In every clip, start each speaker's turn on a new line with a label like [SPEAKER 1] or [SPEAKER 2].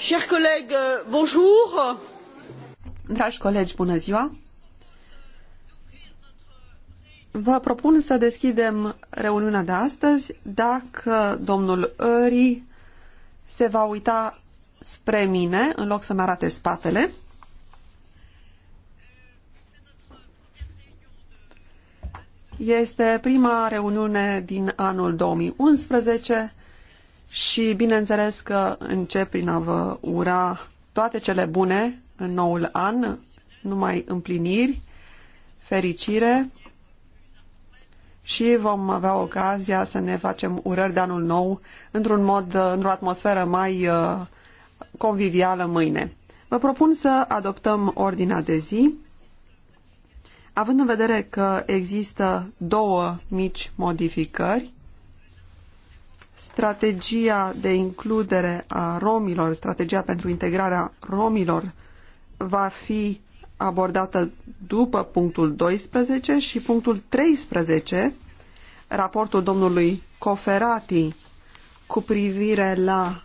[SPEAKER 1] Euh, Dragi colegi, bună ziua. Vă propun să deschidem reuniunea de astăzi dacă domnul Öri se va uita spre mine în loc să-mi arate spatele. Este prima reuniune din anul 2011 și bineînțeles că încep prin a vă ura toate cele bune în noul an, numai împliniri, fericire și vom avea ocazia să ne facem urări de anul nou într-un mod, într-o atmosferă mai uh, convivială mâine. Vă propun să adoptăm ordinea de zi. Având în vedere că există două mici modificări, strategia de includere a romilor, strategia pentru integrarea romilor va fi abordată după punctul 12 și punctul 13, raportul domnului Coferati cu privire la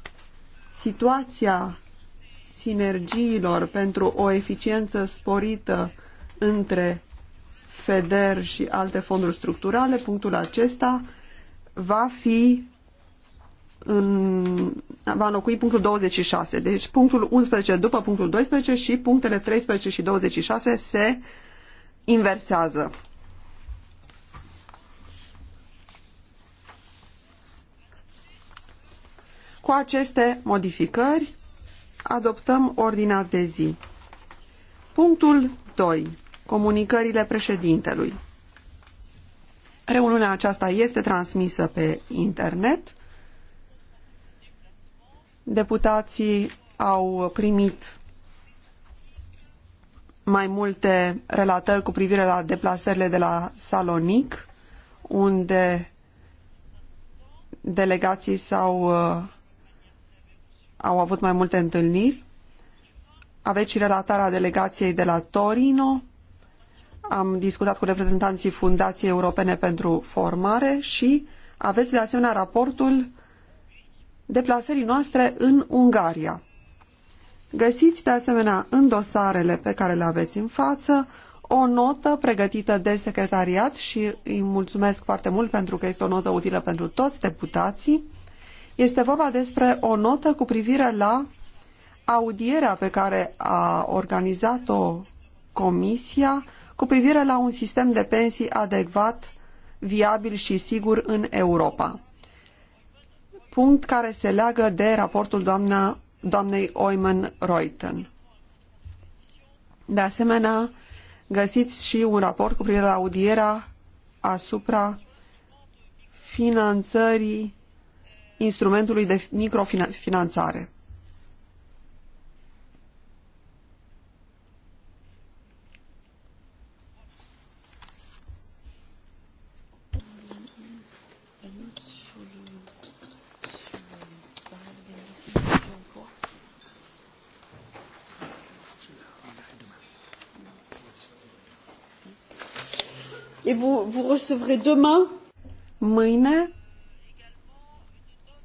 [SPEAKER 1] situația sinergiilor pentru o eficiență sporită între FEDER și alte fonduri structurale, punctul acesta va fi în, va înlocui punctul 26. Deci punctul 11 după punctul 12 și punctele 13 și 26 se inversează. Cu aceste modificări adoptăm ordinea de zi. Punctul 2. Comunicările președintelui. Reuniunea aceasta este transmisă pe internet. Deputații au primit mai multe relatări cu privire la deplasările de la Salonic, unde delegații s-au uh, au avut mai multe întâlniri. Aveți și relatarea delegației de la Torino. Am discutat cu reprezentanții Fundației Europene pentru Formare și aveți de asemenea raportul deplasării noastre în Ungaria. Găsiți de asemenea în dosarele pe care le aveți în față o notă pregătită de secretariat și îi mulțumesc foarte mult pentru că este o notă utilă pentru toți deputații. Este vorba despre o notă cu privire la audierea pe care a organizat-o Comisia cu privire la un sistem de pensii adecvat, viabil și sigur în Europa punct care se leagă de raportul doamna, doamnei Oyman Reuten. De asemenea, găsiți și un raport cu privire la audierea asupra finanțării instrumentului de microfinanțare. et vous, vous recevrez demain. Mâine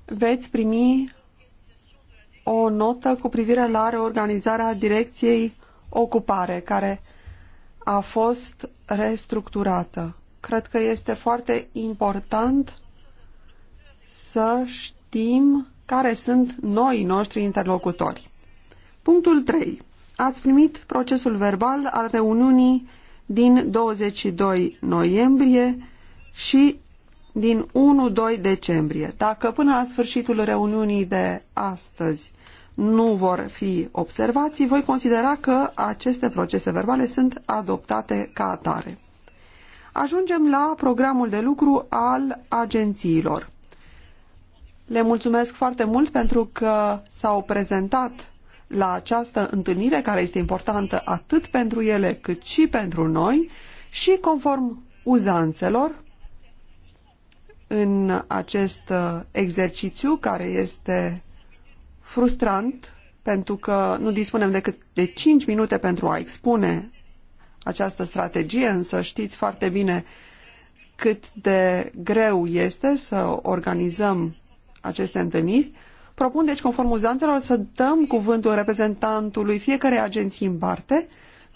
[SPEAKER 1] veți primi o notă cu privire la reorganizarea direcției ocupare, care a fost restructurată. Cred că este foarte important să știm care sunt noi noștri interlocutori. Punctul 3. Ați primit procesul verbal al reuniunii din 22 noiembrie și din 1-2 decembrie. Dacă până la sfârșitul reuniunii de astăzi nu vor fi observații, voi considera că aceste procese verbale sunt adoptate ca atare. Ajungem la programul de lucru al agențiilor. Le mulțumesc foarte mult pentru că s-au prezentat la această întâlnire care este importantă atât pentru ele cât și pentru noi și conform uzanțelor în acest uh, exercițiu care este frustrant pentru că nu dispunem decât de 5 minute pentru a expune această strategie, însă știți foarte bine cât de greu este să organizăm aceste întâlniri. Propun deci, conform uzanțelor, să dăm cuvântul reprezentantului fiecarei agenții în parte,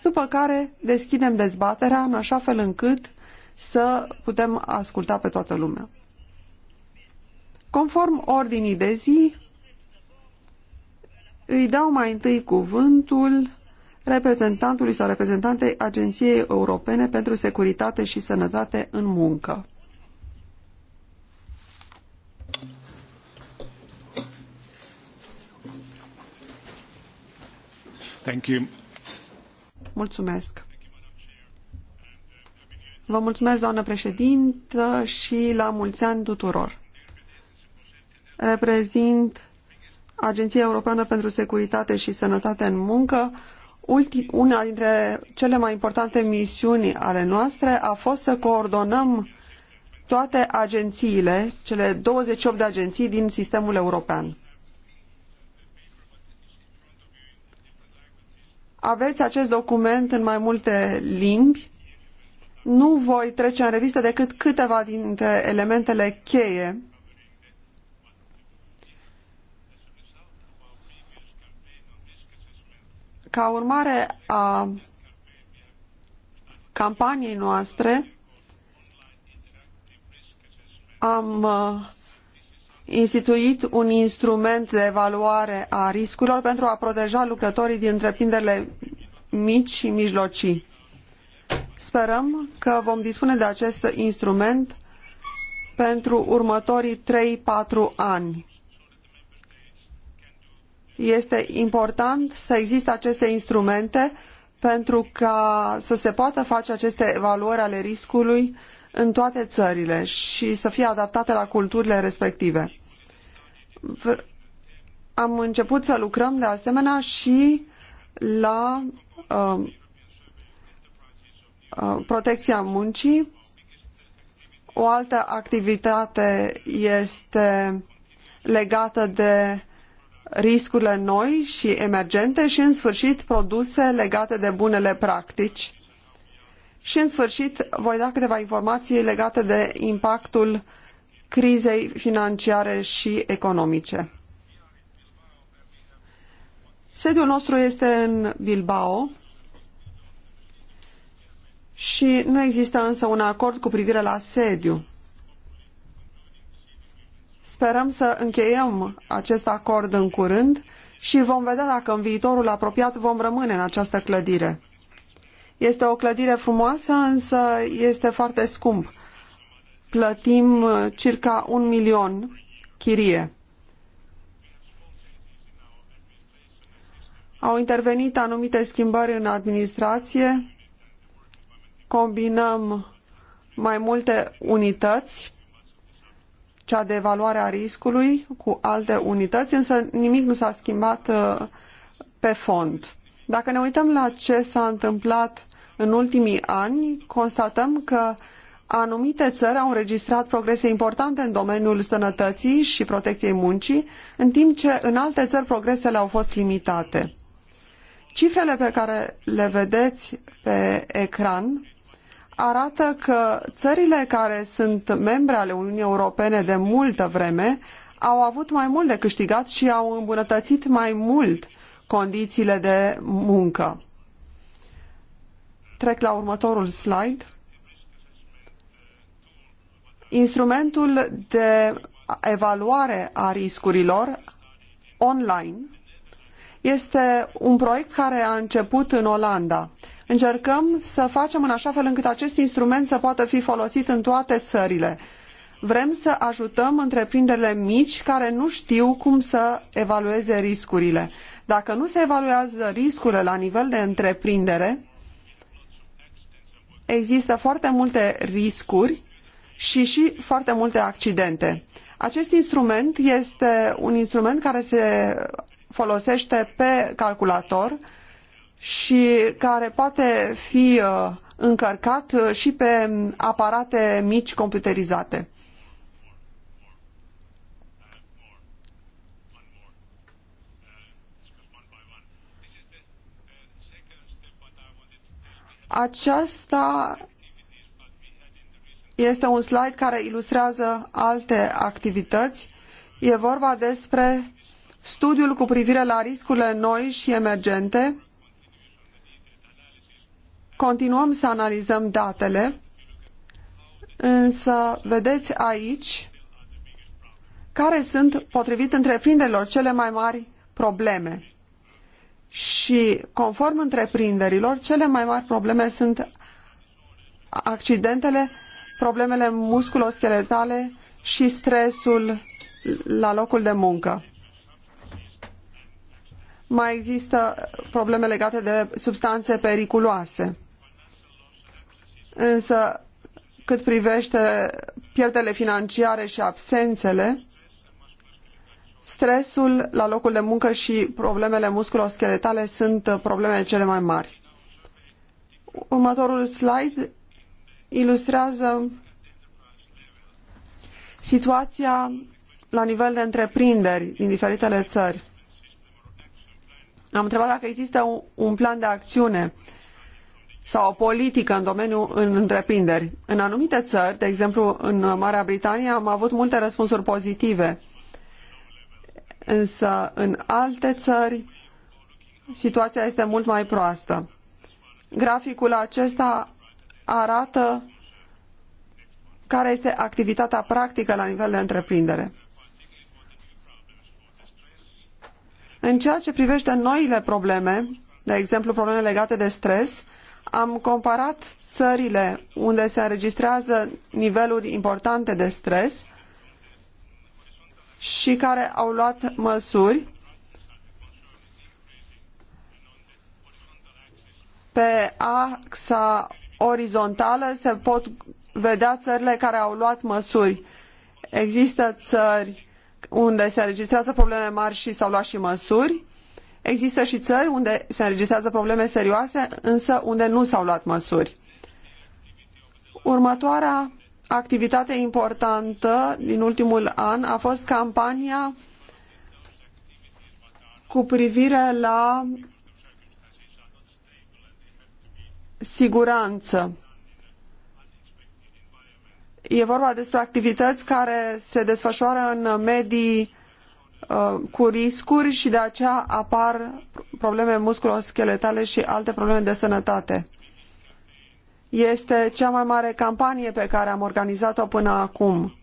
[SPEAKER 1] după care deschidem dezbaterea în așa fel încât să putem asculta pe toată lumea. Conform ordinii de zi, îi dau mai întâi cuvântul reprezentantului sau reprezentantei Agenției Europene pentru Securitate și Sănătate în Muncă. Mulțumesc. Vă mulțumesc, doamnă președintă, și la mulți ani tuturor. Reprezint Agenția Europeană pentru Securitate și Sănătate în Muncă. Una dintre cele mai importante misiuni ale noastre a fost să coordonăm toate agențiile, cele 28 de agenții din sistemul european. Aveți acest document în mai multe limbi. Nu voi trece în revistă decât câteva dintre elementele cheie. Ca urmare a campaniei noastre, am uh, instituit un instrument de evaluare a riscurilor pentru a proteja lucrătorii din întreprinderile mici și mijlocii. Sperăm că vom dispune de acest instrument pentru următorii 3-4 ani. Este important să existe aceste instrumente pentru ca să se poată face aceste evaluări ale riscului în toate țările și să fie adaptate la culturile respective. Am început să lucrăm de asemenea și la uh, uh, protecția muncii. O altă activitate este legată de riscurile noi și emergente și, în sfârșit, produse legate de bunele practici și în sfârșit voi da câteva informații legate de impactul crizei financiare și economice. Sediul nostru este în Bilbao și nu există însă un acord cu privire la sediu. Sperăm să încheiem acest acord în curând și vom vedea dacă în viitorul apropiat vom rămâne în această clădire. Este o clădire frumoasă, însă este foarte scump. Plătim uh, circa un milion chirie. Au intervenit anumite schimbări în administrație. Combinăm mai multe unități, cea de evaluare a riscului cu alte unități, însă nimic nu s-a schimbat uh, pe fond. Dacă ne uităm la ce s-a întâmplat în ultimii ani, constatăm că anumite țări au înregistrat progrese importante în domeniul sănătății și protecției muncii, în timp ce în alte țări progresele au fost limitate. Cifrele pe care le vedeți pe ecran arată că țările care sunt membre ale Uniunii Europene de multă vreme au avut mai mult de câștigat și au îmbunătățit mai mult condițiile de muncă trec la următorul slide. Instrumentul de evaluare a riscurilor online este un proiect care a început în Olanda. Încercăm să facem în așa fel încât acest instrument să poată fi folosit în toate țările. Vrem să ajutăm întreprinderile mici care nu știu cum să evalueze riscurile. Dacă nu se evaluează riscurile la nivel de întreprindere, există foarte multe riscuri și și foarte multe accidente. Acest instrument este un instrument care se folosește pe calculator și care poate fi uh, încărcat uh, și pe aparate mici computerizate. Aceasta este un slide care ilustrează alte activități. E vorba despre studiul cu privire la riscurile noi și emergente. Continuăm să analizăm datele, însă vedeți aici care sunt, potrivit întreprinderilor, cele mai mari probleme și, conform întreprinderilor, cele mai mari probleme sunt accidentele, problemele musculoscheletale și stresul la locul de muncă. Mai există probleme legate de substanțe periculoase. Însă, cât privește pierderile financiare și absențele, stresul la locul de muncă și problemele musculoscheletale sunt problemele cele mai mari. Următorul slide ilustrează situația la nivel de întreprinderi din diferitele țări. Am întrebat dacă există un plan de acțiune sau o politică în domeniul în întreprinderi. În anumite țări, de exemplu în Marea Britanie, am avut multe răspunsuri pozitive însă în alte țări situația este mult mai proastă. Graficul acesta arată care este activitatea practică la nivel de întreprindere. În ceea ce privește noile probleme, de exemplu probleme legate de stres, am comparat țările unde se înregistrează niveluri importante de stres și care au luat măsuri pe axa orizontală se pot vedea țările care au luat măsuri. Există țări unde se înregistrează probleme mari și s-au luat și măsuri. Există și țări unde se înregistrează probleme serioase, însă unde nu s-au luat măsuri. Următoarea activitate importantă din ultimul an a fost campania cu privire la siguranță. E vorba despre activități care se desfășoară în medii uh, cu riscuri și de aceea apar probleme musculoscheletale și alte probleme de sănătate. Este cea mai mare campanie pe care am organizat-o până acum.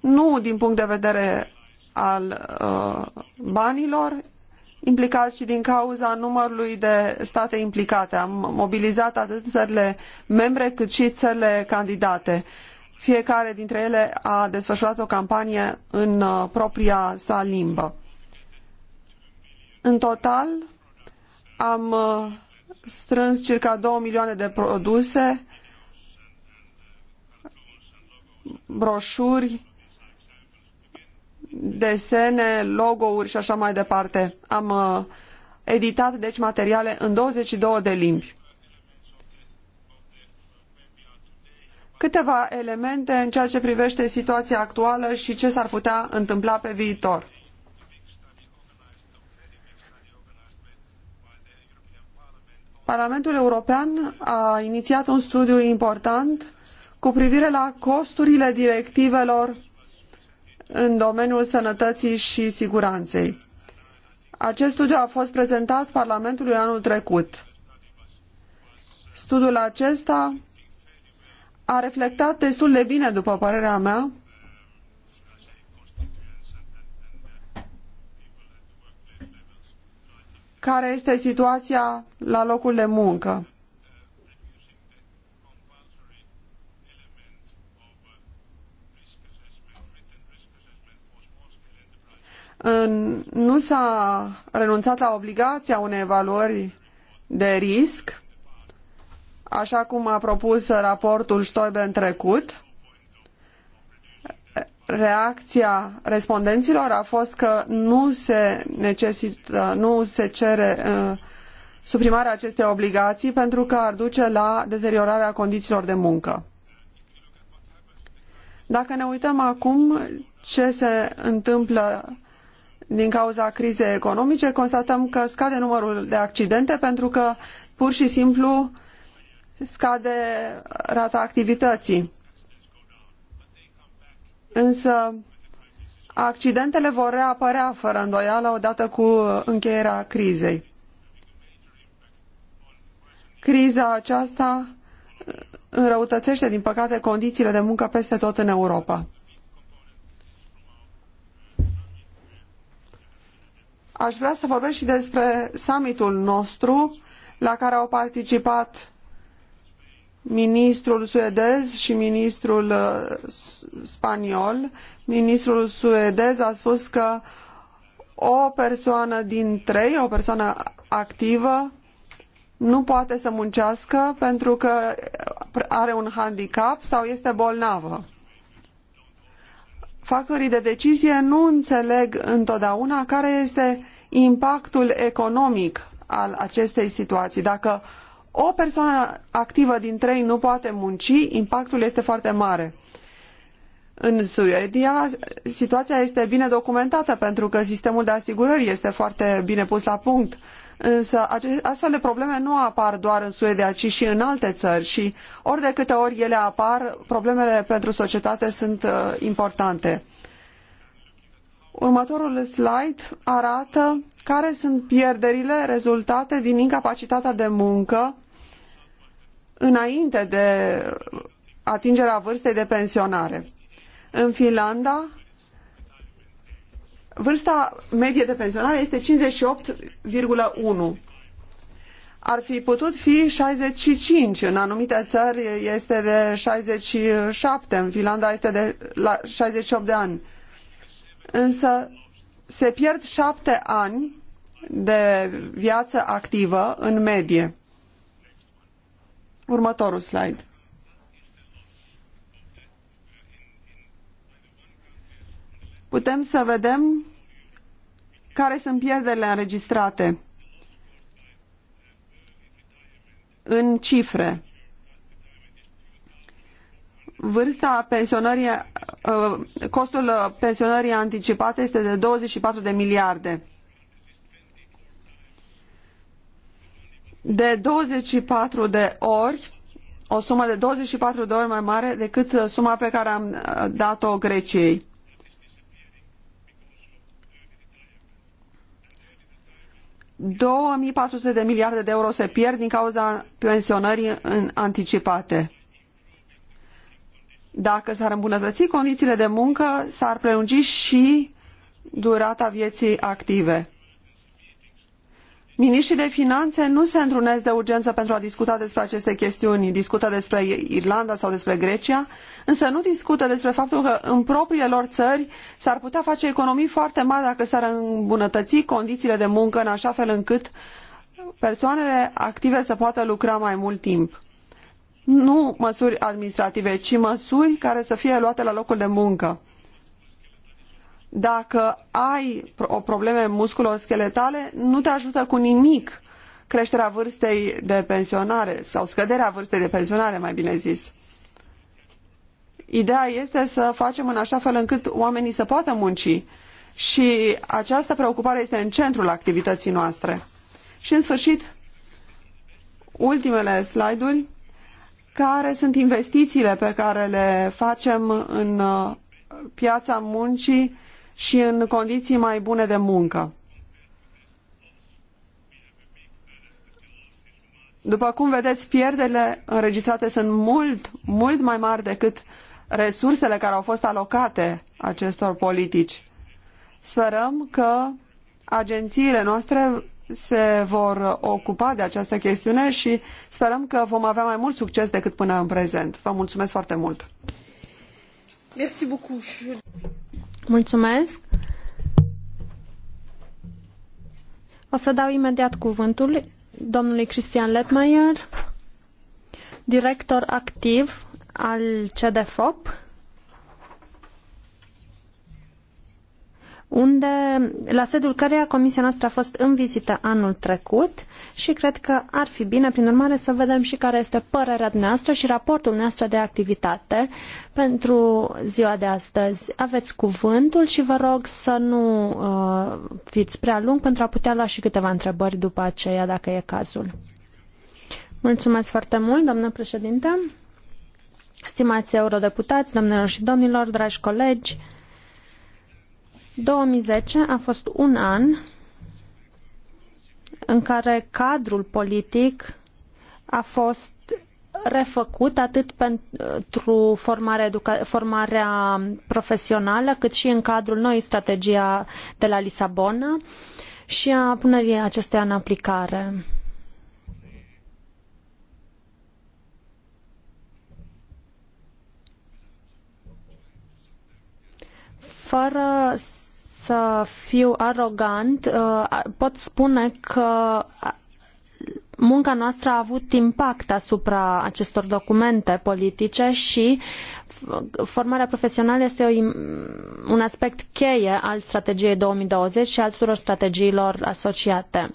[SPEAKER 1] Nu din punct de vedere al uh, banilor implicați, ci din cauza numărului de state implicate. Am mobilizat atât țările membre cât și țările candidate. Fiecare dintre ele a desfășurat o campanie în uh, propria sa limbă. În total, am uh, strâns circa 2 milioane de produse, broșuri, desene, logo-uri și așa mai departe. Am uh, editat, deci, materiale în 22 de limbi. Câteva elemente în ceea ce privește situația actuală și ce s-ar putea întâmpla pe viitor. Parlamentul European a inițiat un studiu important cu privire la costurile directivelor în domeniul sănătății și siguranței. Acest studiu a fost prezentat Parlamentului anul trecut. Studiul acesta a reflectat destul de bine, după părerea mea, care este situația la locul de muncă. nu s-a renunțat la obligația unei evaluări de risc, așa cum a propus raportul Stoiber în trecut reacția respondenților a fost că nu se necesită, nu se cere uh, suprimarea acestei obligații pentru că ar duce la deteriorarea condițiilor de muncă. Dacă ne uităm acum ce se întâmplă din cauza crizei economice, constatăm că scade numărul de accidente pentru că pur și simplu scade rata activității însă accidentele vor reapărea fără îndoială odată cu încheierea crizei. Criza aceasta înrăutățește, din păcate, condițiile de muncă peste tot în Europa. Aș vrea să vorbesc și despre summitul nostru la care au participat ministrul suedez și ministrul uh, spaniol. Ministrul suedez a spus că o persoană din trei, o persoană activă, nu poate să muncească pentru că are un handicap sau este bolnavă. Factorii de decizie nu înțeleg întotdeauna care este impactul economic al acestei situații. Dacă o persoană activă din trei nu poate munci, impactul este foarte mare. În Suedia, situația este bine documentată pentru că sistemul de asigurări este foarte bine pus la punct. Însă astfel de probleme nu apar doar în Suedia, ci și în alte țări și ori de câte ori ele apar, problemele pentru societate sunt uh, importante. Următorul slide arată care sunt pierderile rezultate din incapacitatea de muncă înainte de atingerea vârstei de pensionare. În Finlanda, vârsta medie de pensionare este 58,1. Ar fi putut fi 65, în anumite țări este de 67, în Finlanda este de la 68 de ani. Însă se pierd șapte ani de viață activă în medie. Următorul slide. Putem să vedem care sunt pierderile înregistrate în cifre. Vârsta pensionării, uh, costul pensionării anticipate este de 24 de miliarde. de 24 de ori, o sumă de 24 de ori mai mare decât uh, suma pe care am uh, dat-o Greciei. ...2400 de miliarde de euro se pierd din cauza pensionării în anticipate. Dacă s-ar îmbunătăți condițiile de muncă, s-ar prelungi și durata vieții active. Miniștrii de finanțe nu se întrunesc de urgență pentru a discuta despre aceste chestiuni, discută despre Irlanda sau despre Grecia, însă nu discută despre faptul că în propriile lor țări s-ar putea face economii foarte mari dacă s-ar îmbunătăți condițiile de muncă în așa fel încât persoanele active să poată lucra mai mult timp. Nu măsuri administrative, ci măsuri care să fie luate la locul de muncă. Dacă ai o probleme musculoscheletale, nu te ajută cu nimic creșterea vârstei de pensionare sau scăderea vârstei de pensionare, mai bine zis. Ideea este să facem în așa fel încât oamenii să poată munci și această preocupare este în centrul activității noastre. Și în sfârșit, ultimele slide-uri, care sunt investițiile pe care le facem în uh, piața muncii și în condiții mai bune de muncă. După cum vedeți, pierderile înregistrate sunt mult, mult mai mari decât resursele care au fost alocate acestor politici. Sperăm că agențiile noastre se vor ocupa de această chestiune și sperăm că vom avea mai mult succes decât până în prezent. Vă mulțumesc foarte mult!
[SPEAKER 2] Mulțumesc. O să dau imediat cuvântul domnului Cristian Letmaier, director activ al CDFOP. unde, la sediul căreia comisia noastră a fost în vizită anul trecut și cred că ar fi bine, prin urmare, să vedem și care este părerea noastră și raportul noastră de activitate pentru ziua de astăzi. Aveți cuvântul și vă rog să nu uh, fiți prea lung pentru a putea lua și câteva întrebări după aceea, dacă e cazul. Mulțumesc foarte mult, doamnă președinte. Stimați eurodeputați, domnilor și domnilor, dragi colegi, 2010 a fost un an în care cadrul politic a fost refăcut atât pentru formarea, formarea profesională, cât și în cadrul noii strategii de la Lisabona și a punerii acesteia în aplicare. Fără să fiu arogant, uh, pot spune că munca noastră a avut impact asupra acestor documente politice și formarea profesională este un aspect cheie al strategiei 2020 și al tuturor strategiilor asociate.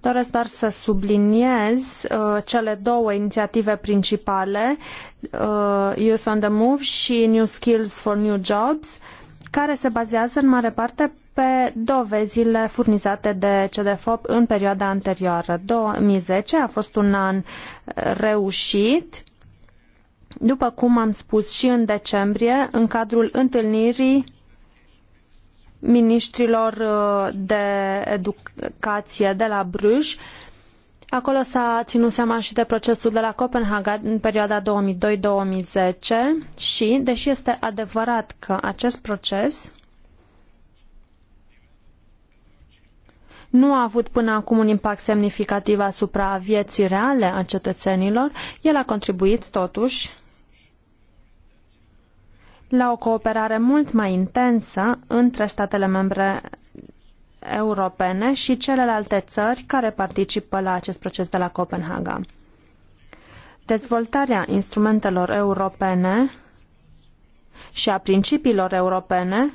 [SPEAKER 2] Doresc doar să subliniez uh, cele două inițiative principale, uh, Youth on the Move și New Skills for New Jobs, uh, care se bazează în mare parte pe dovezile furnizate de CDFOP în perioada anterioară. 2010 a fost un an reușit, după cum am spus și în decembrie, în cadrul întâlnirii ministrilor uh, de educație de la Bruges, Acolo s-a ținut seama și de procesul de la Copenhaga în perioada 2002-2010 și, deși este adevărat că acest proces nu a avut până acum un impact semnificativ asupra vieții reale a cetățenilor, el a contribuit totuși la o cooperare mult mai intensă între statele membre europene și celelalte țări care participă la acest proces de la Copenhaga. Dezvoltarea instrumentelor europene și a principiilor europene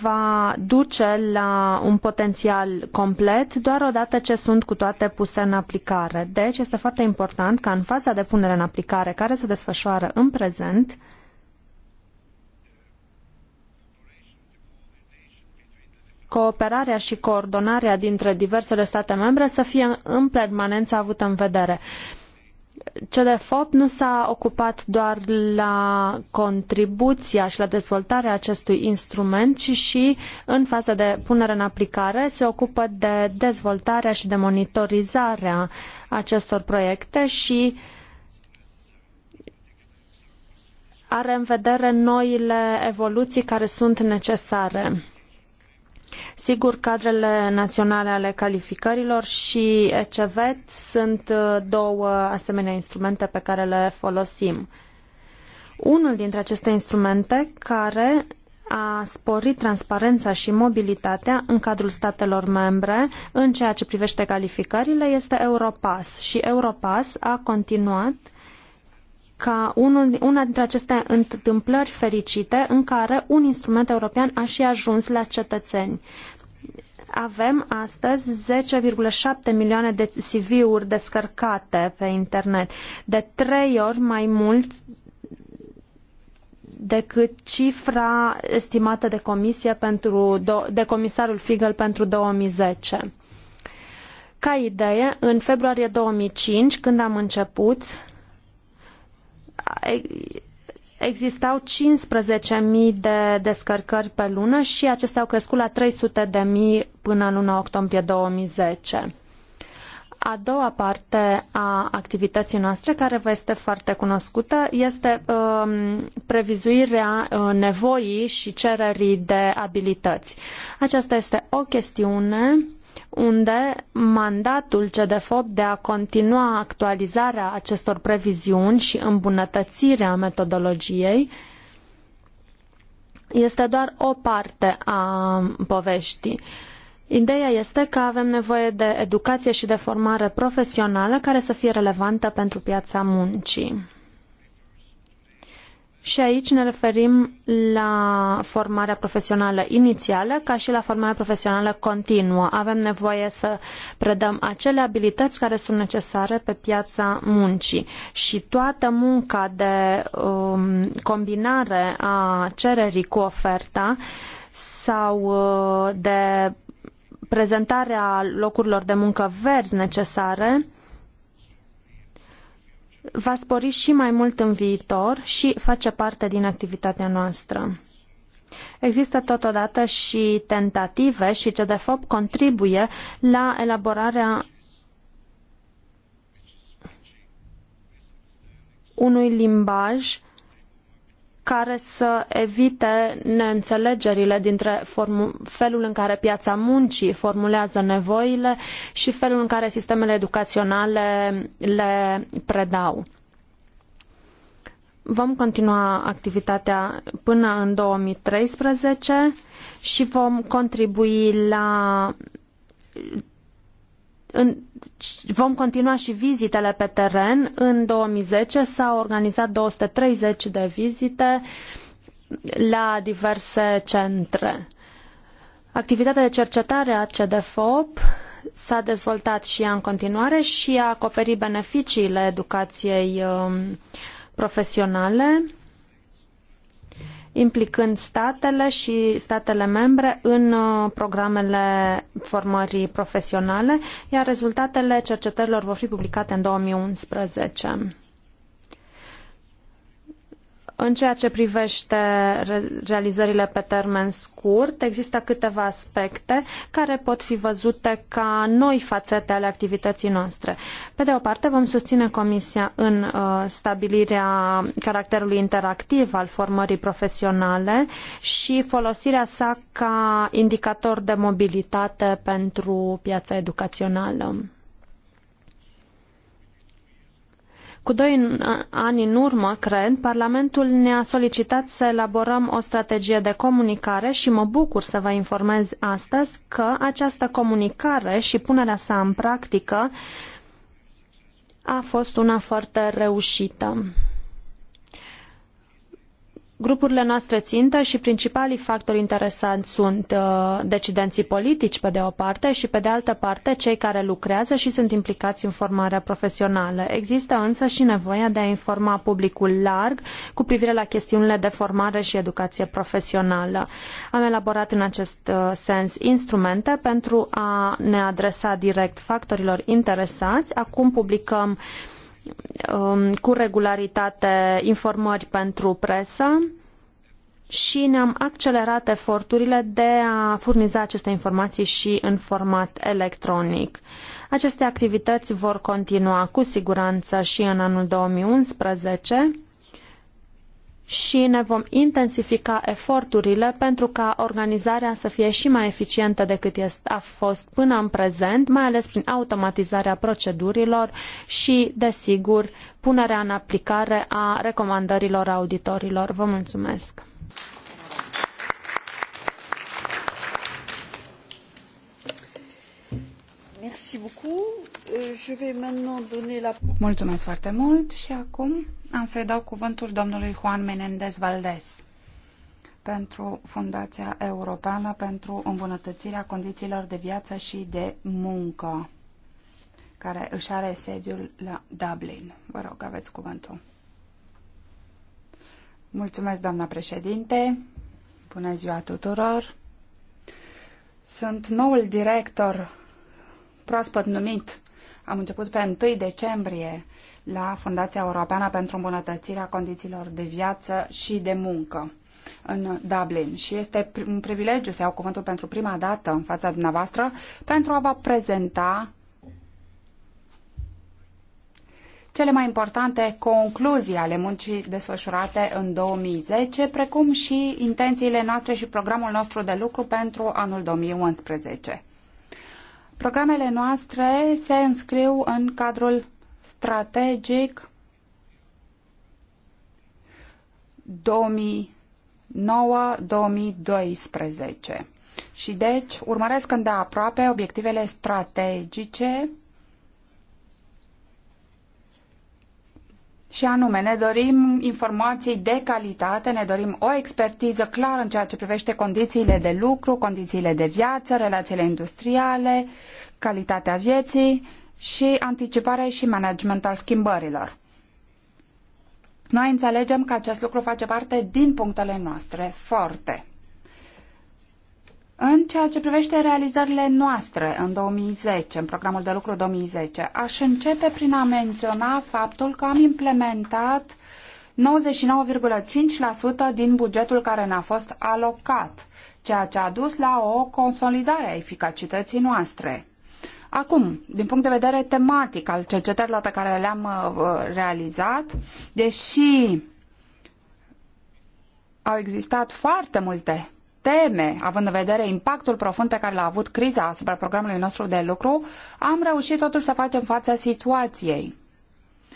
[SPEAKER 2] va duce la un potențial complet doar odată ce sunt cu toate puse în aplicare. Deci este foarte important ca în faza de punere în aplicare care se desfășoară în prezent, cooperarea și coordonarea dintre diversele state membre să fie în permanență avută în vedere. CDFOP nu s-a ocupat doar la contribuția și la dezvoltarea acestui instrument, ci și în faza de punere în aplicare se ocupă de dezvoltarea și de monitorizarea acestor proiecte și are în vedere noile evoluții care sunt necesare. Sigur, cadrele naționale ale calificărilor și ECVET sunt uh, două asemenea instrumente pe care le folosim. Unul dintre aceste instrumente care a sporit transparența și mobilitatea în cadrul statelor membre în ceea ce privește calificările este Europass și Europass a continuat ca unul, una dintre aceste întâmplări fericite în care un instrument european a și ajuns la cetățeni. Avem astăzi 10,7 milioane de CV-uri descărcate pe internet, de trei ori mai mult decât cifra estimată de, comisie pentru, de comisarul Figel pentru 2010. Ca idee, în februarie 2005, când am început, existau 15.000 de descărcări pe lună și acestea au crescut la 300.000 până în luna octombrie 2010. A doua parte a activității noastre, care vă este foarte cunoscută, este um, previzuirea uh, nevoii și cererii de abilități. Aceasta este o chestiune unde mandatul CDFOP de a continua actualizarea acestor previziuni și îmbunătățirea metodologiei este doar o parte a poveștii. Ideea este că avem nevoie de educație și de formare profesională care să fie relevantă pentru piața muncii. Și aici ne referim la formarea profesională inițială ca și la formarea profesională continuă. Avem nevoie să predăm acele abilități care sunt necesare pe piața muncii și toată munca de um, combinare a cererii cu oferta sau uh, de prezentarea locurilor de muncă verzi necesare va spori și mai mult în viitor și face parte din activitatea noastră. Există totodată și tentative și de fapt contribuie la elaborarea unui limbaj care să evite neînțelegerile dintre felul în care piața muncii formulează nevoile și felul în care sistemele educaționale le predau. Vom continua activitatea până în 2013 și vom contribui la în, vom continua și vizitele pe teren. În 2010 s-au organizat 230 de vizite la diverse centre. Activitatea de cercetare a CDFOP s-a dezvoltat și ea în continuare și a acoperit beneficiile educației um, profesionale implicând statele și statele membre în uh, programele formării profesionale, iar rezultatele cercetărilor vor fi publicate în 2011. În ceea ce privește realizările pe termen scurt, există câteva aspecte care pot fi văzute ca noi fațete ale activității noastre. Pe de o parte, vom susține Comisia în uh, stabilirea caracterului interactiv al formării profesionale și folosirea sa ca indicator de mobilitate pentru piața educațională. Cu doi ani în urmă, cred, Parlamentul ne-a solicitat să elaborăm o strategie de comunicare și mă bucur să vă informez astăzi că această comunicare și punerea sa în practică a fost una foarte reușită. Grupurile noastre țintă și principalii factori interesanți sunt uh, decidenții politici, pe de o parte, și pe de altă parte cei care lucrează și sunt implicați în formarea profesională. Există însă și nevoia de a informa publicul larg cu privire la chestiunile de formare și educație profesională. Am elaborat în acest uh, sens instrumente pentru a ne adresa direct factorilor interesați. Acum publicăm uh, Um, cu regularitate informări pentru presă și ne-am accelerat eforturile de a furniza aceste informații și în format electronic. Aceste activități vor continua cu siguranță și în anul 2011 și ne vom intensifica eforturile pentru ca organizarea să fie și mai eficientă decât a fost până în prezent, mai ales prin automatizarea procedurilor și, desigur, punerea în aplicare a recomandărilor auditorilor. Vă mulțumesc!
[SPEAKER 3] Euh, Mulțumesc foarte mult și acum am să-i dau cuvântul domnului Juan Menendez Valdez pentru Fundația Europeană pentru îmbunătățirea condițiilor de viață și de muncă, care își are sediul la Dublin. Vă rog, aveți cuvântul. Mulțumesc, doamna președinte. Bună ziua tuturor. Sunt noul director proaspăt numit. Am început pe 1 decembrie la Fundația Europeană pentru îmbunătățirea condițiilor de viață și de muncă în Dublin și este un privilegiu să iau cuvântul pentru prima dată în fața dumneavoastră pentru a vă prezenta cele mai importante concluzii ale muncii desfășurate în 2010, precum și intențiile noastre și programul nostru de lucru pentru anul 2011. Programele noastre se înscriu în cadrul strategic 2009-2012 și deci urmăresc îndeaproape obiectivele strategice Și anume, ne dorim informații de calitate, ne dorim o expertiză clară în ceea ce privește condițiile de lucru, condițiile de viață, relațiile industriale, calitatea vieții și anticiparea și management al schimbărilor. Noi înțelegem că acest lucru face parte din punctele noastre forte. În ceea ce privește realizările noastre în 2010, în programul de lucru 2010, aș începe prin a menționa faptul că am implementat 99,5% din bugetul care ne-a fost alocat, ceea ce a dus la o consolidare a eficacității noastre. Acum, din punct de vedere tematic al cercetărilor pe care le-am uh, uh, realizat, deși au existat foarte multe teme, având în vedere impactul profund pe care l-a avut criza asupra programului nostru de lucru, am reușit totuși să facem față situației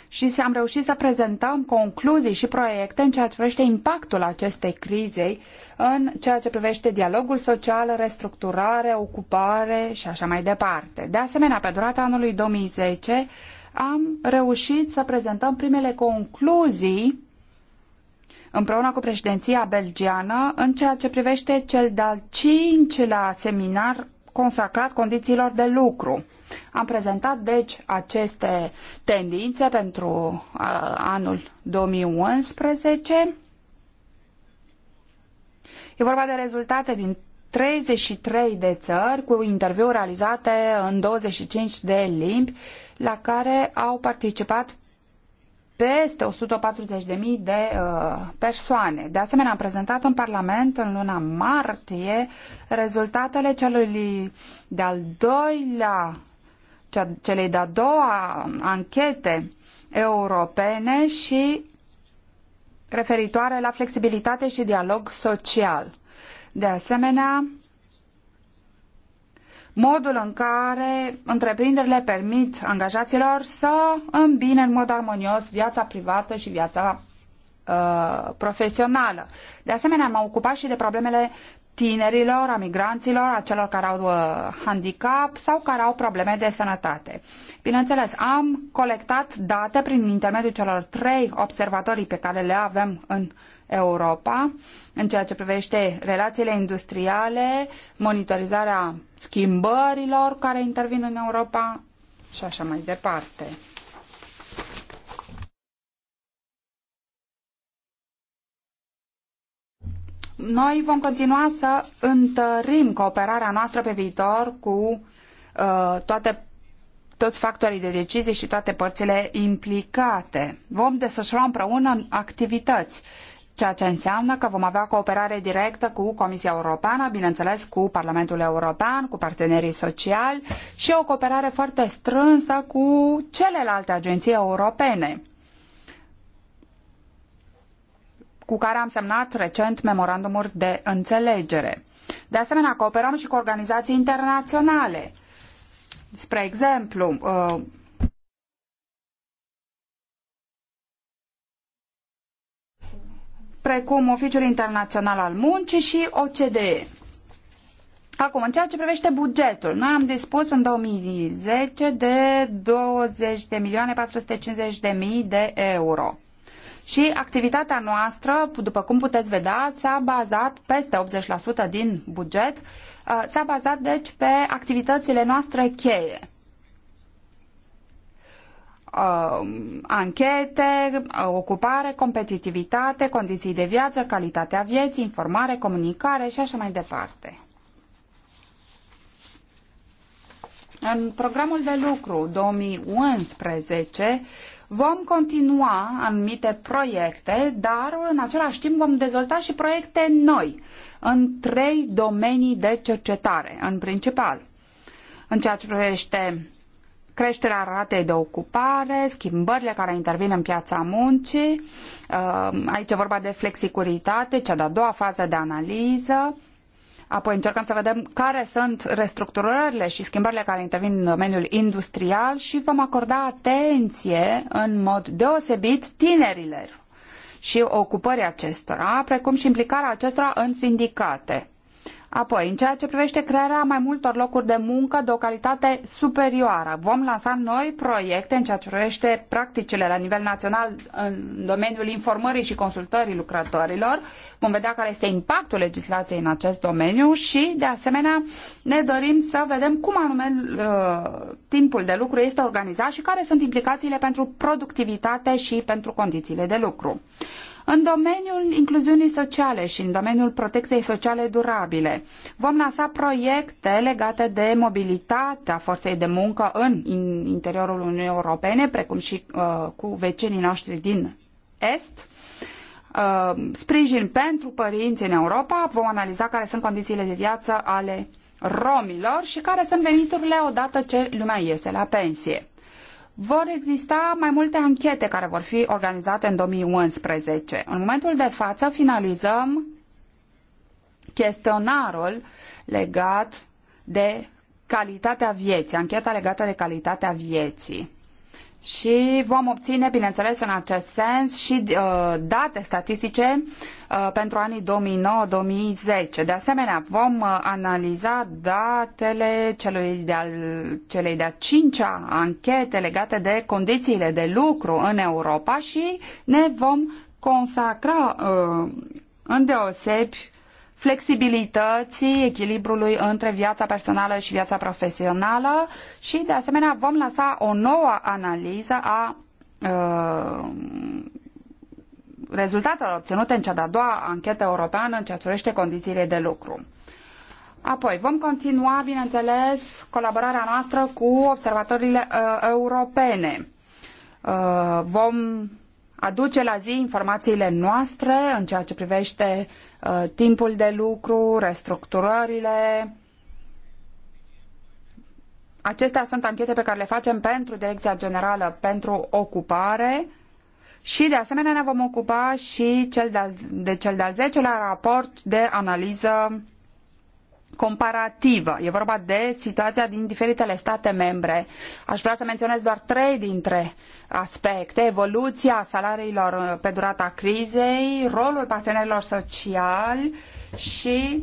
[SPEAKER 3] și am reușit să prezentăm concluzii și proiecte în ceea ce privește impactul acestei crize, în ceea ce privește dialogul social, restructurare, ocupare și așa mai departe. De asemenea, pe durata anului 2010 am reușit să prezentăm primele concluzii împreună cu președinția belgiană în ceea ce privește cel de-al cincilea seminar consacrat condițiilor de lucru. Am prezentat, deci, aceste tendințe pentru uh, anul 2011. E vorba de rezultate din 33 de țări cu interviuri realizate în 25 de limbi la care au participat peste 140.000 de uh, persoane. De asemenea, am prezentat în Parlament în luna martie rezultatele celui de-al doilea, celei de-a doua anchete europene și referitoare la flexibilitate și dialog social. De asemenea, modul în care întreprinderile permit angajaților să îmbine în mod armonios viața privată și viața uh, profesională. De asemenea, m-am ocupat și de problemele tinerilor, a migranților, a celor care au uh, handicap sau care au probleme de sănătate. Bineînțeles, am colectat date prin intermediul celor trei observatorii pe care le avem în Europa în ceea ce privește relațiile industriale, monitorizarea schimbărilor care intervin în Europa și așa mai departe. Noi vom continua să întărim cooperarea noastră pe viitor cu uh, toate toți factorii de decizie și toate părțile implicate. Vom desfășura împreună activități ceea ce înseamnă că vom avea cooperare directă cu Comisia Europeană, bineînțeles cu Parlamentul European, cu partenerii sociali și o cooperare foarte strânsă cu celelalte agenții europene cu care am semnat recent memorandumuri de înțelegere. De asemenea, cooperăm și cu organizații internaționale. Spre exemplu, uh, precum Oficiul Internațional al Muncii și OCDE. Acum, în ceea ce privește bugetul, noi am dispus în 2010 de 20 de milioane 450 de mii de euro. Și activitatea noastră, după cum puteți vedea, s-a bazat peste 80% din buget, uh, s-a bazat deci pe activitățile noastre cheie. Um, uh, anchete, ocupare, competitivitate, condiții de viață, calitatea vieții, informare, comunicare și așa mai departe. În programul de lucru 2011 vom continua anumite proiecte, dar în același timp vom dezvolta și proiecte noi în trei domenii de cercetare, în principal. În ceea ce privește creșterea ratei de ocupare, schimbările care intervin în piața muncii, uh, aici e vorba de flexicuritate, cea de-a doua fază de analiză, apoi încercăm să vedem care sunt restructurările și schimbările care intervin în domeniul industrial și vom acorda atenție în mod deosebit tinerilor și ocupării acestora, precum și implicarea acestora în sindicate. Apoi, în ceea ce privește crearea mai multor locuri de muncă de o calitate superioară, vom lansa noi proiecte în ceea ce privește practicile la nivel național în domeniul informării și consultării lucrătorilor. Vom vedea care este impactul legislației în acest domeniu și, de asemenea, ne dorim să vedem cum anume uh, timpul de lucru este organizat și care sunt implicațiile pentru productivitate și pentru condițiile de lucru. În domeniul incluziunii sociale și în domeniul protecției sociale durabile, vom lansa proiecte legate de mobilitatea forței de muncă în interiorul Uniunii Europene, precum și uh, cu vecinii noștri din Est. Uh, sprijin pentru părinți în Europa, vom analiza care sunt condițiile de viață ale romilor și care sunt veniturile odată ce lumea iese la pensie vor exista mai multe anchete care vor fi organizate în 2011. În momentul de față finalizăm chestionarul legat de calitatea vieții, ancheta legată de calitatea vieții și vom obține, bineînțeles, în acest sens și uh, date statistice uh, pentru anii 2009-2010. De asemenea, vom uh, analiza datele celui de-al, celei de-a cincea anchete legate de condițiile de lucru în Europa și ne vom consacra uh, îndeosebi flexibilității, echilibrului între viața personală și viața profesională și, de asemenea, vom lansa o nouă analiză a uh, rezultatelor obținute în cea de-a doua anchetă europeană în ceea ce privește condițiile de lucru. Apoi, vom continua, bineînțeles, colaborarea noastră cu observatorile uh, europene. Uh, vom aduce la zi informațiile noastre în ceea ce privește uh, Uh, timpul de lucru, restructurările. Acestea sunt anchete pe care le facem pentru Direcția Generală pentru Ocupare și de asemenea ne vom ocupa și cel de, de cel de-al 10-lea raport de analiză comparativă. E vorba de situația din diferitele state membre. Aș vrea să menționez doar trei dintre aspecte. Evoluția salariilor pe durata crizei, rolul partenerilor sociali și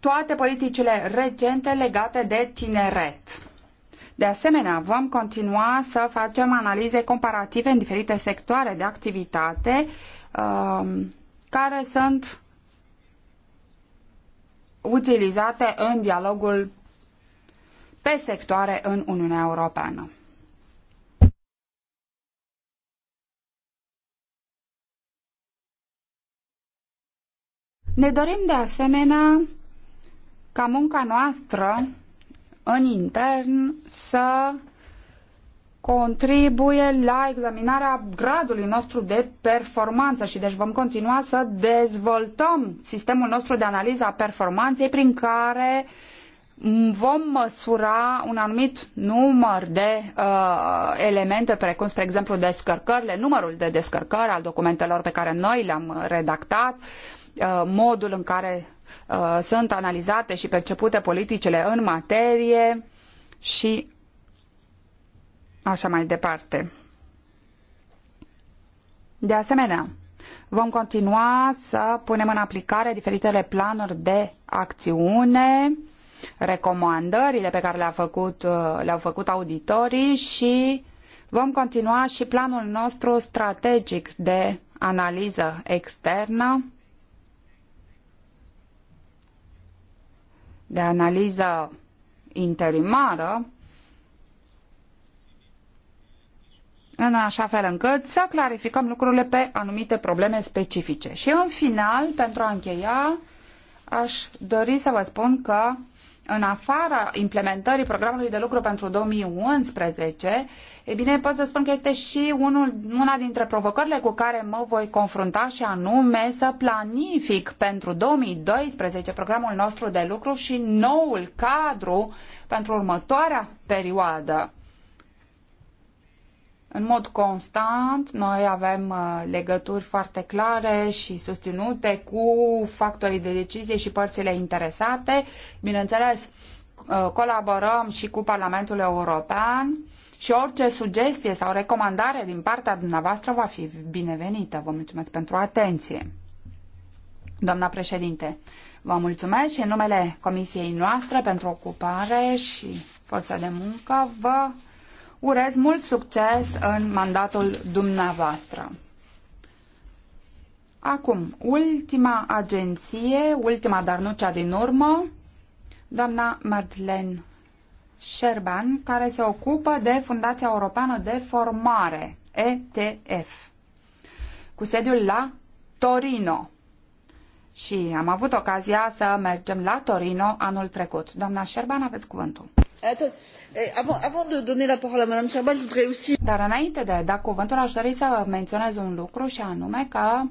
[SPEAKER 3] toate politicile recente legate de tineret. De asemenea, vom continua să facem analize comparative în diferite sectoare de activitate um, care sunt utilizate în dialogul pe sectoare în Uniunea Europeană. Ne dorim de asemenea ca munca noastră în intern să contribuie la examinarea gradului nostru de performanță și deci vom continua să dezvoltăm sistemul nostru de analiză a performanței prin care vom măsura un anumit număr de uh, elemente, precum, spre exemplu, descărcările, numărul de descărcări al documentelor pe care noi le-am redactat, uh, modul în care uh, sunt analizate și percepute politicele în materie și așa mai departe. De asemenea, vom continua să punem în aplicare diferitele planuri de acțiune, recomandările pe care le-au făcut, le făcut auditorii și vom continua și planul nostru strategic de analiză externă, de analiză interimară, în așa fel încât să clarificăm lucrurile pe anumite probleme specifice. Și în final, pentru a încheia, aș dori să vă spun că în afara implementării programului de lucru pentru 2011, e bine, pot să spun că este și unul, una dintre provocările cu care mă voi confrunta și anume să planific pentru 2012 programul nostru de lucru și noul cadru pentru următoarea perioadă în mod constant, noi avem uh, legături foarte clare și susținute cu factorii de decizie și părțile interesate. Bineînțeles, uh, colaborăm și cu Parlamentul European și orice sugestie sau recomandare din partea dumneavoastră va fi binevenită. Vă mulțumesc pentru atenție. Doamna președinte, vă mulțumesc și în numele Comisiei noastre pentru ocupare și forța de muncă vă urez mult succes în mandatul dumneavoastră. Acum, ultima agenție, ultima, dar nu cea din urmă, doamna Madeleine Șerban, care se ocupă de Fundația Europeană de Formare, ETF, cu sediul la Torino. Și am avut ocazia să mergem la Torino anul trecut. Doamna Șerban, aveți cuvântul. Dar înainte de a da cuvântul, aș dori să menționez un lucru și anume că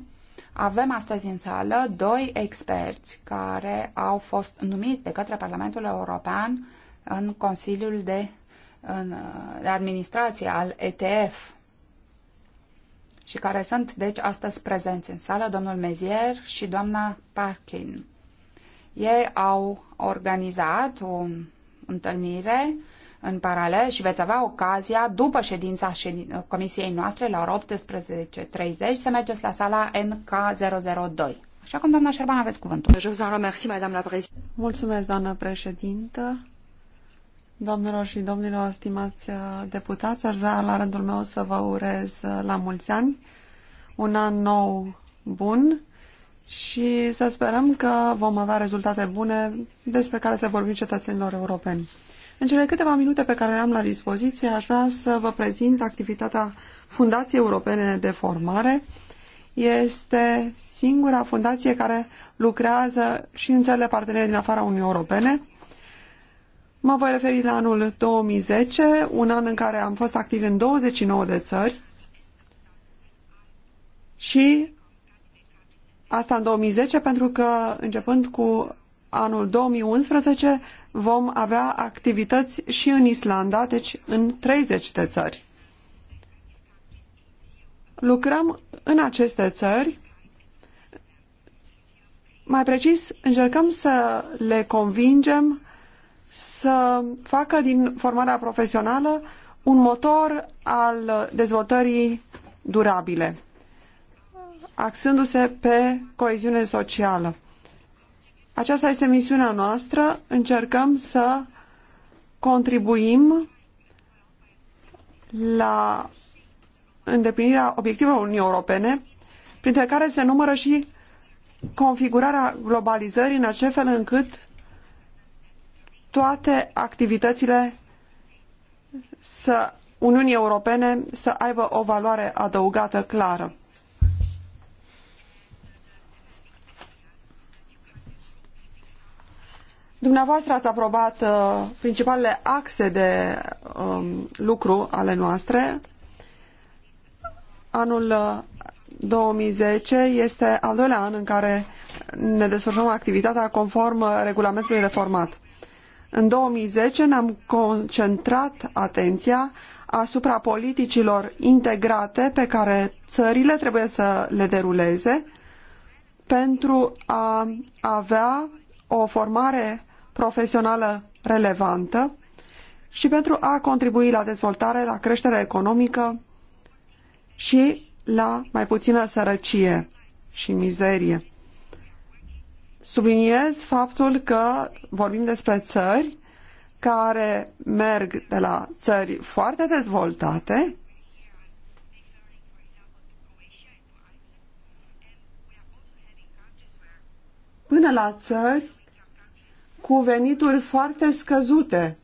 [SPEAKER 3] avem astăzi în sală doi experți care au fost numiți de către Parlamentul European în Consiliul de, în, de Administrație al ETF și care sunt, deci, astăzi prezenți în sală, domnul Mezier și doamna Parkin. Ei au organizat un întâlnire în paralel și veți avea ocazia, după ședința comisiei noastre, la ora 18.30, să mergeți la sala NK002. Așa cum, doamna Șerban, aveți cuvântul. Mulțumesc, doamna președintă. Doamnelor și domnilor, stimați
[SPEAKER 1] uh, deputați, aș vrea la rândul meu să vă urez uh, la mulți ani, un an nou bun și să sperăm că vom avea rezultate bune despre care să vorbim cetățenilor europeni. În cele câteva minute pe care le am la dispoziție, aș vrea să vă prezint activitatea Fundației Europene de Formare. Este singura fundație care lucrează și în țările partenere din afara Uniunii Europene. Mă voi referi la anul 2010, un an în care am fost activ în 29 de țări și Asta în 2010 pentru că începând cu anul 2011 vom avea activități și în Islanda, deci în 30 de țări. Lucrăm în aceste țări. Mai precis, încercăm să le convingem să facă din formarea profesională un motor al dezvoltării durabile axându-se pe coeziune socială. Aceasta este misiunea noastră. Încercăm să contribuim la îndeplinirea obiectivelor Uniunii Europene, printre care se numără și configurarea globalizării în acel fel încât toate activitățile să, Uniunii Europene să aibă o valoare adăugată clară. Dumneavoastră ați aprobat uh, principalele axe de um, lucru ale noastre. Anul uh, 2010 este al doilea an în care ne desfășurăm activitatea conform uh, regulamentului reformat. În 2010 ne-am concentrat atenția asupra politicilor integrate pe care țările trebuie să le deruleze pentru a avea o formare profesională relevantă și pentru a contribui la dezvoltare, la creștere economică și la mai puțină sărăcie și mizerie. Subliniez faptul că vorbim despre țări care merg de la țări foarte dezvoltate, până la țări cu venituri foarte scăzute.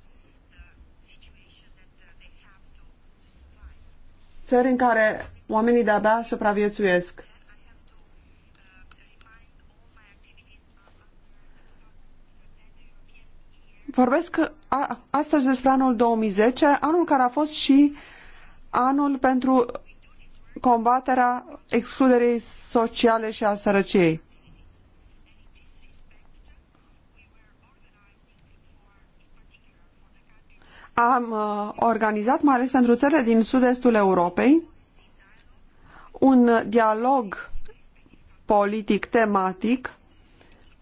[SPEAKER 1] Țări în care oamenii de-abia supraviețuiesc. Vorbesc astăzi despre anul 2010, anul care a fost și anul pentru combaterea excluderii sociale și a sărăciei. am uh, organizat, mai ales pentru țările din sud-estul Europei, un dialog politic tematic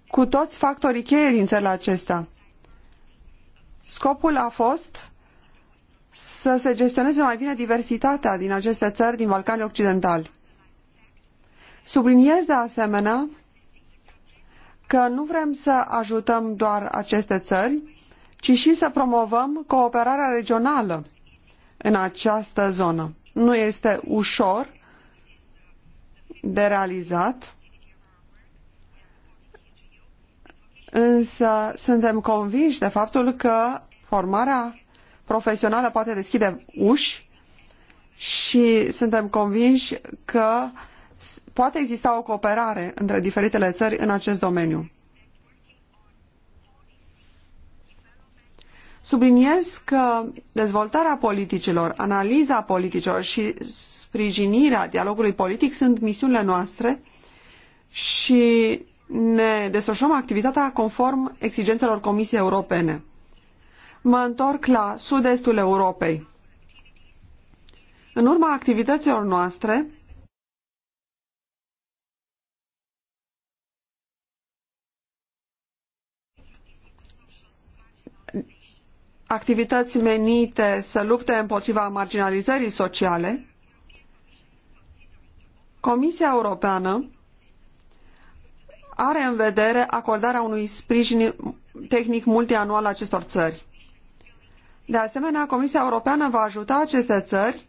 [SPEAKER 1] cu toți factorii cheie din țările acestea. Scopul a fost să se gestioneze mai bine diversitatea din aceste țări din Balcanii Occidentali. Subliniez de asemenea că nu vrem să ajutăm doar aceste țări, ci și să promovăm cooperarea regională în această zonă. Nu este ușor de realizat, însă suntem convinși de faptul că formarea profesională poate deschide uși și suntem convinși că poate exista o cooperare între diferitele țări în acest domeniu. Subliniez că dezvoltarea politicilor, analiza politicilor și sprijinirea dialogului politic sunt misiunile noastre și ne desfășurăm activitatea conform exigențelor Comisiei Europene. Mă întorc la sud-estul Europei. În urma activităților noastre, activități menite să lupte împotriva marginalizării sociale, Comisia Europeană are în vedere acordarea unui sprijin tehnic multianual acestor țări. De asemenea, Comisia Europeană va ajuta aceste țări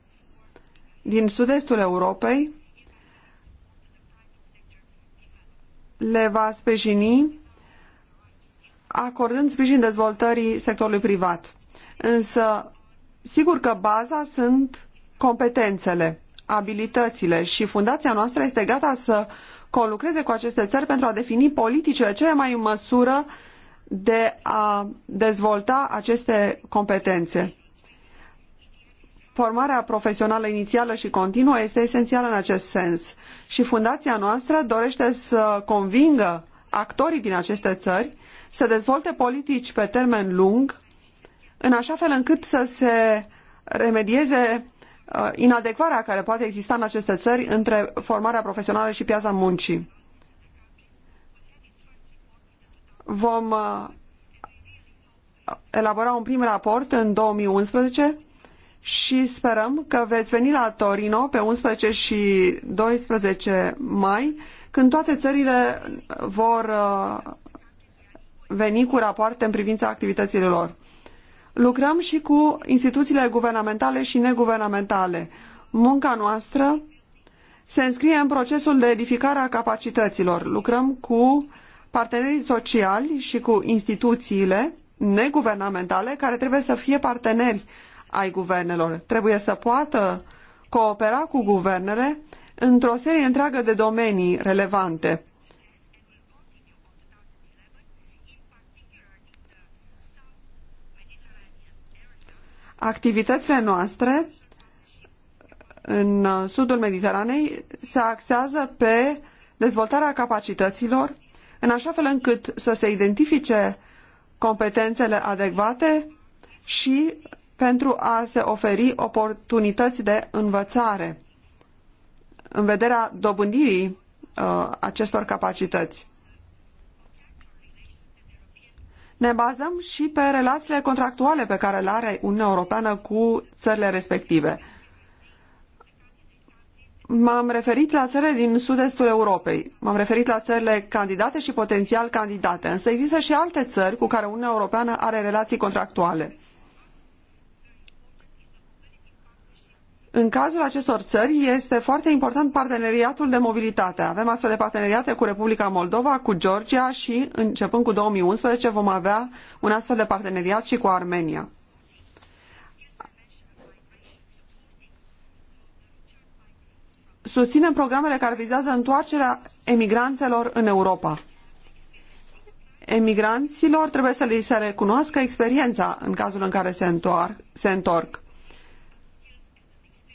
[SPEAKER 1] din sud-estul Europei, le va sprijini acordând sprijin dezvoltării sectorului privat. Însă, sigur că baza sunt competențele, abilitățile și fundația noastră este gata să conlucreze cu aceste țări pentru a defini politicile cele mai în măsură de a dezvolta aceste competențe. Formarea profesională inițială și continuă este esențială în acest sens și fundația noastră dorește să convingă actorii din aceste țări să dezvolte politici pe termen lung, în așa fel încât să se remedieze uh, inadecvarea care poate exista în aceste țări între formarea profesională și piața muncii. Vom uh, elabora un prim raport în 2011 și sperăm că veți veni la Torino pe 11 și 12 mai, când toate țările vor uh, veni cu rapoarte în privința activităților lor. Lucrăm și cu instituțiile guvernamentale și neguvernamentale. Munca noastră se înscrie în procesul de edificare a capacităților. Lucrăm cu partenerii sociali și cu instituțiile neguvernamentale care trebuie să fie parteneri ai guvernelor. Trebuie să poată coopera cu guvernele într-o serie întreagă de domenii relevante. Activitățile noastre în sudul Mediteranei se axează pe dezvoltarea capacităților, în așa fel încât să se identifice competențele adecvate și pentru a se oferi oportunități de învățare în vederea dobândirii uh, acestor capacități. Ne bazăm și pe relațiile contractuale pe care le are Uniunea Europeană cu țările respective. M-am referit la țările din sud-estul Europei, m-am referit la țările candidate și potențial candidate, însă există și alte țări cu care Uniunea Europeană are relații contractuale. În cazul acestor țări este foarte important parteneriatul de mobilitate. Avem astfel de parteneriate cu Republica Moldova, cu Georgia și, începând cu 2011, vom avea un astfel de parteneriat și cu Armenia. Susținem programele care vizează întoarcerea emigranțelor în Europa. Emigranților trebuie să li se recunoască experiența în cazul în care se întorc. Se întorc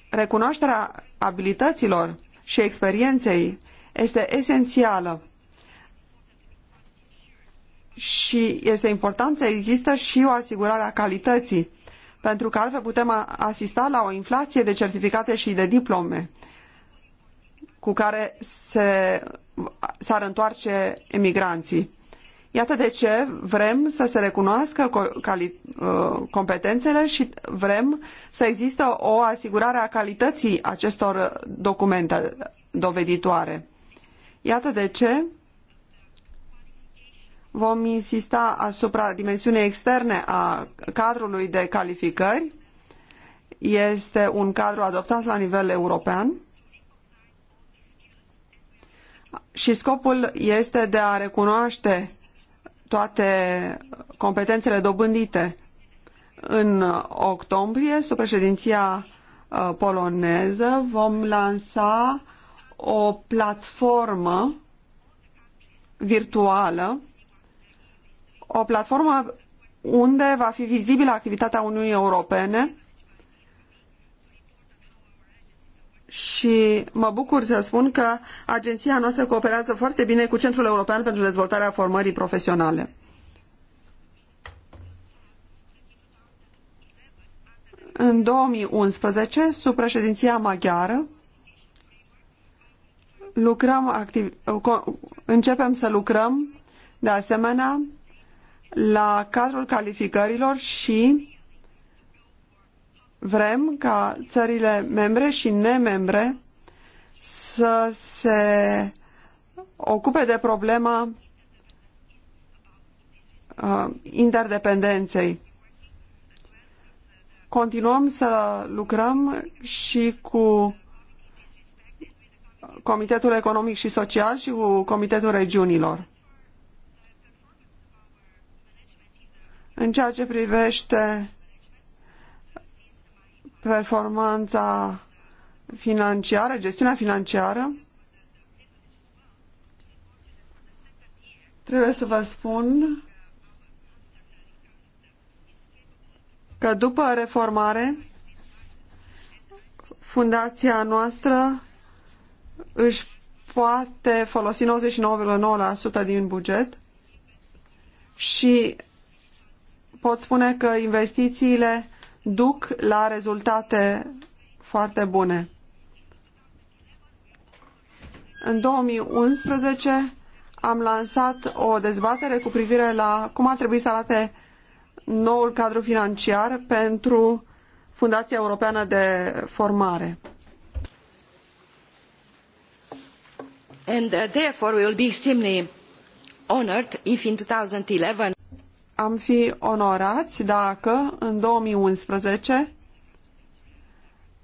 [SPEAKER 1] recunoașterea abilităților și experienței este esențială și este important să există și o asigurare a calității, pentru că altfel putem asista la o inflație de certificate și de diplome cu care se, s-ar întoarce emigranții. Iată de ce vrem să se recunoască uh, competențele și vrem să existe o asigurare a calității acestor documente doveditoare. Iată de ce vom insista asupra dimensiunii externe a cadrului de calificări. Este un cadru adoptat la nivel european și scopul este de a recunoaște toate competențele dobândite. În octombrie, sub președinția uh, poloneză, vom lansa o platformă virtuală, o platformă unde va fi vizibilă activitatea Uniunii Europene și mă bucur să spun că agenția noastră cooperează foarte bine cu Centrul European pentru Dezvoltarea Formării Profesionale. În 2011, sub președinția maghiară, lucrăm activ, începem să lucrăm de asemenea la cadrul calificărilor și vrem ca țările membre și nemembre să se ocupe de problema uh, interdependenței. Continuăm să lucrăm și cu Comitetul Economic și Social și cu Comitetul Regiunilor. În ceea ce privește performanța financiară, gestiunea financiară, trebuie să vă spun că după reformare, fundația noastră își poate folosi 99,9% din buget și pot spune că investițiile duc la rezultate foarte bune. În 2011 am lansat o dezbatere cu privire la cum ar trebui să arate noul cadru financiar pentru Fundația Europeană de Formare.
[SPEAKER 3] And uh, therefore we will be extremely honored if in 2011
[SPEAKER 1] am fi onorați dacă în 2011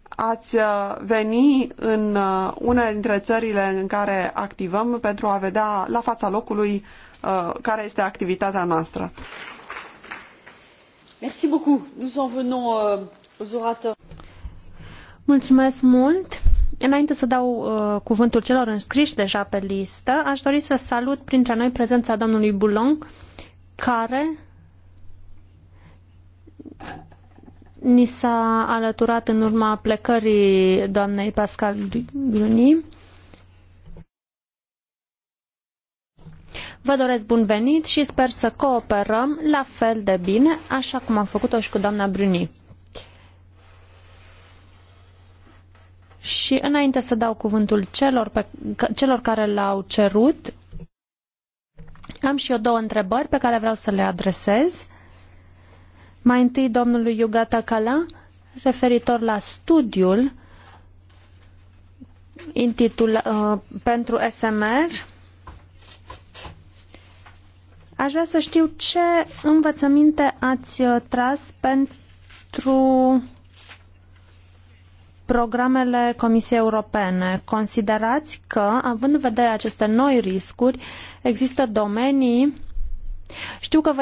[SPEAKER 1] ați uh, veni în uh, una dintre țările în care activăm pentru a vedea la fața locului uh, care este activitatea noastră. Merci beaucoup. Nous en venons aux orateurs.
[SPEAKER 2] Mulțumesc mult. Înainte să dau uh, cuvântul celor înscriși deja pe listă, aș dori să salut printre noi prezența domnului Boulon, care ni s-a alăturat în urma plecării doamnei Pascal Gruni. Vă doresc bun venit și sper să cooperăm la fel de bine, așa cum am făcut-o și cu doamna Bruni. Și înainte să dau cuvântul celor, pe, celor care l-au cerut, am și eu două întrebări pe care vreau să le adresez. Mai întâi domnului Iugata Kala, referitor la studiul intitula, uh, pentru SMR. Aș vrea să știu ce învățăminte ați uh, tras pentru programele Comisiei Europene. Considerați că, având în vedere aceste noi riscuri, există domenii știu că vă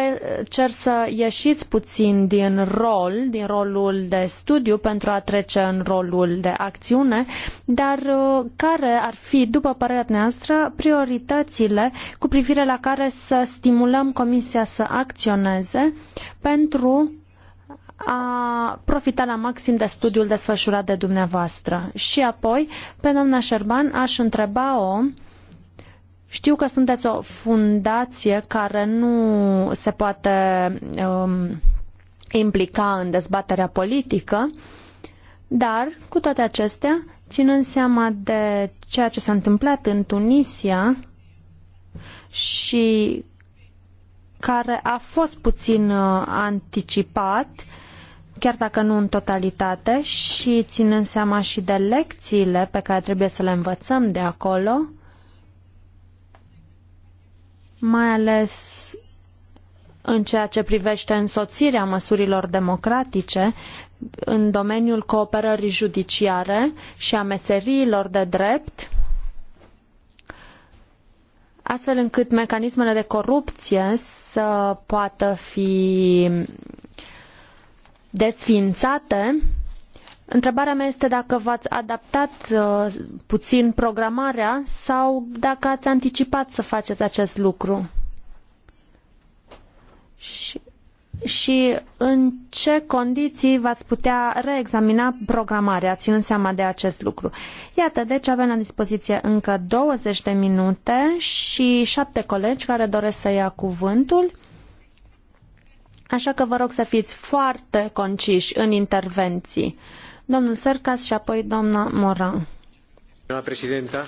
[SPEAKER 2] cer să ieșiți puțin din rol, din rolul de studiu pentru a trece în rolul de acțiune, dar uh, care ar fi, după părerea noastră, prioritățile cu privire la care să stimulăm Comisia să acționeze pentru a profita la maxim de studiul desfășurat de dumneavoastră. Și apoi, pe doamna Șerban, aș întreba-o știu că sunteți o fundație care nu se poate um, implica în dezbaterea politică, dar, cu toate acestea, ținând seama de ceea ce s-a întâmplat în Tunisia și care a fost puțin uh, anticipat, uh, chiar dacă nu în totalitate, și ținând seama și de lecțiile pe care trebuie să le învățăm de acolo, mai ales în ceea ce privește însoțirea măsurilor democratice în domeniul cooperării judiciare și a meseriilor de drept, astfel încât mecanismele de corupție să poată fi desfiinate. Întrebarea mea este dacă v-ați adaptat uh, puțin programarea sau dacă ați anticipat să faceți acest lucru. Și, și în ce condiții v-ați putea reexamina programarea, ținând seama de acest lucru. Iată, deci avem la dispoziție încă 20 de minute și șapte colegi care doresc să ia cuvântul. Așa că vă rog să fiți foarte conciși în intervenții.
[SPEAKER 3] Domnul Sercas și apoi doamna Moran.
[SPEAKER 1] Doamna președintă.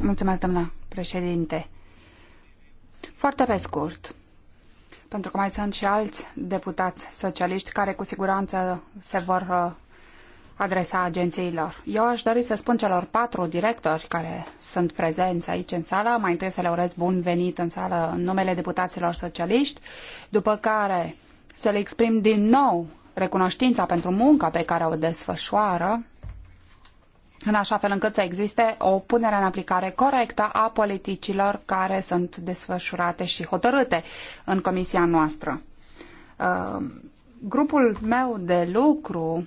[SPEAKER 3] Mulțumesc, doamna președinte. Foarte pe scurt, pentru că mai sunt și alți deputați socialiști care cu siguranță se vor uh, adresa agențiilor. Eu aș dori să spun celor patru directori care sunt prezenți aici în sală, mai întâi să le urez bun venit în sală în numele deputaților socialiști, după care să le exprim din nou recunoștința pentru munca pe care o desfășoară, în așa fel încât să existe o punere în aplicare corectă a politicilor care sunt desfășurate și hotărâte în comisia noastră. Uh, grupul meu de lucru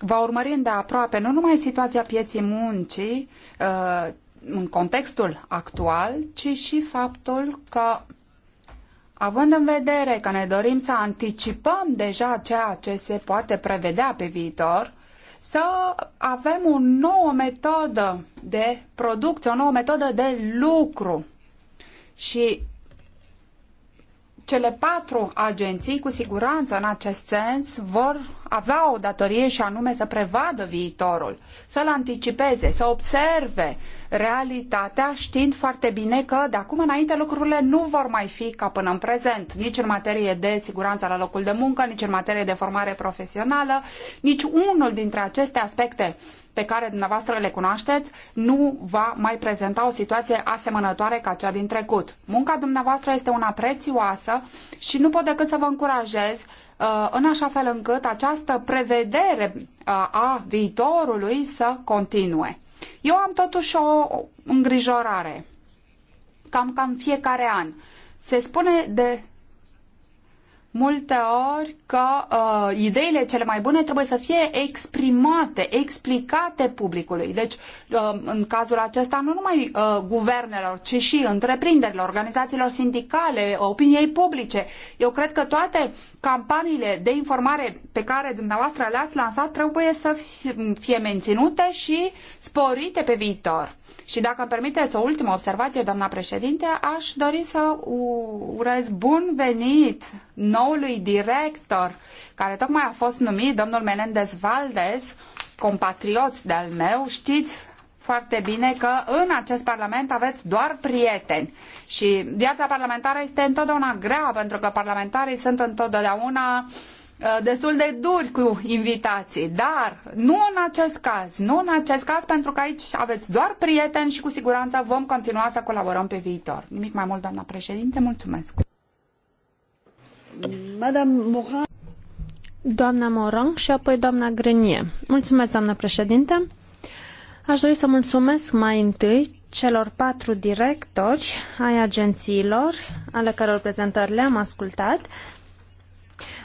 [SPEAKER 3] va urmări îndeaproape nu numai situația pieții muncii uh, în contextul actual, ci și faptul că Având în vedere că ne dorim să anticipăm deja ceea ce se poate prevedea pe viitor, să avem o nouă metodă de producție, o nouă metodă de lucru. Și cele patru agenții, cu siguranță, în acest sens, vor avea o datorie și anume să prevadă viitorul, să-l anticipeze, să observe realitatea știind foarte bine că de acum înainte lucrurile nu vor mai fi ca până în prezent, nici în materie de siguranță la locul de muncă, nici în materie de formare profesională, nici unul dintre aceste aspecte pe care dumneavoastră le cunoașteți nu va mai prezenta o situație asemănătoare ca cea din trecut. Munca dumneavoastră este una prețioasă și nu pot decât să vă încurajez Uh, în așa fel încât această prevedere uh, a viitorului să continue. Eu am totuși o îngrijorare. Cam cam fiecare an. Se spune de multe ori că uh, ideile cele mai bune trebuie să fie exprimate, explicate publicului. Deci, uh, în cazul acesta, nu numai uh, guvernelor, ci și întreprinderilor, organizațiilor sindicale, opiniei publice. Eu cred că toate campaniile de informare pe care dumneavoastră le-ați lansat trebuie să fie menținute și sporite pe viitor. Și dacă îmi permiteți o ultimă observație, doamna președinte, aș dori să urez bun venit noului director director care tocmai a fost numit, domnul Menendez Valdez, compatriot de-al meu, știți foarte bine că în acest Parlament aveți doar prieteni și viața parlamentară este întotdeauna grea pentru că parlamentarii sunt întotdeauna uh, destul de duri cu invitații, dar nu în acest caz, nu în acest caz pentru că aici aveți doar prieteni și cu siguranță vom continua să colaborăm pe viitor. Nimic mai mult, doamna președinte, mulțumesc.
[SPEAKER 2] Madame Morin doamna Moran și apoi doamna Grenie. Mulțumesc, doamnă președinte. Aș dori să mulțumesc mai întâi celor patru directori ai agențiilor, ale căror prezentări le-am ascultat.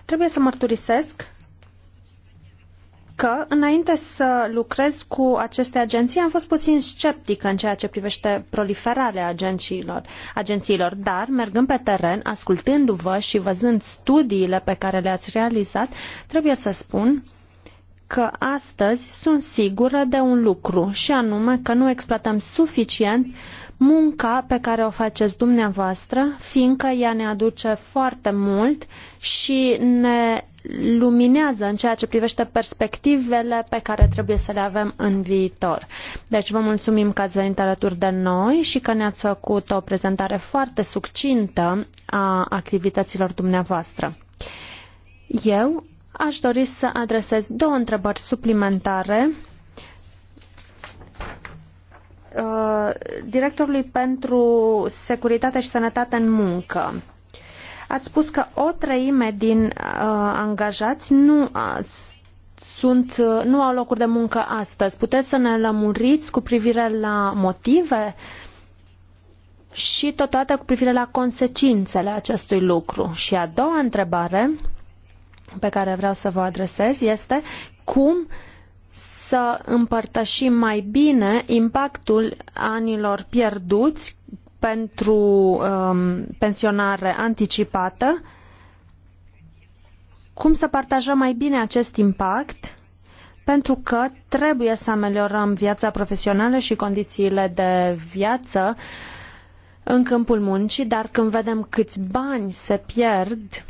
[SPEAKER 2] Trebuie să mărturisesc că, înainte să lucrez cu aceste agenții, am fost puțin sceptică în ceea ce privește proliferarea agențiilor, agențiilor dar, mergând pe teren, ascultându-vă și văzând studiile pe care le-ați realizat, trebuie să spun că astăzi sunt sigură de un lucru, și anume că nu exploatăm suficient munca pe care o faceți dumneavoastră, fiindcă ea ne aduce foarte mult și ne luminează în ceea ce privește perspectivele pe care trebuie să le avem în viitor. Deci vă mulțumim că ați venit alături de noi și că ne-ați făcut o prezentare foarte succintă a activităților dumneavoastră. Eu aș dori să adresez două întrebări suplimentare uh, directorului pentru securitate și sănătate în muncă. Ați spus că o treime din uh, angajați nu a, uh, sunt, uh, nu au locuri de muncă astăzi. Puteți să ne lămuriți cu privire la motive și totodată cu privire la consecințele acestui lucru. Și a doua întrebare pe care vreau să vă adresez este cum să împărtășim mai bine impactul anilor pierduți pentru um, pensionare anticipată, cum să partajăm mai bine acest impact, pentru că trebuie să ameliorăm viața profesională și condițiile de viață în câmpul muncii, dar când vedem câți bani se pierd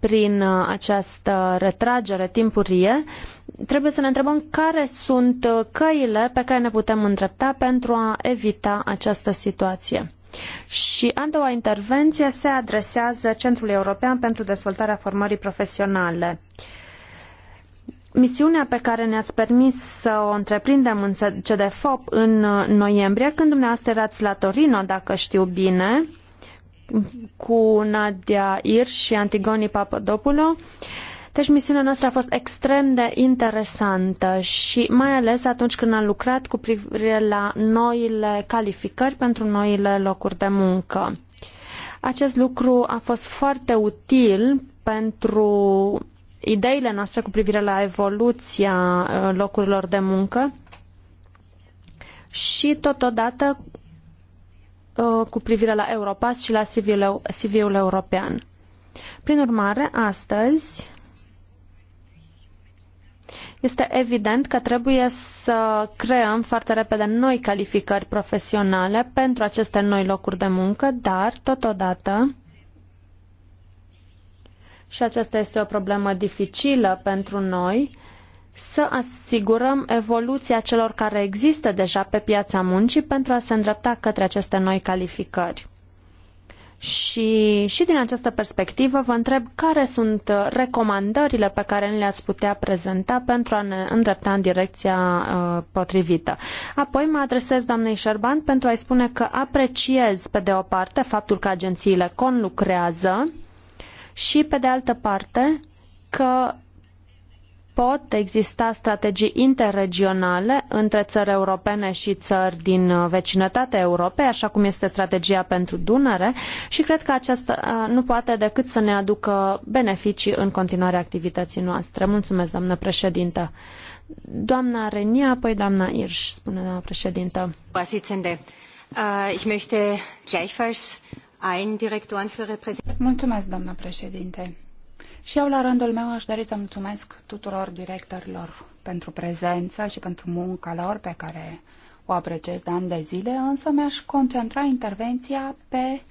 [SPEAKER 2] prin uh, această retragere timpurie, uh, trebuie să ne întrebăm care sunt uh, căile pe care ne putem îndrepta pentru a evita această situație. Și a doua intervenție se adresează Centrului European pentru Dezvoltarea Formării Profesionale. Misiunea pe care ne-ați permis să o întreprindem în CDFOP în uh, noiembrie, când dumneavoastră erați la Torino, dacă știu bine, cu Nadia Ir și Antigoni Papadopoulou, deci misiunea noastră a fost extrem de interesantă și mai ales atunci când am lucrat cu privire la noile calificări pentru noile locuri de muncă. Acest lucru a fost foarte util pentru ideile noastre cu privire la evoluția uh, locurilor de muncă și totodată uh, cu privire la Europass și la CV-ul, cv, -ul, CV -ul european. Prin urmare, astăzi este evident că trebuie să creăm foarte repede noi calificări profesionale pentru aceste noi locuri de muncă, dar totodată și aceasta este o problemă dificilă pentru noi, să asigurăm evoluția celor care există deja pe piața muncii pentru a se îndrepta către aceste noi calificări. Și, și din această perspectivă vă întreb care sunt recomandările pe care ni le-ați putea prezenta pentru a ne îndrepta în direcția uh, potrivită. Apoi mă adresez doamnei Șerban pentru a-i spune că apreciez pe de o parte faptul că agențiile conlucrează și pe de altă parte că pot exista strategii interregionale între țări europene și țări din uh, vecinătatea Europei, așa cum este strategia pentru Dunăre și cred că aceasta uh, nu poate decât să ne aducă beneficii în continuarea activității noastre. Mulțumesc, doamnă președintă. Doamna Renia, apoi doamna Irș, spune doamna președintă.
[SPEAKER 3] Uh, ich möchte gleichfalls Mulțumesc, doamna președinte. Și eu, la rândul meu, aș dori să mulțumesc tuturor directorilor pentru prezența și pentru munca lor pe care o apreciez de ani de zile, însă mi-aș concentra intervenția pe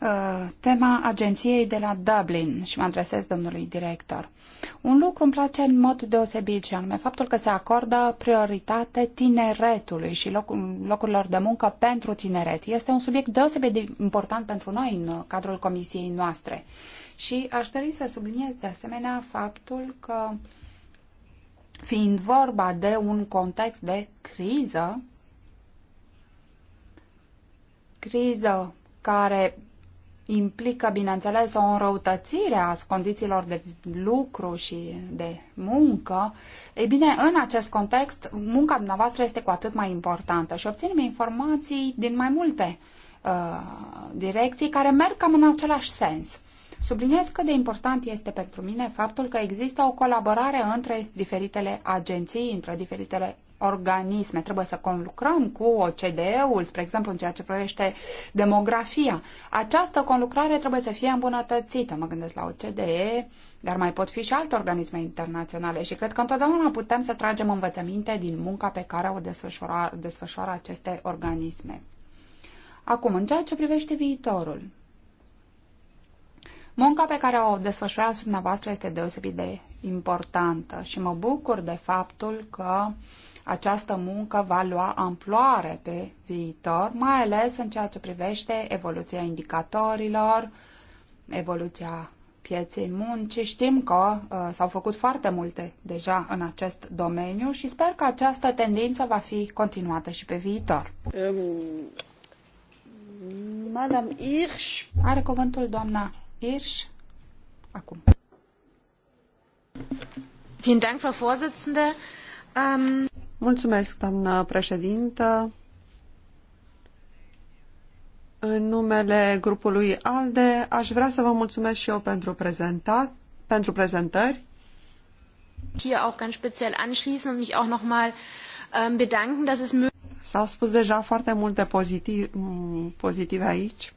[SPEAKER 3] uh, tema agenției de la Dublin și mă adresez domnului director. Un lucru îmi place în mod deosebit și anume faptul că se acordă prioritate tineretului și locurilor de muncă pentru tineret. Este un subiect deosebit de important pentru noi în uh, cadrul comisiei noastre. Și aș dori să subliniez de asemenea faptul că fiind vorba de un context de criză, criză care implică, bineînțeles, o înrăutățire a condițiilor de lucru și de muncă, ei bine, în acest context, munca dumneavoastră este cu atât mai importantă și obținem informații din mai multe uh, direcții care merg cam în același sens. Subliniez cât de important este pentru mine faptul că există o colaborare între diferitele agenții, între diferitele organisme. Trebuie să conlucrăm cu OCDE-ul, spre exemplu, în ceea ce privește demografia. Această conlucrare trebuie să fie îmbunătățită. Mă gândesc la OCDE, dar mai pot fi și alte organisme internaționale și cred că întotdeauna putem să tragem învățăminte din munca pe care o desfășoară, desfășoară aceste organisme. Acum, în ceea ce privește viitorul, Munca pe care o desfășurați dumneavoastră este deosebit de importantă și mă bucur de faptul că această muncă va lua amploare pe viitor, mai ales în ceea ce privește evoluția indicatorilor, evoluția pieței muncii. Știm că uh, s-au făcut foarte multe deja în acest domeniu și sper că această tendință va fi continuată și pe viitor. Um, Madame Irș. Are cuvântul doamna acum.
[SPEAKER 1] Ähm, mulțumesc, doamnă președintă. În numele grupului ALDE, aș vrea să vă mulțumesc și eu pentru, prezenta, pentru prezentări. Hier auch
[SPEAKER 2] ganz speziell anschließen und mich auch nochmal ähm, bedanken, dass es S-au spus deja foarte
[SPEAKER 1] multe pozitiv, pozitive aici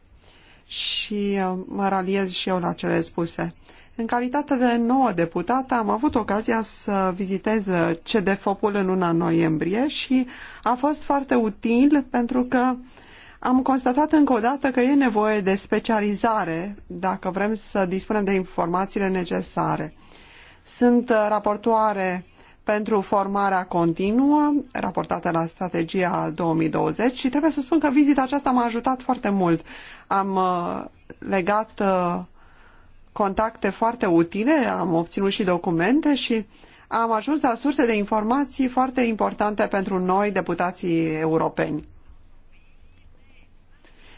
[SPEAKER 1] și uh, mă raliez și eu la cele spuse. În calitate de nouă deputată am avut ocazia să vizitez CDFOP-ul în luna noiembrie și a fost foarte util pentru că am constatat încă o dată că e nevoie de specializare dacă vrem să dispunem de informațiile necesare. Sunt raportoare pentru formarea continuă, raportată la strategia 2020 și trebuie să spun că vizita aceasta m-a ajutat foarte mult. Am uh, legat uh, contacte foarte utile, am obținut și documente și am ajuns la surse de informații foarte importante pentru noi, deputații europeni.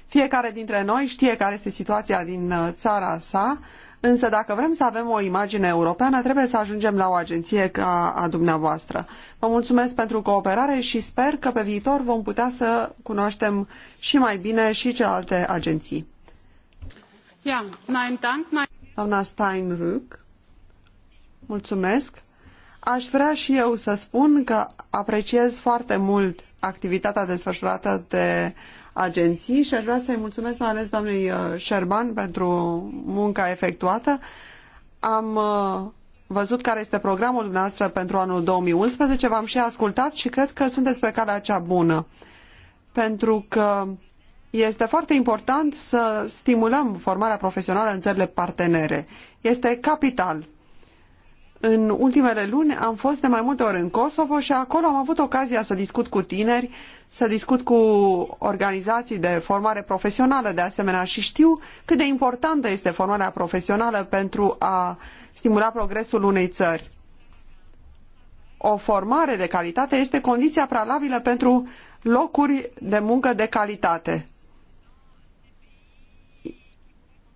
[SPEAKER 1] Fiecare dintre noi știe care este situația din uh, țara sa, Însă dacă vrem să avem o imagine europeană, trebuie să ajungem la o agenție ca a dumneavoastră. Vă mulțumesc pentru cooperare și sper că pe viitor vom putea să cunoaștem și mai bine și celelalte agenții.
[SPEAKER 3] Ja, nein, dank, nein.
[SPEAKER 1] Doamna Steinrück, mulțumesc. Aș vrea și eu să spun că apreciez foarte mult activitatea desfășurată de agenții și aș vrea să-i mulțumesc mai ales doamnei Șerban uh, pentru munca efectuată. Am uh, văzut care este programul dumneavoastră pentru anul 2011, v-am și ascultat și cred că sunteți pe calea cea bună. Pentru că este foarte important să stimulăm formarea profesională în țările partenere. Este capital în ultimele luni am fost de mai multe ori în Kosovo și acolo am avut ocazia să discut cu tineri, să discut cu organizații de formare profesională de asemenea și știu cât de importantă este formarea profesională pentru a stimula progresul unei țări. O formare de calitate este condiția prealabilă pentru locuri de muncă de calitate.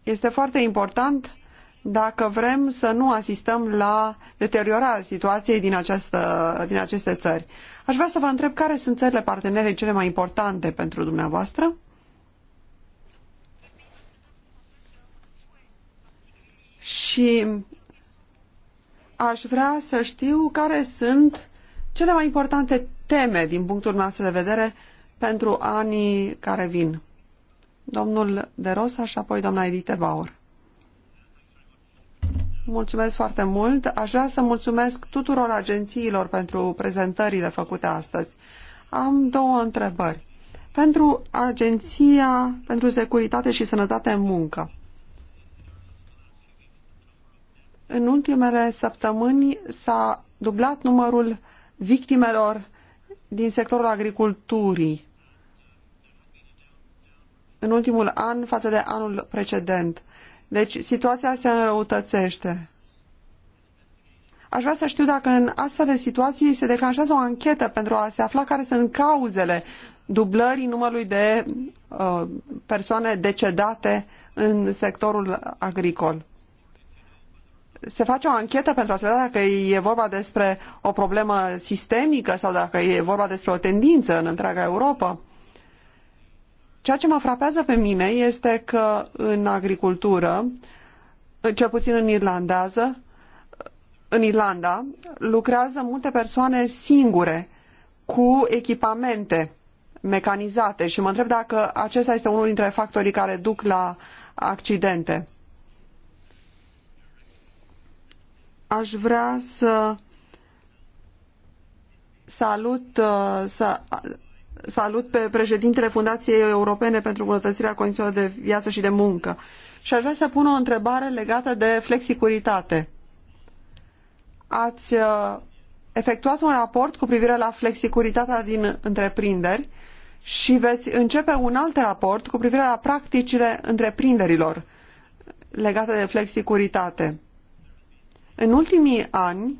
[SPEAKER 1] Este foarte important dacă vrem să nu asistăm la deteriorarea situației din, această, din aceste țări. Aș vrea să vă întreb care sunt țările partenere cele mai importante pentru dumneavoastră? Și aș vrea să știu care sunt cele mai importante teme din punctul nostru de vedere pentru anii care vin. Domnul De Rosa și apoi doamna Edite Bauer. Mulțumesc foarte mult. Aș vrea să mulțumesc tuturor agențiilor pentru prezentările făcute astăzi. Am două întrebări. Pentru Agenția pentru Securitate și Sănătate în Muncă. În ultimele săptămâni s-a dublat numărul victimelor din sectorul agriculturii în ultimul an față de anul precedent. Deci situația se înrăutățește. Aș vrea să știu dacă în astfel de situații se declanșează o anchetă pentru a se afla care sunt cauzele dublării numărului de uh, persoane decedate în sectorul agricol. Se face o anchetă pentru a se vedea dacă e vorba despre o problemă sistemică sau dacă e vorba despre o tendință în întreaga Europa. Ceea ce mă frapează pe mine este că în agricultură, cel puțin în irlandeză, în Irlanda, lucrează multe persoane singure cu echipamente mecanizate și mă întreb dacă acesta este unul dintre factorii care duc la accidente. Aș vrea să salut, să salut pe președintele Fundației Europene pentru Bunătățirea Condițiilor de Viață și de Muncă. Și aș vrea să pun o întrebare legată de flexicuritate. Ați uh, efectuat un raport cu privire la flexicuritatea din întreprinderi și veți începe un alt raport cu privire la practicile întreprinderilor legate de flexicuritate. În ultimii ani,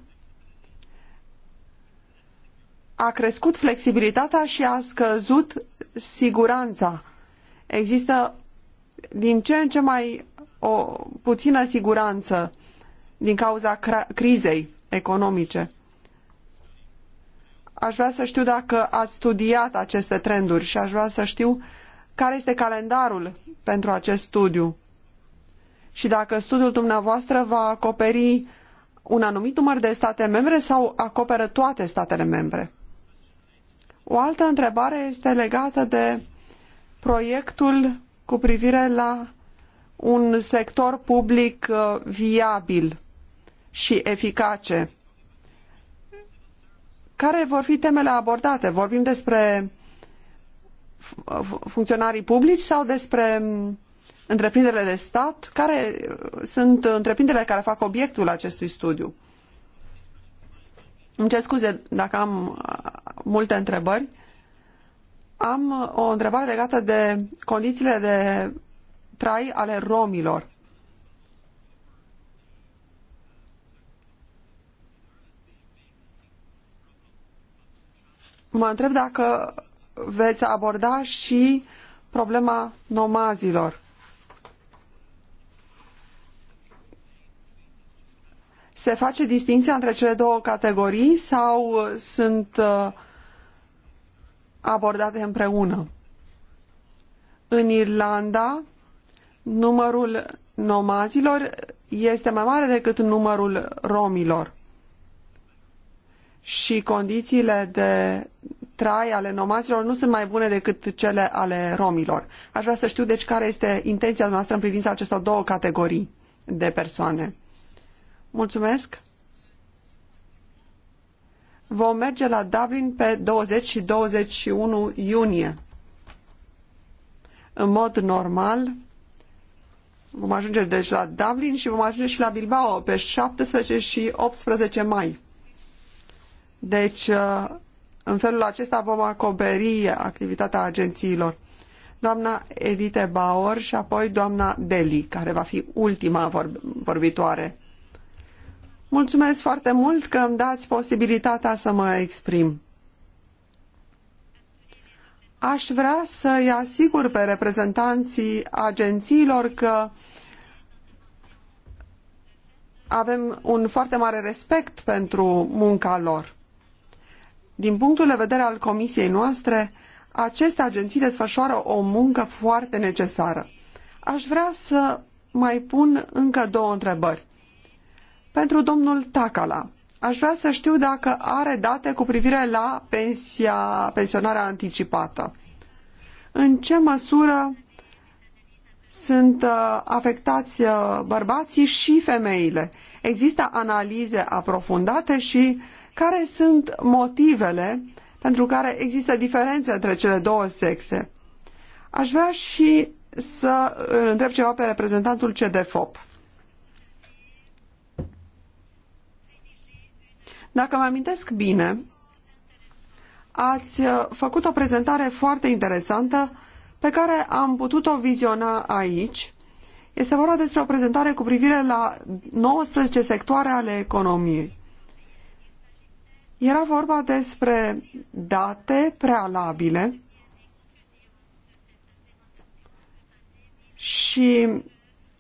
[SPEAKER 1] a crescut flexibilitatea și a scăzut siguranța. Există din ce în ce mai o puțină siguranță din cauza crizei economice. Aș vrea să știu dacă ați studiat aceste trenduri și aș vrea să știu care este calendarul pentru acest studiu și dacă studiul dumneavoastră va acoperi un anumit număr de state membre sau acoperă toate statele membre. O altă întrebare este legată de proiectul cu privire la un sector public uh, viabil și eficace. Care vor fi temele abordate? Vorbim despre funcționarii publici sau despre întreprinderile de stat? Care uh, sunt întreprinderile care fac obiectul acestui studiu? Îmi cer scuze dacă am uh, multe întrebări. Am uh, o întrebare legată de condițiile de trai ale romilor. Mă întreb dacă veți aborda și problema nomazilor. Se face distinția între cele două categorii sau sunt uh, abordate împreună. În Irlanda, numărul nomazilor este mai mare decât numărul romilor și condițiile de trai ale nomazilor nu sunt mai bune decât cele ale romilor. Aș vrea să știu, deci, care este intenția noastră în privința acestor două categorii de persoane. Mulțumesc. Vom merge la Dublin pe 20 și 21 iunie. În mod normal, vom ajunge deci la Dublin și vom ajunge și la Bilbao pe 17 și 18 mai. Deci, uh, în felul acesta vom acoperi activitatea agențiilor. Doamna Edite Bauer și apoi doamna Deli, care va fi ultima vorbitoare. Mulțumesc foarte mult că îmi dați posibilitatea să mă exprim. Aș vrea să-i asigur pe reprezentanții agențiilor că avem un foarte mare respect pentru munca lor. Din punctul de vedere al comisiei noastre, aceste agenții desfășoară o muncă foarte necesară. Aș vrea să mai pun încă două întrebări. Pentru domnul Tacala, aș vrea să știu dacă are date cu privire la pensia, pensionarea anticipată. În ce măsură sunt uh, afectați uh, bărbații și femeile? Există analize aprofundate și care sunt motivele pentru care există diferențe între cele două sexe? Aș vrea și să îl uh, întreb ceva pe reprezentantul CDFOP. Dacă mă amintesc bine, ați uh, făcut o prezentare foarte interesantă pe care am putut-o viziona aici. Este vorba despre o prezentare cu privire la 19 sectoare ale economiei. Era vorba despre date prealabile și,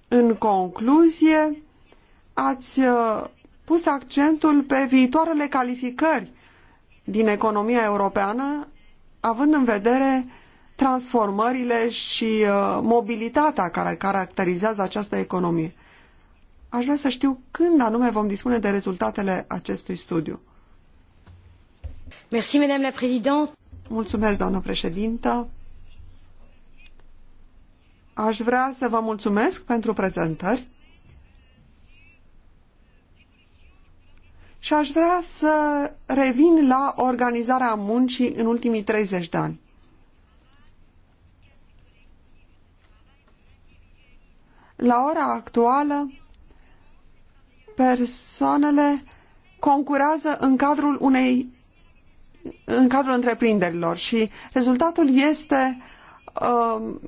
[SPEAKER 1] în concluzie, ați uh, pus accentul pe viitoarele calificări din economia europeană, având în vedere transformările și uh, mobilitatea care caracterizează această economie. Aș vrea să știu când anume vom dispune de rezultatele acestui studiu. Merci, Madame la Mulțumesc, doamnă președintă. Aș vrea să vă mulțumesc pentru prezentări. și aș vrea să revin la organizarea muncii în ultimii 30 de ani. La ora actuală, persoanele concurează în cadrul unei în cadrul întreprinderilor și rezultatul este uh, Um,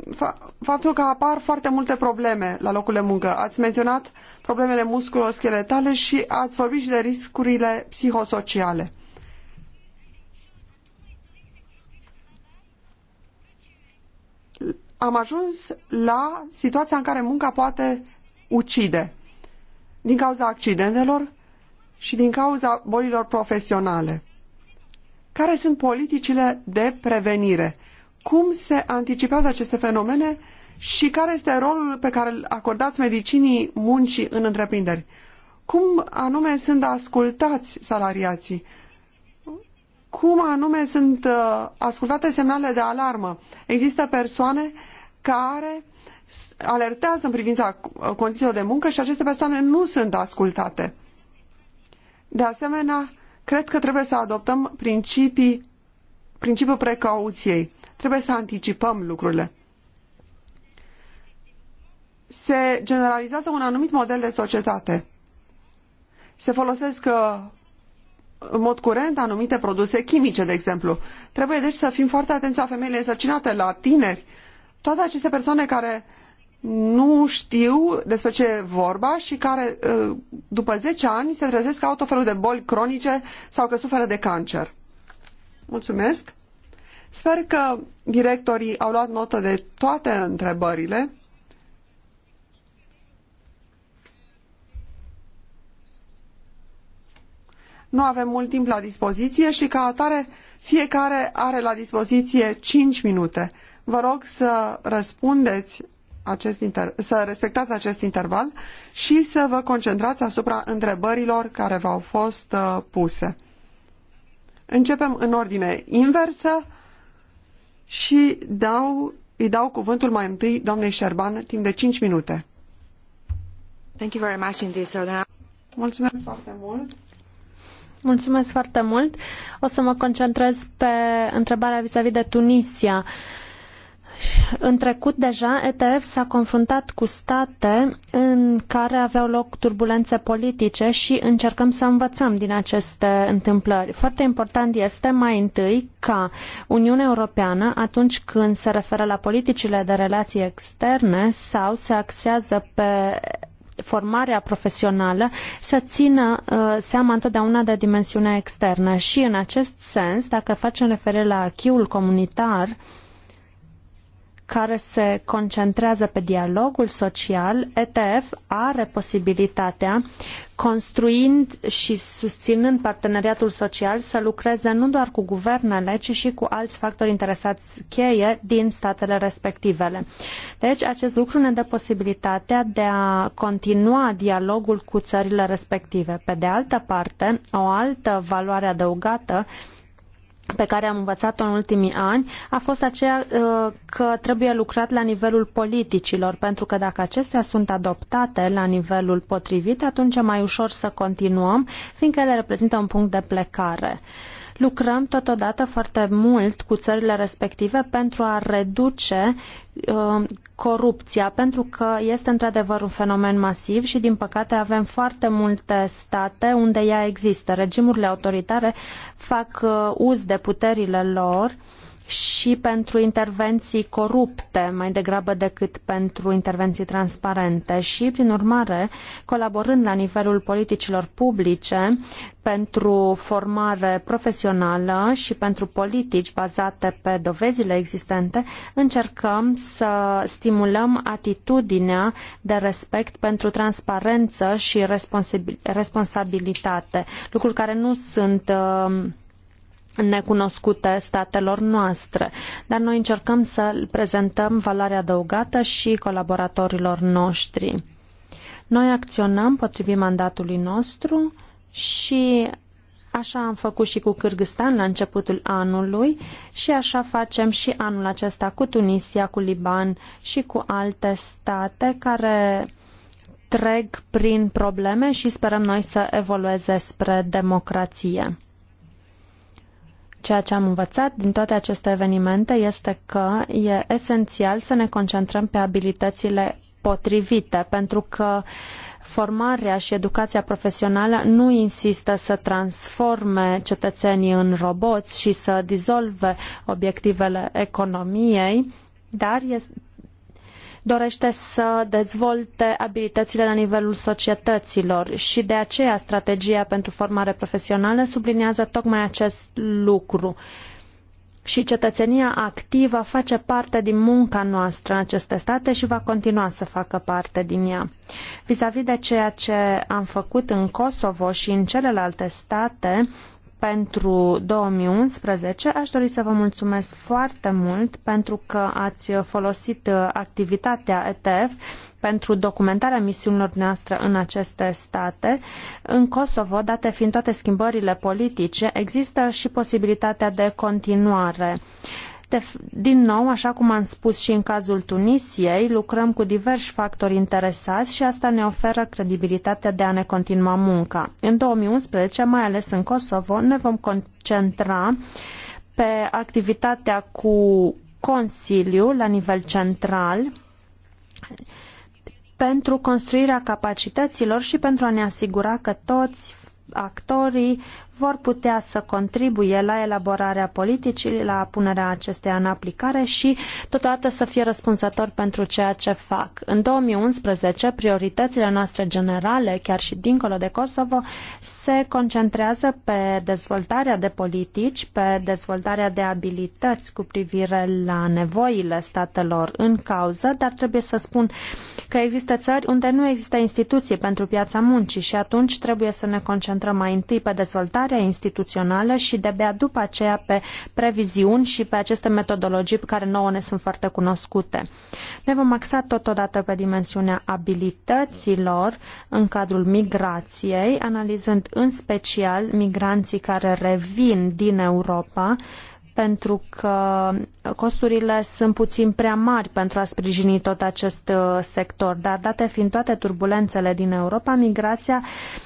[SPEAKER 1] faptul că apar foarte multe probleme la locul de muncă. Ați menționat problemele musculoscheletale și ați vorbit și de riscurile psihosociale. Am ajuns la situația în care munca poate ucide din cauza accidentelor și din cauza bolilor profesionale. Care sunt politicile de prevenire? cum se anticipează aceste fenomene și care este rolul pe care îl acordați medicinii muncii în întreprinderi? Cum anume sunt ascultați salariații? Cum anume sunt uh, ascultate semnalele de alarmă? Există persoane care alertează în privința uh, condițiilor de muncă și aceste persoane nu sunt ascultate. De asemenea, cred că trebuie să adoptăm principii, principiul precauției. Trebuie să anticipăm lucrurile. Se generalizează un anumit model de societate. Se folosesc uh, în mod curent anumite produse chimice, de exemplu. Trebuie deci să fim foarte atenți la femeile însărcinate, la tineri, toate aceste persoane care nu știu despre ce e vorba și care uh, după 10 ani se trezesc că au tot felul de boli cronice sau că suferă de cancer. Mulțumesc! Sper că directorii au luat notă de toate întrebările. Nu avem mult timp la dispoziție și ca atare fiecare are la dispoziție 5 minute. Vă rog să răspundeți acest inter... să respectați acest interval și să vă concentrați asupra întrebărilor care v-au fost uh, puse. Începem în ordine inversă și dau, îi dau cuvântul mai întâi doamnei Șerban timp de 5 minute.
[SPEAKER 3] Thank you very much indeed, Sodana. Mulțumesc foarte mult.
[SPEAKER 2] Mulțumesc foarte mult. O să mă concentrez pe întrebarea vis-a-vis -vis de Tunisia. Uh, în trecut deja ETF s-a confruntat cu state în care aveau loc turbulențe politice și încercăm să învățăm din aceste întâmplări. Foarte important este mai întâi ca Uniunea Europeană, atunci când se referă la politicile de relații externe sau se axează pe formarea profesională să țină uh, seama întotdeauna de dimensiunea externă și în acest sens, dacă facem referire la achiul comunitar, uh, care se concentrează pe dialogul social, ETF are posibilitatea, construind și susținând parteneriatul social, să lucreze nu doar cu guvernele, ci și cu alți factori interesați cheie din statele respectivele. Deci, acest lucru ne dă posibilitatea de a continua dialogul cu țările respective. Pe de altă parte, o altă valoare adăugată pe care am învățat-o în ultimii ani a fost aceea uh, că trebuie lucrat la nivelul politicilor, pentru că dacă acestea sunt adoptate la nivelul potrivit, atunci e mai ușor să continuăm, fiindcă ele reprezintă un punct de plecare. Lucrăm totodată foarte mult cu țările respective pentru a reduce uh, corupția, pentru că este într-adevăr un fenomen masiv și, din păcate, avem foarte multe state unde ea există. Regimurile autoritare fac uh, uz de puterile lor uh, și pentru intervenții corupte mai degrabă decât pentru intervenții transparente și, prin urmare, colaborând la nivelul politicilor publice pentru formare profesională și pentru politici bazate pe dovezile existente, încercăm să stimulăm atitudinea de respect pentru transparență și responsabilitate, lucruri care nu sunt uh, necunoscute statelor noastre, dar noi încercăm să prezentăm valoarea adăugată și colaboratorilor noștri. Noi acționăm potrivit mandatului nostru și Așa am făcut și cu Cârgâstan la începutul anului și așa facem și anul acesta cu Tunisia, cu Liban și cu alte state care trec prin probleme și sperăm noi să evolueze spre democrație. Ceea ce am învățat din toate aceste evenimente este că e esențial să ne concentrăm pe abilitățile potrivite, pentru că formarea și educația profesională nu insistă să transforme cetățenii în roboți și să dizolve obiectivele economiei, dar dorește să dezvolte abilitățile la nivelul societăților și de aceea strategia pentru formare profesională subliniază tocmai acest lucru. Și cetățenia activă face parte din munca noastră în aceste state și va continua să facă parte din ea. vis a -vis de ceea ce am făcut în Kosovo și în celelalte state, pentru 2011. Aș dori să vă mulțumesc foarte mult pentru că ați folosit uh, activitatea ETF pentru documentarea misiunilor noastre în aceste state. În Kosovo, date fiind toate schimbările politice, există și posibilitatea de continuare. Uh, de, din nou, așa cum am spus și în cazul Tunisiei, lucrăm cu diversi factori interesați și asta ne oferă credibilitatea de a ne continua munca. În 2011, mai ales în Kosovo, ne vom concentra pe activitatea cu Consiliu la nivel central pentru construirea capacităților și pentru a ne asigura că toți actorii vor putea să contribuie la elaborarea politicii, la punerea acesteia în aplicare și totodată să fie răspunzători pentru ceea ce fac. În 2011, prioritățile noastre generale, chiar și dincolo de Kosovo, se concentrează pe dezvoltarea de politici, pe dezvoltarea de abilități cu privire la nevoile statelor în cauză, dar trebuie să spun că există țări unde nu există instituții pentru piața muncii și atunci trebuie să ne concentrăm mai întâi pe dezvoltarea coordonarea instituțională și de-abia după aceea pe previziuni și pe aceste metodologii pe care nouă ne sunt foarte cunoscute. Ne vom axa totodată pe dimensiunea abilităților în cadrul migrației, analizând în special migranții care revin din Europa, pentru că costurile sunt puțin prea mari pentru a sprijini tot acest uh, sector, dar date fiind toate turbulențele din Europa, migrația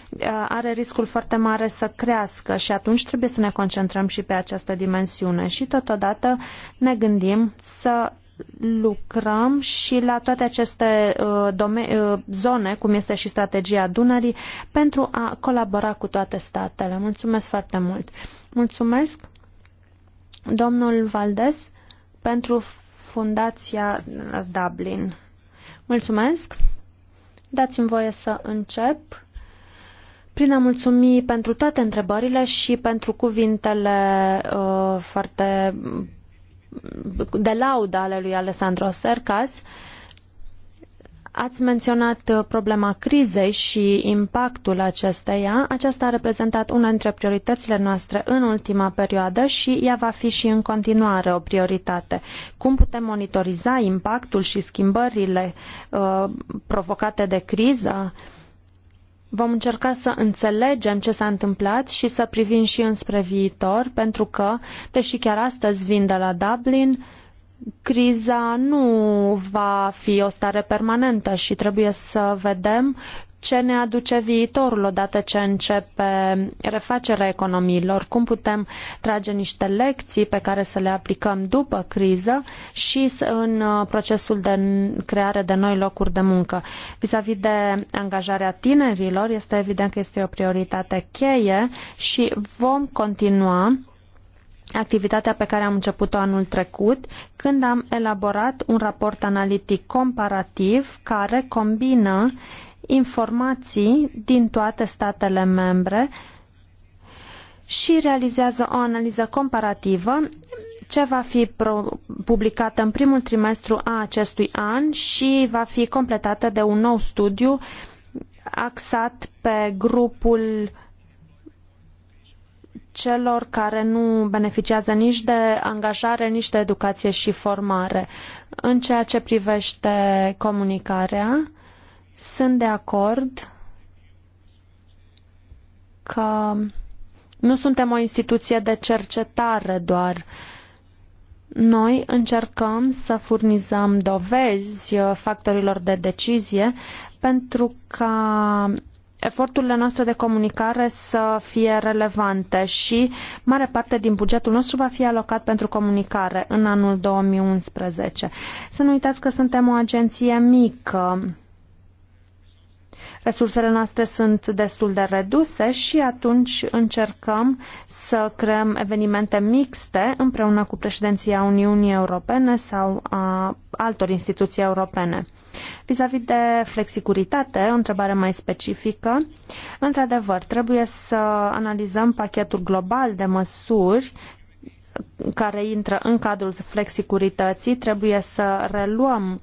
[SPEAKER 2] uh, are riscul foarte mare să crească și atunci trebuie să ne concentrăm și pe această dimensiune și totodată ne gândim să lucrăm și la toate aceste uh, zone, cum este și strategia Dunării, pentru a colabora cu toate statele. Mulțumesc foarte mult! Mulțumesc! Domnul Valdes, pentru Fundația Dublin. Mulțumesc! Dați-mi voie să încep prin a mulțumi pentru toate întrebările și pentru cuvintele uh, foarte de laudă ale lui Alessandro Sercas. Uh, Ați menționat uh, problema crizei și impactul acesteia. Aceasta a reprezentat una dintre prioritățile noastre în ultima perioadă și ea va fi și în continuare o prioritate. Cum putem monitoriza impactul și schimbările uh, provocate de criză? Vom încerca să înțelegem ce s-a întâmplat și să privim și înspre viitor, pentru că, deși chiar astăzi vin de la Dublin, criza nu va fi o stare permanentă și trebuie să vedem ce ne aduce viitorul odată ce începe refacerea economiilor, cum putem trage niște lecții pe care să le aplicăm după criză și în uh, procesul de creare de noi locuri de muncă. Vis-a-vis de angajarea tinerilor, este evident că este o prioritate cheie și vom continua activitatea pe care am început-o anul trecut, când am elaborat un raport analitic comparativ care combină informații din toate statele membre și realizează o analiză comparativă ce va fi publicată în primul trimestru a acestui an și va fi completată de un nou studiu axat pe grupul celor care nu beneficiază nici de angajare, nici de educație și formare. În ceea ce privește comunicarea, sunt de acord că nu suntem o instituție de cercetare doar. Noi încercăm să furnizăm dovezi factorilor de decizie pentru ca eforturile noastre de comunicare să fie relevante și mare parte din bugetul nostru va fi alocat pentru comunicare în anul 2011. Să nu uitați că suntem o agenție mică resursele noastre sunt destul de reduse și atunci încercăm să creăm evenimente mixte împreună cu președinția Uniunii Europene sau a altor instituții europene. Vis-a-vis -vis de flexicuritate, o întrebare mai specifică, într-adevăr, trebuie să analizăm pachetul global de măsuri care intră în cadrul flexicurității, trebuie să reluăm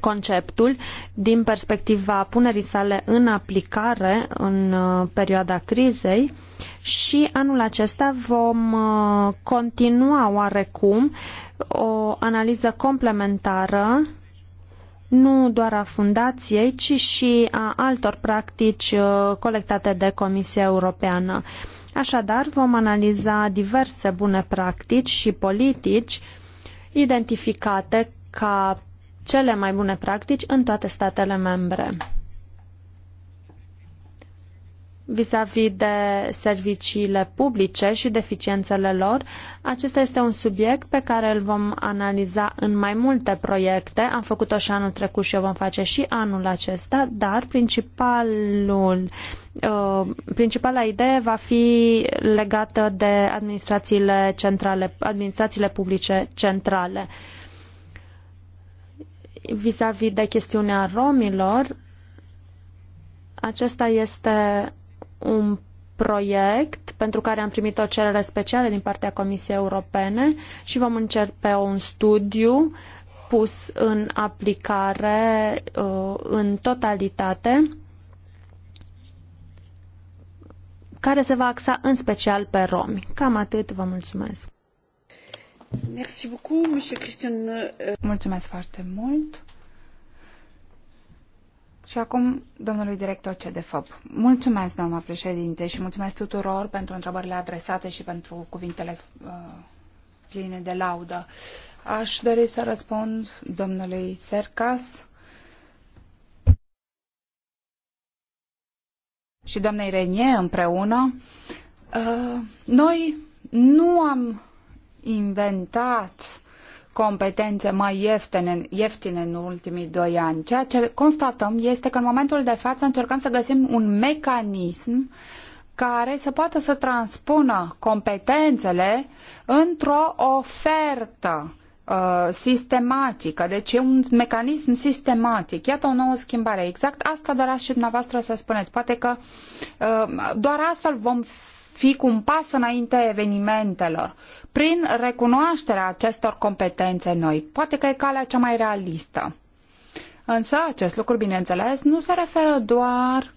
[SPEAKER 2] conceptul din perspectiva punerii sale în aplicare în uh, perioada crizei și anul acesta vom uh, continua oarecum o analiză complementară nu doar a fundației, ci și a altor practici uh, colectate de Comisia Europeană. Așadar, vom analiza diverse bune practici și politici identificate ca cele mai bune practici în toate statele membre. Vis-a-vis -vis de serviciile publice și deficiențele lor, acesta este un subiect pe care îl vom analiza în mai multe proiecte. Am făcut-o și anul trecut și o vom face și anul acesta, dar principalul, uh, principala idee va fi legată de administrațiile, centrale, administrațiile publice centrale vis-a-vis -vis de chestiunea romilor, acesta este un proiect pentru care am primit o cerere specială din partea Comisiei Europene și vom începe un studiu pus în aplicare uh, în totalitate care se va axa în special pe romi. Cam atât, vă mulțumesc.
[SPEAKER 3] Merci beaucoup, Monsieur Christian. Euh, mulțumesc foarte mult. Și acum, domnului director CDFOP. Mulțumesc, doamna președinte, și mulțumesc tuturor pentru întrebările adresate și pentru cuvintele uh, pline de laudă. Aș dori să răspund domnului Sercas și doamnei Renie împreună. Uh, noi nu am inventat competențe mai ieftine, ieftine în ultimii doi ani. Ceea ce constatăm este că în momentul de față încercăm să găsim un mecanism care să poată să transpună competențele într-o ofertă uh, sistematică. Deci e un mecanism sistematic. Iată o nouă schimbare. Exact asta doreați și dumneavoastră să spuneți. Poate că uh, doar astfel vom fi cu un pas înainte evenimentelor, prin recunoașterea acestor competențe noi. Poate că e calea cea mai realistă. Însă acest lucru, bineînțeles, nu se referă doar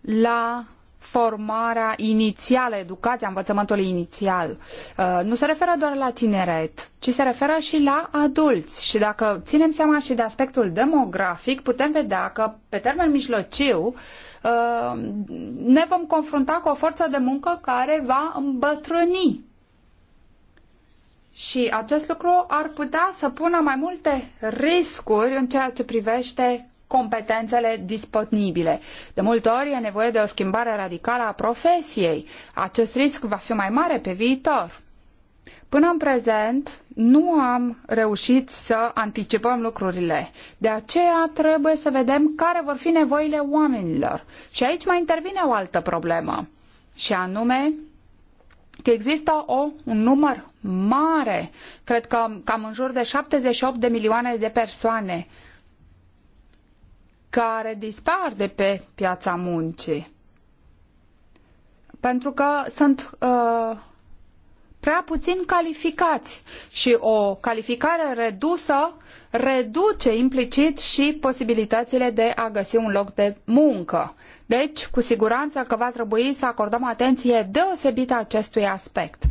[SPEAKER 3] la formarea inițială, educația, învățământul inițial, uh, nu se referă doar la tineret, ci se referă și la adulți. Și dacă ținem seama și de aspectul demografic, putem vedea că pe termen mijlociu uh, ne vom confrunta cu o forță de muncă care va îmbătrâni. Și acest lucru ar putea să pună mai multe riscuri în ceea ce privește competențele disponibile. De multe ori e nevoie de o schimbare radicală a profesiei. Acest risc va fi mai mare pe viitor. Până în prezent nu am reușit să anticipăm lucrurile. De aceea trebuie să vedem care vor fi nevoile oamenilor. Și aici mai intervine o altă problemă. Și anume că există o, un număr mare, cred că cam în jur de 78 de milioane de persoane care dispar de pe piața muncii. Pentru că sunt uh, prea puțin calificați și o calificare redusă reduce implicit și posibilitățile de a găsi un loc de muncă. Deci, cu siguranță că va trebui să acordăm atenție deosebită acestui aspect,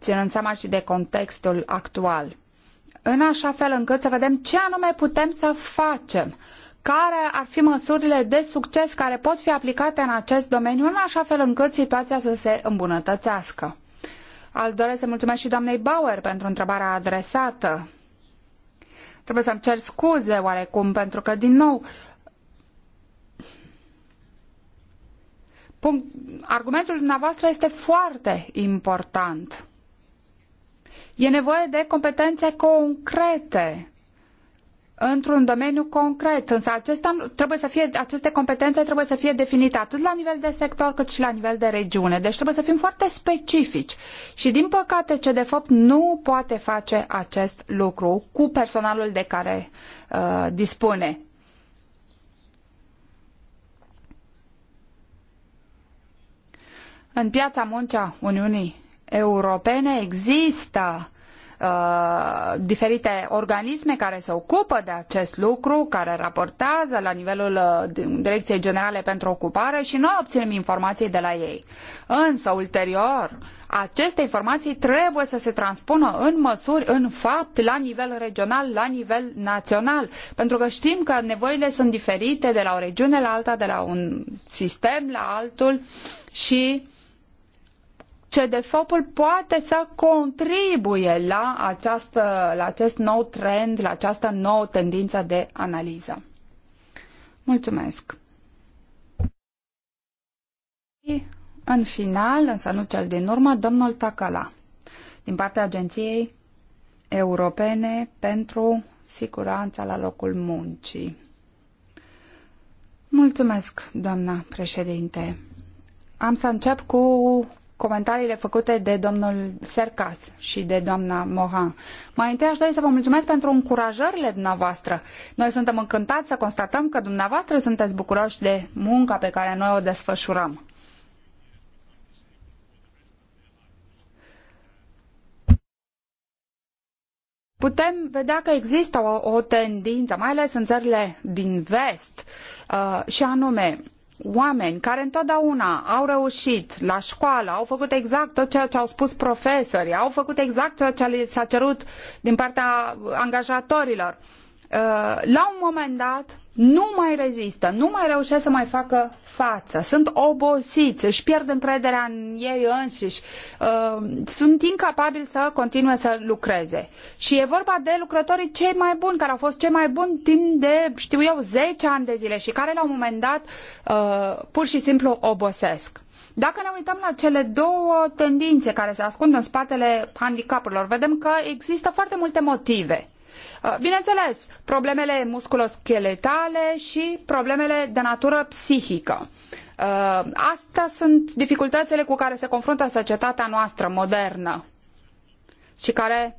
[SPEAKER 3] ținând seama și de contextul actual. În așa fel încât să vedem ce anume putem să facem care ar fi măsurile de succes care pot fi aplicate în acest domeniu, în așa fel încât situația să se îmbunătățească. Al doresc să mulțumesc și doamnei Bauer pentru întrebarea adresată. Trebuie să-mi cer scuze oarecum, pentru că, din nou, punct, argumentul dumneavoastră este foarte important. E nevoie de competențe concrete într-un domeniu concret, însă acesta trebuie să fie, aceste competențe trebuie să fie definite atât la nivel de sector cât și la nivel de regiune. Deci trebuie să fim foarte specifici și din păcate ce de fapt nu poate face acest lucru cu personalul de care uh, dispune. În piața muncii Uniunii Europene există Uh, diferite organisme care se ocupă de acest lucru, care raportează la nivelul uh, Direcției Generale pentru Ocupare și noi obținem informații de la ei. Însă, ulterior, aceste informații trebuie să se transpună în măsuri, în fapt, la nivel regional, la nivel național, pentru că știm că nevoile sunt diferite de la o regiune la alta, de la un sistem la altul și CDFOP-ul poate să contribuie la, această, la acest nou trend, la această nouă tendință de analiză. Mulțumesc! Și, în final, însă nu cel din urmă, domnul Takala, din partea Agenției Europene pentru Siguranța la locul muncii. Mulțumesc, doamna președinte! Am să încep cu comentariile făcute de domnul Sercas și de doamna Mohan. Mai întâi aș dori să vă mulțumesc pentru încurajările dumneavoastră. Noi suntem încântați să constatăm că dumneavoastră sunteți bucuroși de munca pe care noi o desfășurăm. putem vedea că există o, o tendință, mai ales în țările din vest, uh, și anume oameni care întotdeauna au reușit la școală, au făcut exact tot ceea ce au spus profesorii, au făcut exact ceea ce li s-a cerut din partea angajatorilor. Uh, Uh, la un moment dat nu mai rezistă, nu mai reușesc să mai facă față, sunt obosiți, își pierd încrederea în ei înșiși, uh, sunt incapabili să continue să lucreze. Și e vorba de lucrătorii cei mai buni, care au fost cei mai buni timp de, știu eu, zece ani de zile și care la un moment dat uh, pur și simplu obosesc. Dacă ne uităm la cele două tendințe care se ascund în spatele handicapurilor, vedem că există foarte multe motive. Uh, bineînțeles, problemele musculoscheletale și problemele de natură psihică. Uh, astea sunt dificultățile cu care se confruntă societatea noastră modernă și care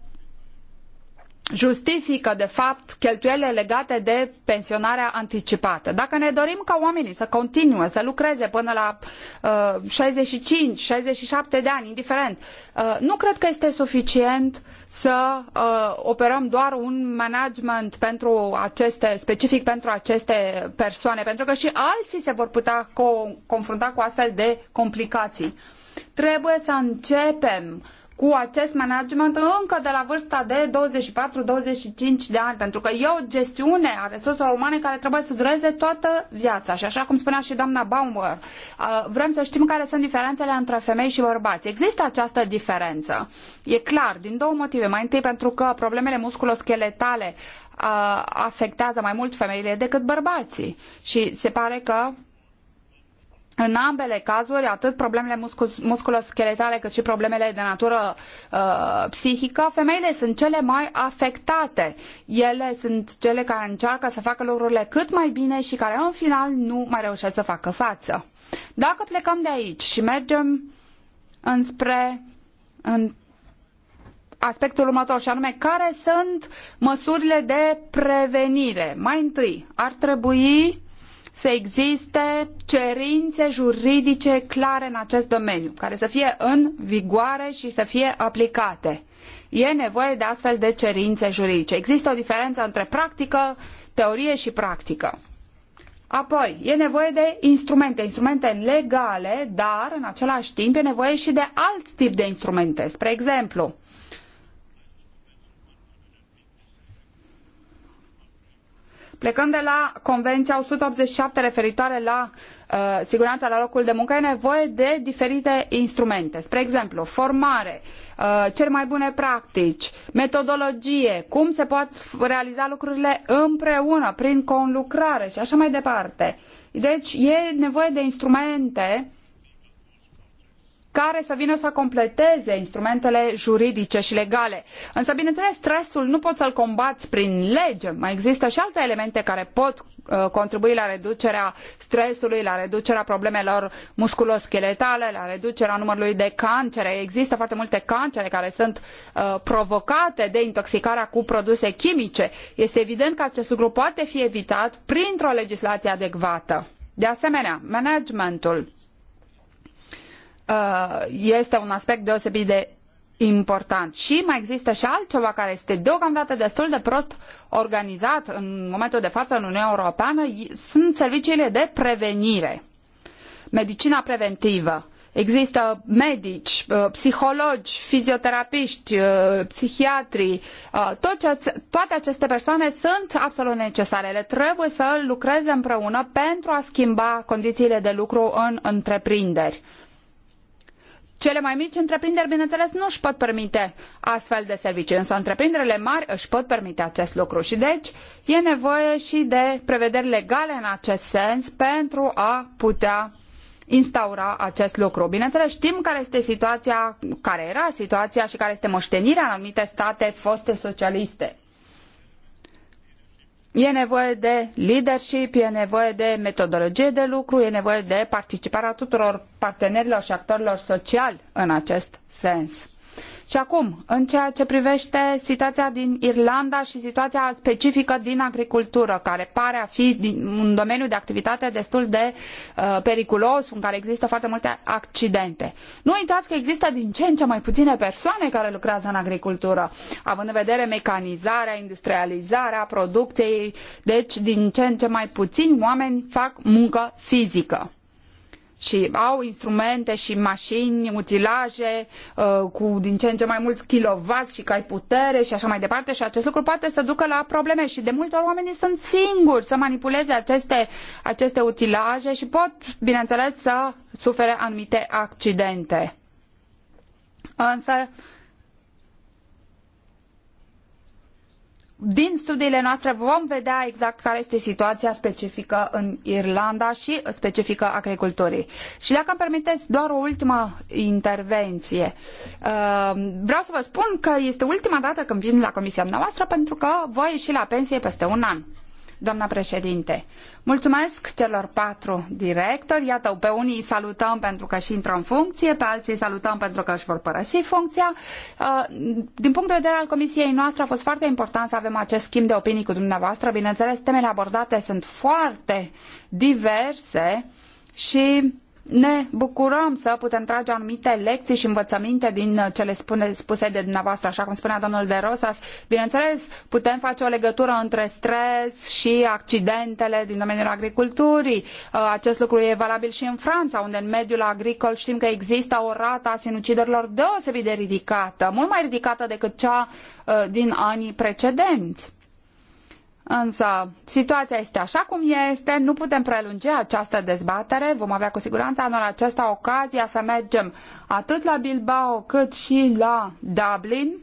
[SPEAKER 3] justifică, de fapt, cheltuielile legate de pensionarea anticipată. Dacă ne dorim ca oamenii să continue să lucreze până la uh, 65-67 de ani, indiferent, uh, nu cred că este suficient să uh, operăm doar un management pentru aceste, specific pentru aceste persoane, pentru că și alții se vor putea co confrunta cu astfel de complicații. Trebuie să începem uh, cu acest management încă de la vârsta de 24-25 de ani, pentru că e o gestiune a resurselor umane care trebuie să dureze toată viața. Și așa cum spunea și doamna Baumer, uh, vrem să știm care sunt diferențele între femei și bărbați. Există această diferență. E clar, din două motive. Mai întâi pentru că problemele musculoscheletale uh, afectează mai mult femeile decât bărbații. Și se pare că în ambele cazuri, atât problemele musculoscheletale cât și problemele de natură uh, psihică, femeile sunt cele mai afectate. Ele sunt cele care încearcă să facă lucrurile cât mai bine și care în final nu mai reușesc să facă față. Dacă plecăm de aici și mergem înspre în aspectul următor și anume care sunt măsurile de prevenire. Mai întâi, ar trebui să existe cerințe juridice clare în acest domeniu, care să fie în vigoare și să fie aplicate. E nevoie de astfel de cerințe juridice. Există o diferență între practică, teorie și practică. Apoi, e nevoie de instrumente, instrumente legale, dar în același timp e nevoie și de alt tip de instrumente. Spre exemplu, Plecând de la Convenția 187 referitoare la uh, siguranța la locul de muncă, e nevoie de diferite instrumente. Spre exemplu, formare, uh, cele mai bune practici, metodologie, cum se pot realiza lucrurile împreună, prin conlucrare și așa mai departe. Deci e nevoie de instrumente care să vină să completeze instrumentele juridice și legale. Însă, bineînțeles, stresul nu poți să-l combați prin lege. Mai există și alte elemente care pot uh, contribui la reducerea stresului, la reducerea problemelor musculoscheletale, la reducerea numărului de cancere. Există foarte multe cancere care sunt uh, provocate de intoxicarea cu produse chimice. Este evident că acest lucru poate fi evitat printr-o legislație adecvată. De asemenea, managementul Uh, este un aspect deosebit de important. Și mai există și altceva care este deocamdată destul de prost organizat în momentul de față în Uniunea Europeană, sunt serviciile de prevenire. Medicina preventivă. Există medici, uh, psihologi, fizioterapiști, uh, psihiatri, toate aceste persoane sunt absolut necesare. Le trebuie să lucreze împreună pentru a schimba condițiile de lucru în întreprinderi. Cele mai mici întreprinderi, bineînțeles, nu își pot permite astfel de servicii, însă întreprinderile mari își pot permite acest lucru și deci e nevoie și de prevederi legale în acest sens pentru a putea instaura acest lucru. Bineînțeles, știm care este situația, care era situația și care este moștenirea în anumite state foste socialiste. E nevoie de leadership, e nevoie de metodologie de lucru, e nevoie de participarea tuturor partenerilor și actorilor sociali în acest sens. Și acum, în ceea ce privește situația din Irlanda și situația specifică din agricultură, care pare a fi un domeniu de activitate destul de uh, periculos, în care există foarte multe accidente. Nu uitați că există din ce în ce mai puține persoane care lucrează în agricultură, având în vedere mecanizarea, industrializarea producției, deci din ce în ce mai puțini oameni fac muncă fizică și au instrumente și mașini, utilaje uh, cu din ce în ce mai mulți kilovați și cai putere și așa mai departe și acest lucru poate să ducă la probleme și de multe ori oamenii sunt singuri să manipuleze aceste, aceste utilaje și pot, bineînțeles, să sufere anumite accidente. Însă, din studiile noastre vom vedea exact care este situația specifică în Irlanda și specifică agriculturii. Și dacă îmi permiteți doar o ultimă intervenție, uh, vreau să vă spun că este ultima dată când vin la comisia noastră pentru că voi ieși la pensie peste un an doamna președinte. Mulțumesc celor patru directori. Iată, pe unii îi salutăm pentru că și intră în funcție, pe alții îi salutăm pentru că își vor părăsi funcția. Uh, din punct de vedere al comisiei noastre a fost foarte important să avem acest schimb de opinii cu dumneavoastră. Bineînțeles, temele abordate sunt foarte diverse și ne bucurăm să putem trage anumite lecții și învățăminte din uh, cele spune, spuse de dumneavoastră, așa cum spunea domnul De Rosas. Bineînțeles, putem face o legătură între stres și accidentele din domeniul agriculturii. Uh, acest lucru e valabil și în Franța, unde în mediul agricol știm că există o rată a sinuciderilor deosebit de ridicată, mult mai ridicată decât cea uh, din anii precedenți. Însă, situația este așa cum este, nu putem prelungi această dezbatere, vom avea cu siguranță anul acesta ocazia să mergem atât la Bilbao cât și la Dublin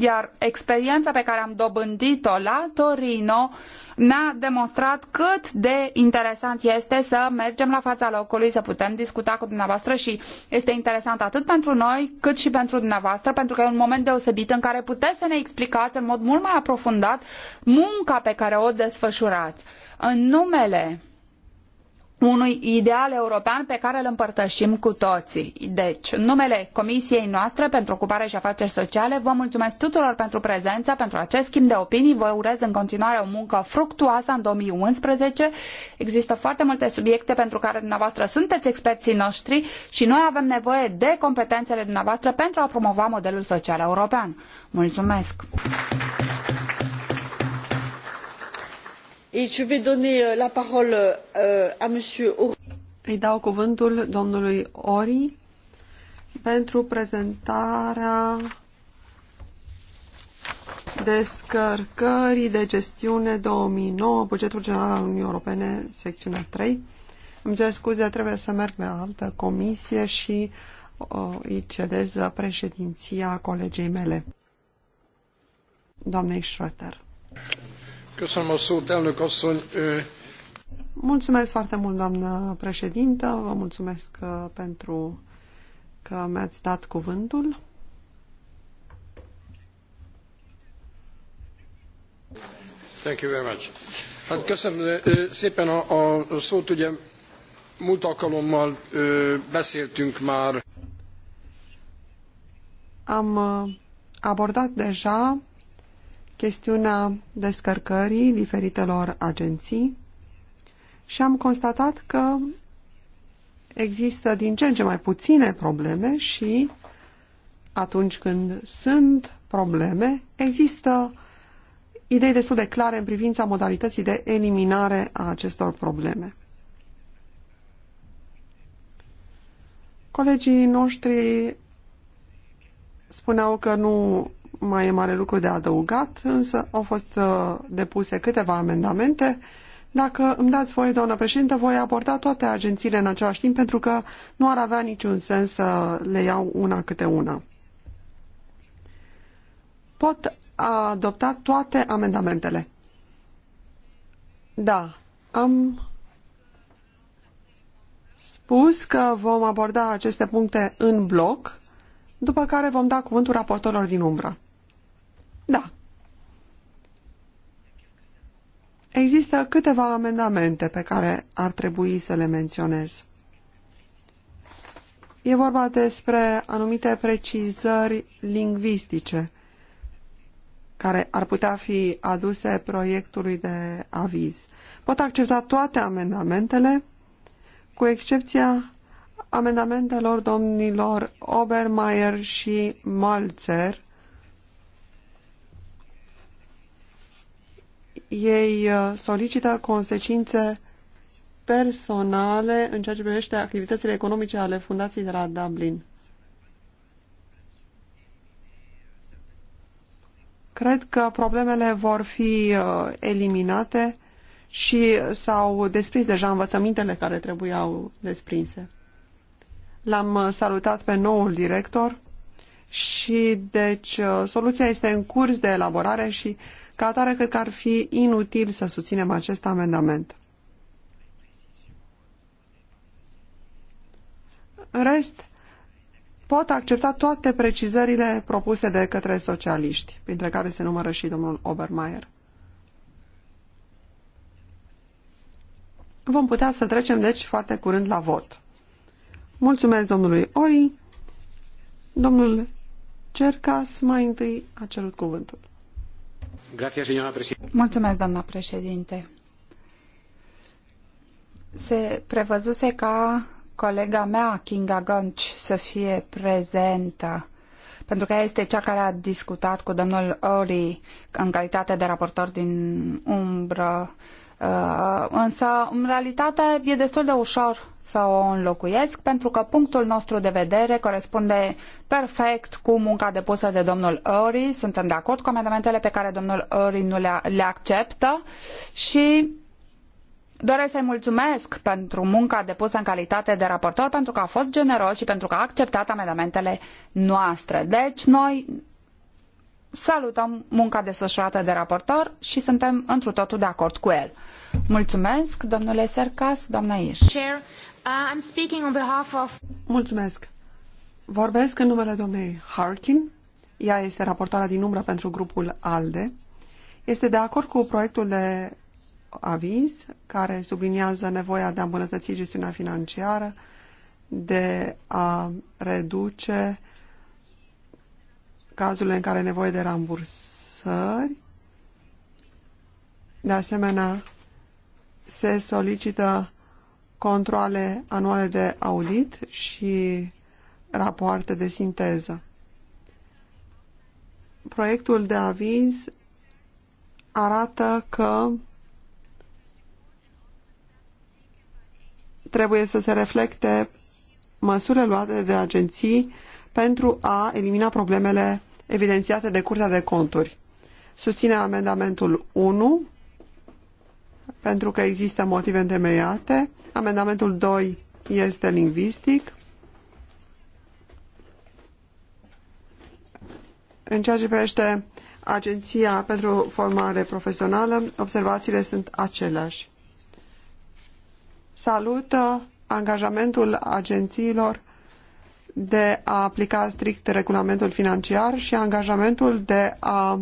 [SPEAKER 3] iar experiența pe care am dobândit-o la Torino ne-a demonstrat cât de interesant este să mergem la fața locului, să putem discuta cu dumneavoastră și este interesant atât pentru noi cât și pentru dumneavoastră, pentru că e un moment deosebit în care puteți să ne explicați în mod mult mai aprofundat munca pe care o desfășurați. În numele unui ideal european pe care îl împărtășim cu toții. Deci, în numele Comisiei noastre pentru ocupare și afaceri sociale, vă mulțumesc tuturor pentru prezență, pentru acest schimb de opinii. Vă urez în continuare o muncă fructuoasă în 2011. Există foarte multe subiecte pentru care dumneavoastră sunteți experții noștri și noi avem nevoie de competențele dumneavoastră pentru a promova modelul social european. Mulțumesc!
[SPEAKER 1] je vais donner euh, la parole euh, à monsieur Ori. Îi dau cuvântul domnului Ori pentru prezentarea descărcării de gestiune 2009, bugetul general al Uniunii Europene, secțiunea 3. Îmi cer scuze, trebuie să merg la altă comisie și uh, îi cedez președinția colegei mele, doamnei Schroeter.
[SPEAKER 3] Köszönöm a szót, elnök asszony.
[SPEAKER 1] Mulțumesc foarte mult, doamnă președintă. Vă mulțumesc uh, pentru că mi-ați dat cuvântul. Thank you very much. Hát köszönöm szépen
[SPEAKER 3] a, a szót, ugye múlt alkalommal
[SPEAKER 2] ö, beszéltünk már.
[SPEAKER 1] Am abordat deja chestiunea descărcării diferitelor agenții și am constatat că există din ce în ce mai puține probleme și atunci când sunt probleme, există idei destul de clare în privința modalității de eliminare a acestor probleme. Colegii noștri spuneau că nu mai e mare lucru de adăugat, însă au fost uh, depuse câteva amendamente. Dacă îmi dați voie, doamnă președintă, voi aborda toate agențiile în același timp, pentru că nu ar avea niciun sens să le iau una câte una. Pot adopta toate amendamentele. Da, am spus că vom aborda aceste puncte în bloc, după care vom da cuvântul raportorilor din umbră. Există câteva amendamente pe care ar trebui să le menționez. E vorba despre anumite precizări lingvistice care ar putea fi aduse proiectului de aviz. Pot accepta toate amendamentele, cu excepția amendamentelor domnilor Obermeier și Malzer, ei uh, solicită consecințe personale în ceea ce privește activitățile economice ale fundației de la Dublin. Cred că problemele vor fi uh, eliminate și s-au desprins deja învățămintele care trebuiau desprinse. L-am uh, salutat pe noul director și deci soluția este în curs de elaborare și ca atare, cred că ar fi inutil să susținem acest amendament. În rest, pot accepta toate precizările propuse de către socialiști, printre care se numără și domnul Obermeier. Vom putea să trecem, deci, foarte curând la vot. Mulțumesc domnului Ori. Domnul
[SPEAKER 3] Cercas mai întâi a cerut cuvântul președinte. Se prevăzuse ca colega mea, Kinga Gönci, să fie prezentă pentru că ea este cea care a discutat cu domnul Ori în calitate de raportor din umbră Uh, însă, în realitate, e destul de ușor să o înlocuiesc, pentru că punctul nostru de vedere corespunde perfect cu munca depusă de domnul Ori. Suntem de acord cu amendamentele pe care domnul Ori nu le, le acceptă și Doresc să-i mulțumesc pentru munca depusă în calitate de raportor, pentru că a fost generos și pentru că a acceptat amendamentele noastre. Deci, noi salutăm munca desfășurată de raportor și suntem întru totul de acord cu el. Mulțumesc, domnule Sercas, doamna Iș. Uh, Mulțumesc. Vorbesc în numele doamnei
[SPEAKER 1] Harkin. Ea este raportoarea din umbră pentru grupul ALDE. Este de acord cu proiectul de aviz care subliniază nevoia de a îmbunătăți gestiunea financiară, de a reduce uh, cazurile în care e nevoie de rambursări. De asemenea, se solicită controle anuale de audit și rapoarte de sinteză. Proiectul de aviz arată că trebuie să se reflecte măsurile luate de agenții pentru a elimina problemele evidențiate de Curtea de Conturi. Susține amendamentul 1 pentru că există motive întemeiate. Amendamentul 2 este lingvistic. În ceea ce privește Agenția pentru Formare Profesională, observațiile sunt aceleași. Salută angajamentul agențiilor de a aplica strict regulamentul financiar și angajamentul de a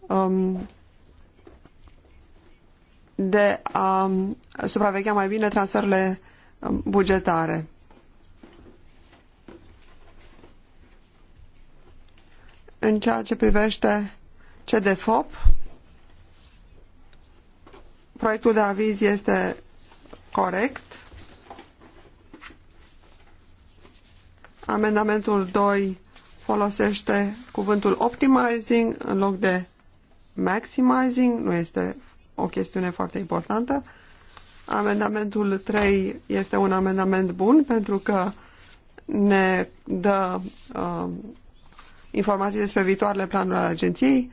[SPEAKER 1] um, de a supraveghea mai bine transferurile um, bugetare. În ceea ce privește CDFOP, proiectul de aviz este corect. Amendamentul 2 folosește cuvântul optimizing în loc de maximizing, nu este o chestiune foarte importantă. Amendamentul 3 este un amendament bun pentru că ne dă uh, informații despre viitoarele planuri ale agenției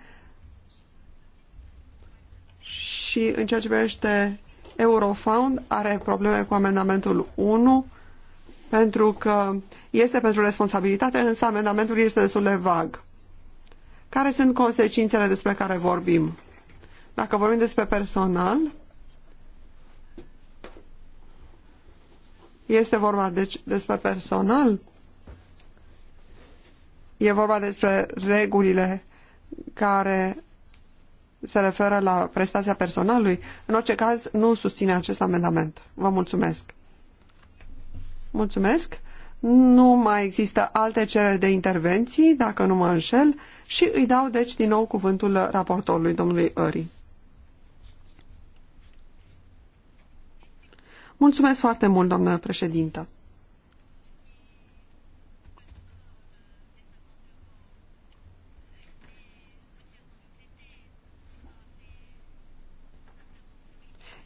[SPEAKER 1] și în ceea ce privește Eurofound are probleme cu amendamentul 1 pentru că este pentru responsabilitate, însă amendamentul este destul de vag. Care sunt consecințele despre care vorbim? Dacă vorbim despre personal, este vorba de despre personal, e vorba despre regulile care se referă la prestația personalului. În orice caz, nu susține acest amendament. Vă mulțumesc. Mulțumesc. Nu mai există alte cereri de intervenții, dacă nu mă înșel, și îi dau deci din nou cuvântul raportorului domnului Ări. Mulțumesc foarte mult, doamnă președintă.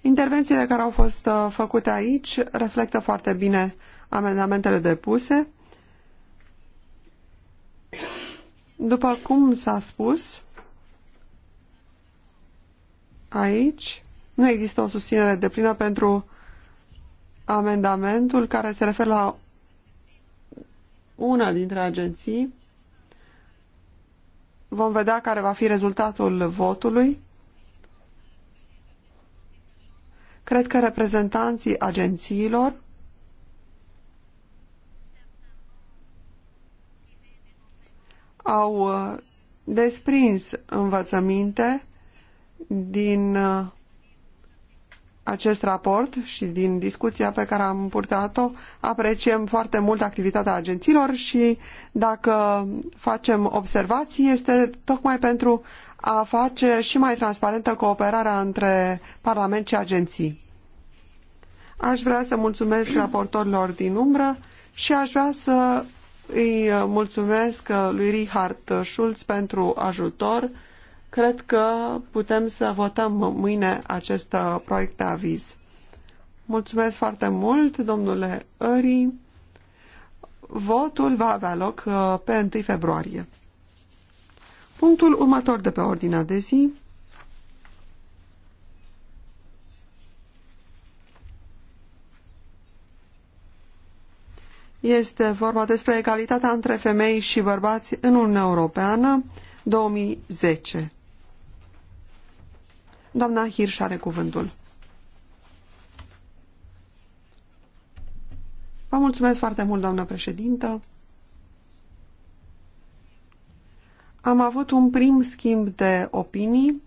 [SPEAKER 1] Intervențiile care au fost uh, făcute aici reflectă foarte bine amendamentele depuse. După cum s-a spus, aici nu există o susținere deplină pentru amendamentul care se referă la una dintre agenții. Vom vedea care va fi rezultatul votului. Cred că reprezentanții agențiilor au uh, desprins învățăminte din uh, acest raport și din discuția pe care am purtat-o, apreciem foarte mult activitatea agențiilor și dacă facem observații este tocmai pentru a face și mai transparentă cooperarea între Parlament și agenții. Aș vrea să mulțumesc raportorilor din umbră și aș vrea să îi uh, mulțumesc uh, lui Richard Schulz pentru ajutor. Cred că putem să votăm mâine acest uh, proiect de aviz. Mulțumesc foarte mult, domnule Ări. Votul va avea loc pe 1 februarie. Punctul următor de pe ordinea de zi Este vorba despre egalitatea între femei și bărbați în Uniunea Europeană 2010. Doamna Hirș are cuvântul. Vă mulțumesc foarte mult, doamnă președintă. Am avut un prim schimb de opinii.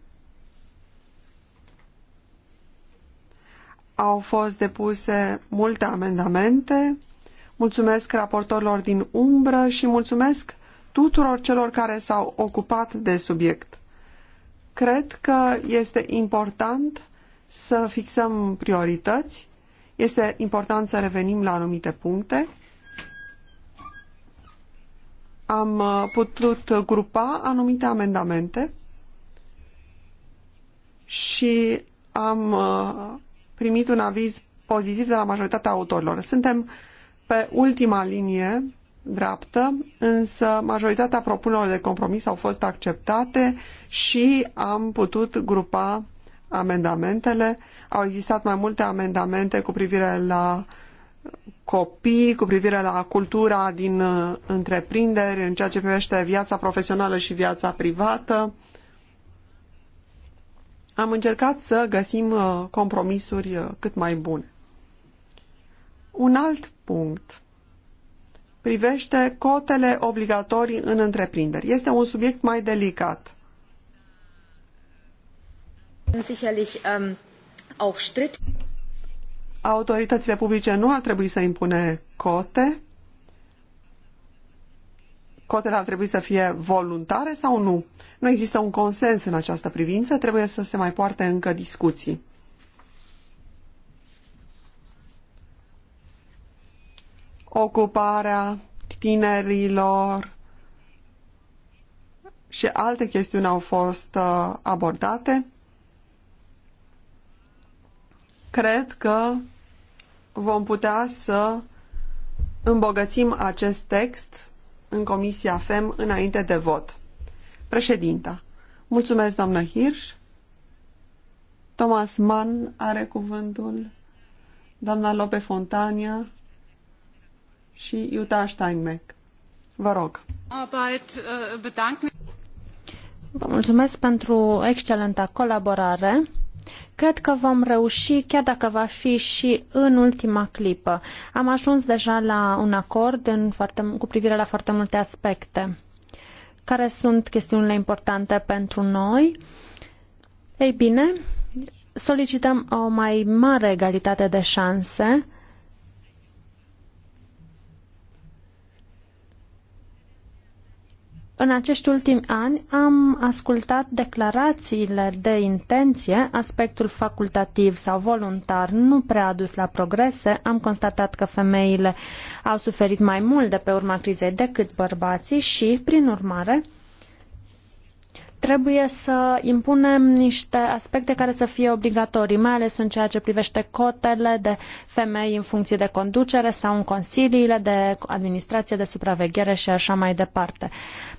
[SPEAKER 1] Au fost depuse multe amendamente mulțumesc raportorilor din umbră și mulțumesc tuturor celor care s-au ocupat de subiect. Cred că este important să fixăm priorități, este important să revenim la anumite puncte. Am uh, putut grupa anumite amendamente și am uh, primit un aviz pozitiv de la majoritatea autorilor. Suntem pe ultima linie dreaptă, însă majoritatea propunerilor de compromis au fost acceptate și am putut grupa amendamentele. Au existat mai multe amendamente cu privire la copii, cu privire la cultura din uh, întreprinderi, în ceea ce privește viața profesională și viața privată. Am încercat să găsim uh, compromisuri uh, cât mai bune. Un alt punct privește cotele obligatorii în întreprinderi. Este un subiect mai delicat.
[SPEAKER 2] Ähm,
[SPEAKER 1] Autoritățile publice nu ar trebui să impune cote. Cotele ar trebui să fie voluntare sau nu? Nu există un consens în această privință, trebuie să se mai poarte încă discuții. ocuparea tinerilor și alte chestiuni au fost uh, abordate. Cred că vom putea să îmbogățim acest text în Comisia FEM înainte de vot. Președinta, mulțumesc doamnă Hirsch. Thomas Mann are cuvântul. Doamna Lope Fontania și Iuta Steinmeck. Vă rog.
[SPEAKER 3] Eh,
[SPEAKER 1] Vă mulțumesc pentru excelenta
[SPEAKER 2] colaborare. Cred că vom reuși, chiar dacă va fi și în ultima clipă. Am ajuns deja la un acord în foarte, cu privire la foarte multe aspecte. Care sunt chestiunile importante pentru noi? Ei bine, solicităm o mai mare egalitate de șanse În acești ultimi ani am ascultat declarațiile de intenție, aspectul facultativ sau voluntar nu prea a dus la progrese, am constatat că femeile au suferit mai mult de pe urma crizei decât bărbații și, prin urmare, trebuie să impunem niște aspecte care să fie obligatorii, mai ales în ceea ce privește cotele de femei în funcție de conducere sau în consiliile de administrație, de supraveghere și așa mai departe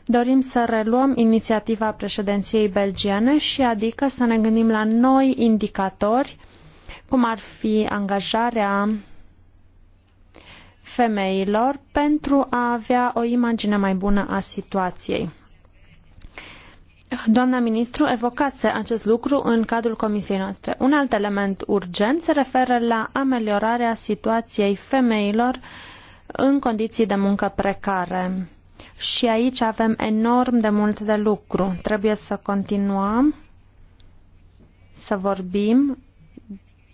[SPEAKER 2] dorim să reluăm inițiativa președinției belgiene și adică să ne gândim la noi indicatori, cum ar fi angajarea femeilor pentru a avea o imagine mai bună a situației. Doamna ministru evocase acest lucru în cadrul comisiei noastre. Un alt element urgent se referă la ameliorarea situației femeilor în condiții de muncă precare. Și aici avem enorm de mult de lucru. Trebuie să continuăm să vorbim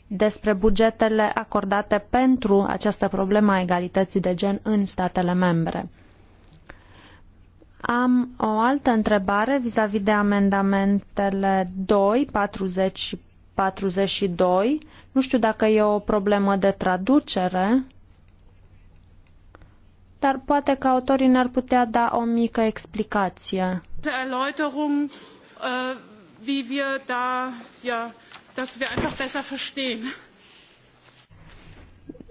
[SPEAKER 2] despre bugetele acordate pentru această problemă a egalității de gen în statele membre. Am o altă întrebare vis-a-vis -vis de amendamentele 2, 40 și 42. Nu știu dacă e o problemă de traducere dar poate că autorii ne-ar putea da o mică explicație.
[SPEAKER 3] Äh, da,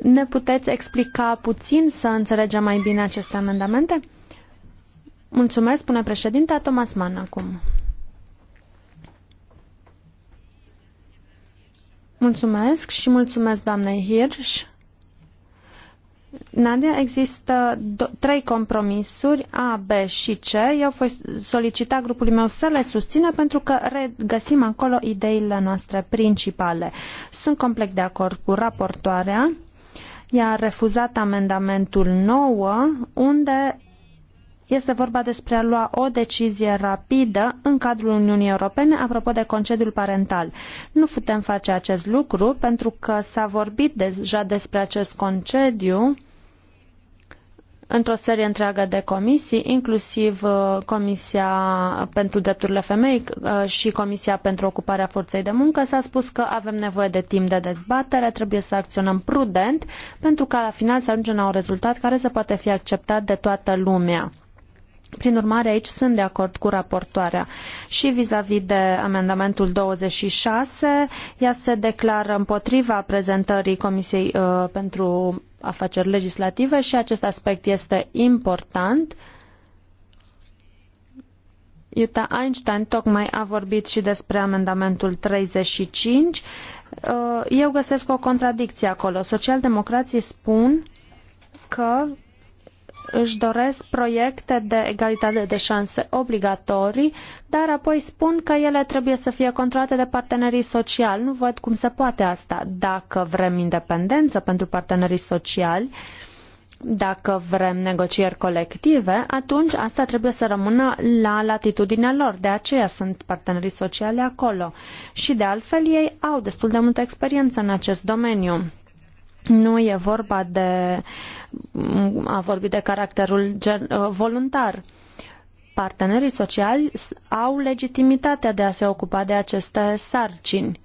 [SPEAKER 2] ne puteți explica puțin să înțelegem mai bine aceste amendamente? Mulțumesc, spune președinte Thomas Mann acum. Mulțumesc și mulțumesc doamnei Hirsch Nadia, există trei compromisuri, A, B și C. Eu voi solicita grupului meu să le susțină pentru că regăsim acolo ideile noastre principale. Sunt complet de acord cu raportoarea. Ea a refuzat amendamentul 9, unde este vorba despre a lua o decizie rapidă în cadrul Uniunii Europene apropo de concediul parental. Nu putem face acest lucru pentru că s-a vorbit deja despre acest concediu într-o serie întreagă de comisii, inclusiv uh, Comisia pentru Drepturile Femei uh, și Comisia pentru Ocuparea Forței de Muncă, s-a spus că avem nevoie de timp de dezbatere, trebuie să acționăm prudent pentru ca la final să ajungem la un rezultat care să poate fi acceptat de toată lumea. Prin urmare, aici sunt de acord cu raportoarea. Și vis-a-vis de amendamentul 26, ea se declară împotriva prezentării Comisiei uh, pentru afaceri legislative și acest aspect este important. Iuta Einstein tocmai a vorbit și despre amendamentul 35. Uh, eu găsesc o contradicție acolo. Socialdemocrații spun că își doresc proiecte de egalitate de șanse obligatorii, dar apoi spun că ele trebuie să fie controlate de partenerii sociali. Nu văd cum se poate asta. Dacă vrem independență pentru partenerii sociali, dacă vrem negocieri colective, atunci asta trebuie să rămână la latitudinea lor. De aceea sunt partenerii sociale acolo. Și de altfel ei au destul de multă experiență în acest domeniu. Nu e vorba de a vorbi de caracterul gen, uh, voluntar. Partenerii sociali au legitimitatea de a se ocupa de aceste sarcini.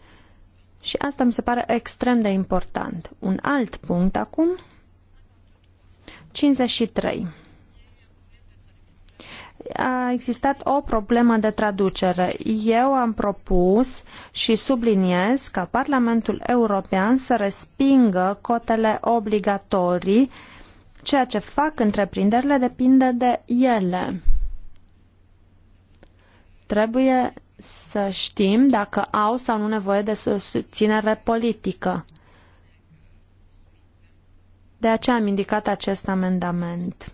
[SPEAKER 2] Și asta mi se pare extrem de important. Un alt punct acum, 53 a existat o problemă de traducere. Eu am propus și subliniez ca Parlamentul European să respingă cotele obligatorii. Ceea ce fac întreprinderile depinde de ele. Trebuie să știm dacă au sau nu nevoie de susținere politică. De aceea am indicat acest amendament.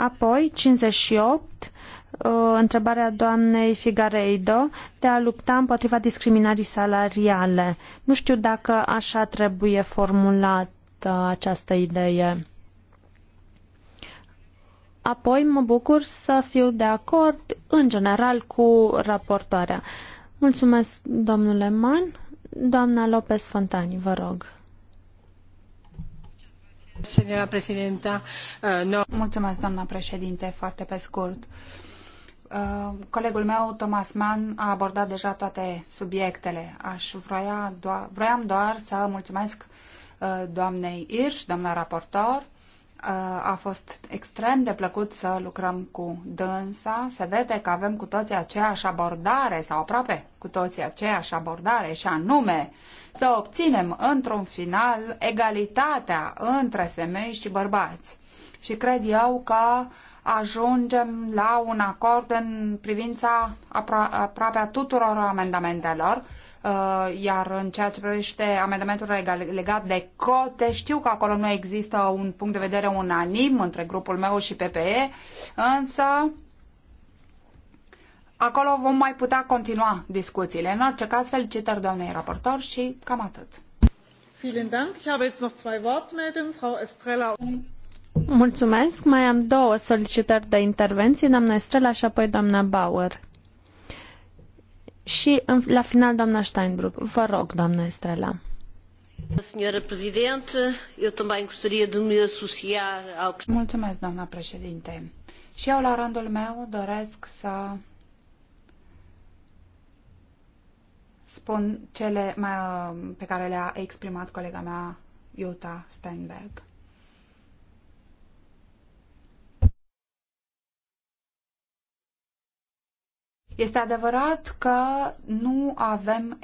[SPEAKER 2] Apoi, 58, uh, întrebarea doamnei Figareido de a lupta împotriva discriminării salariale. Nu știu dacă așa trebuie formulată această idee. Apoi mă bucur să fiu de acord în general cu raportoarea. Mulțumesc, domnule Man. Doamna Lopez Fontani, vă rog.
[SPEAKER 3] Senora președinta, uh, eh, no. Mulțumesc, președinte, foarte pe scurt. Eh, colegul meu, Thomas Mann, a abordat deja toate subiectele. Aș vroia doar, vroiam doar să mulțumesc uh, doamnei Irș, doamna raportor, Uh, a fost extrem de plăcut să lucrăm cu dânsa. Se vede că avem cu toții aceeași abordare sau aproape cu toții aceeași abordare și anume să obținem într-un final egalitatea între femei și bărbați. Și cred eu că ajungem la un acord în privința apro- aproape a tuturor amendamentelor, uh, iar în ceea ce privește amendamentul legat de cote, știu că acolo nu există un punct de vedere unanim între grupul meu și PPE, însă acolo vom mai putea continua discuțiile. În orice caz, felicitări doamnei raportor și cam atât. Vielen Dank. Ich habe jetzt noch zwei Wortmeldungen. Frau Estrella.
[SPEAKER 2] Mulțumesc. Mai am două solicitări de intervenție, doamna Estrela și apoi doamna Bauer. Și în, la final, doamna Steinbrück. Vă rog, doamna Estrela. Senhora Presidente, eu também gostaria de me associar
[SPEAKER 3] ao... Mulțumesc, doamna președinte. Și eu, la rândul meu, doresc să spun cele mai, pe care le-a exprimat colega mea, Iuta Steinberg. Este adevărat că nu avem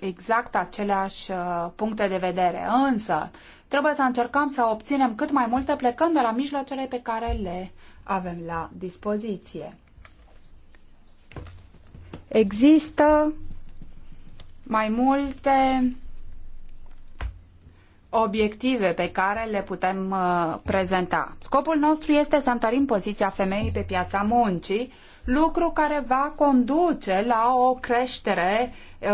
[SPEAKER 3] exact aceleași uh, puncte de vedere, însă trebuie să încercăm să obținem cât mai multe plecând de la mijloacele pe care le avem la dispoziție. Există mai multe obiective pe care le putem uh, prezenta. Scopul nostru este să întărim poziția femeii pe piața muncii, lucru care va conduce la o creștere uh,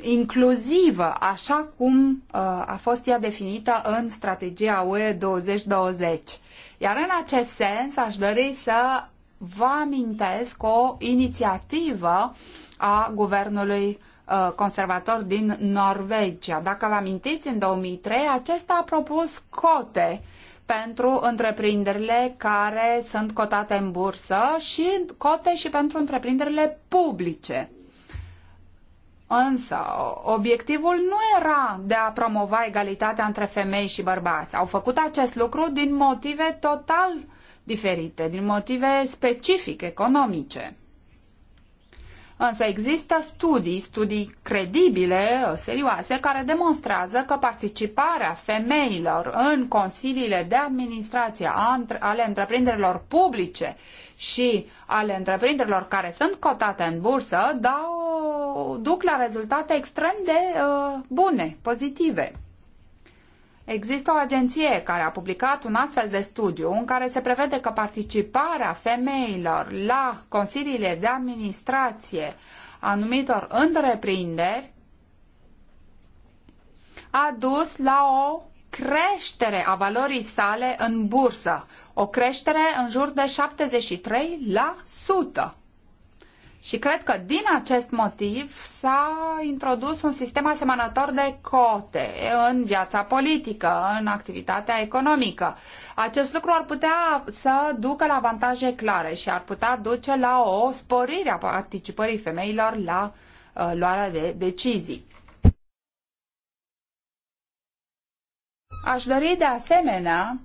[SPEAKER 3] inclusivă, așa cum uh, a fost ea definită în strategia UE 2020. Iar în acest sens aș dori să vă amintesc o inițiativă a Guvernului Uh, conservator din Norvegia. Dacă vă amintiți, în 2003 acesta a propus cote pentru întreprinderile care sunt cotate în bursă și cote și pentru întreprinderile publice. Însă, obiectivul nu era de a promova egalitatea între femei și bărbați. Au făcut acest lucru din motive total diferite, din motive specific economice. Însă există studii, studii credibile, serioase, care demonstrează că participarea femeilor în consiliile de administrație ale întreprinderilor publice și ale întreprinderilor care sunt cotate în bursă dau, duc la rezultate extrem de uh, bune, pozitive. Există o agenție care a publicat un astfel de studiu în care se prevede că participarea femeilor la consiliile de administrație a anumitor întreprinderi a dus la o creștere a valorii sale în bursă, o creștere în jur de 73%. Și cred că din acest motiv s-a introdus un sistem asemănător de cote în viața politică, în activitatea economică. Acest lucru ar putea să ducă la avantaje clare și ar putea duce la o sporire a participării femeilor la uh, luarea de decizii. Aș dori de asemenea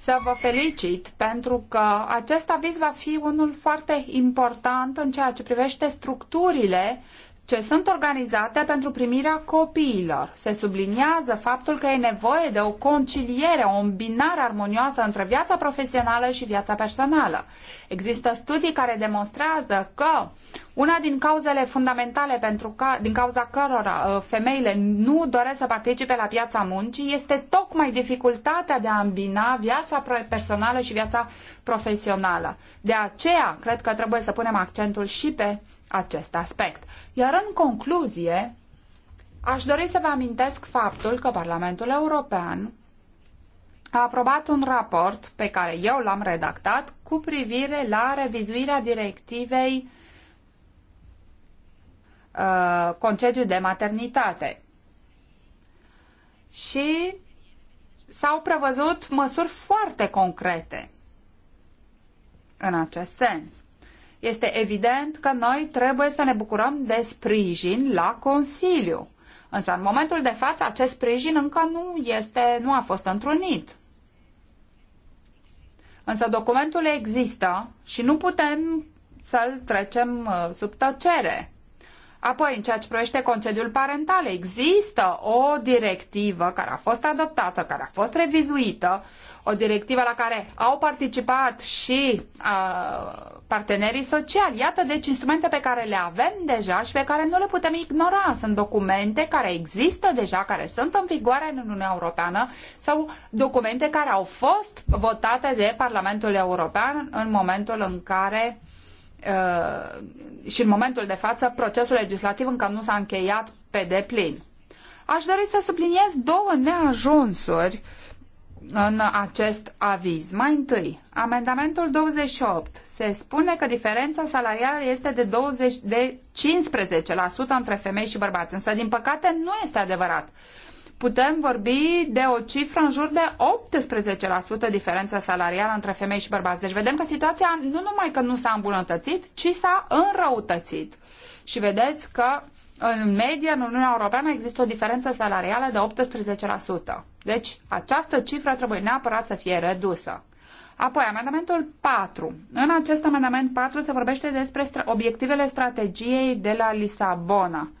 [SPEAKER 3] să vă felicit pentru că acest aviz va fi unul foarte important în ceea ce privește structurile ce sunt organizate pentru primirea copiilor. Se subliniază faptul că e nevoie de o conciliere, o îmbinare armonioasă între viața profesională și viața personală. Există studii care demonstrează că una din cauzele fundamentale pentru ca, din cauza cărora uh, femeile nu doresc să participe la piața muncii este tocmai dificultatea de a îmbina viața personală și viața profesională. De aceea, cred că trebuie să punem accentul și pe acest aspect. Iar în concluzie, aș dori să vă amintesc faptul că Parlamentul European a aprobat un raport pe care eu l-am redactat cu privire la revizuirea directivei uh, concediu de maternitate. Și s-au prevăzut măsuri foarte concrete în acest sens. Este evident că noi trebuie să ne bucurăm de sprijin la Consiliu. Însă, în momentul de față, acest sprijin încă nu, este, nu a fost întrunit. Însă documentul există și nu putem să-l trecem uh, sub tăcere. Apoi, în ceea ce privește concediul parental, există o directivă care a fost adoptată, care a fost revizuită, o directivă la care au participat și partenerii sociali. Iată, deci, instrumente pe care le avem deja și pe care nu le putem ignora. Sunt documente care există deja, care sunt în vigoare în Uniunea Europeană sau documente care au fost votate de Parlamentul European în momentul în care Uh, și în momentul de față procesul legislativ încă nu s-a încheiat pe deplin. Aș dori să subliniez două neajunsuri în acest aviz. Mai întâi, amendamentul 28 se spune că diferența salarială este de, 20, de 15% între femei și bărbați, însă din păcate nu este adevărat putem vorbi de o cifră în jur de 18% diferență salarială între femei și bărbați. Deci vedem că situația nu numai că nu s-a îmbunătățit, ci s-a înrăutățit. Și vedeți că în medie în Uniunea Europeană există o diferență salarială de 18%. Deci această cifră trebuie neapărat să fie redusă. Apoi, amendamentul 4. În acest amendament 4 se vorbește despre obiectivele strategiei de la Lisabona.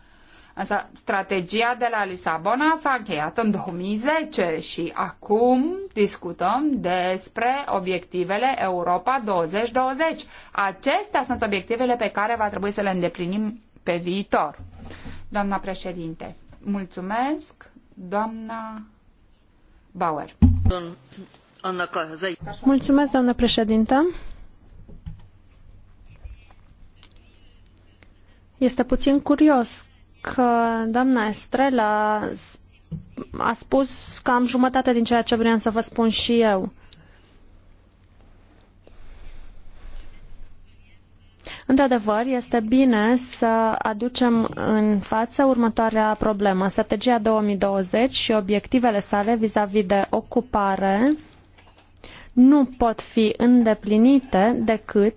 [SPEAKER 3] Însă strategia de la Lisabona s-a încheiat în 2010 și acum discutăm despre obiectivele Europa 2020. Acestea sunt obiectivele pe care va trebui să le îndeplinim pe viitor. Doamna președinte, mulțumesc. Doamna Bauer. Mulțumesc,
[SPEAKER 2] doamnă președintă. Este puțin curios că doamna Estrela a spus cam jumătate din ceea ce vreau să vă spun și eu. Într-adevăr, este bine să aducem în față următoarea problemă. Strategia 2020 și obiectivele sale vis-a-vis -vis de ocupare nu pot fi îndeplinite decât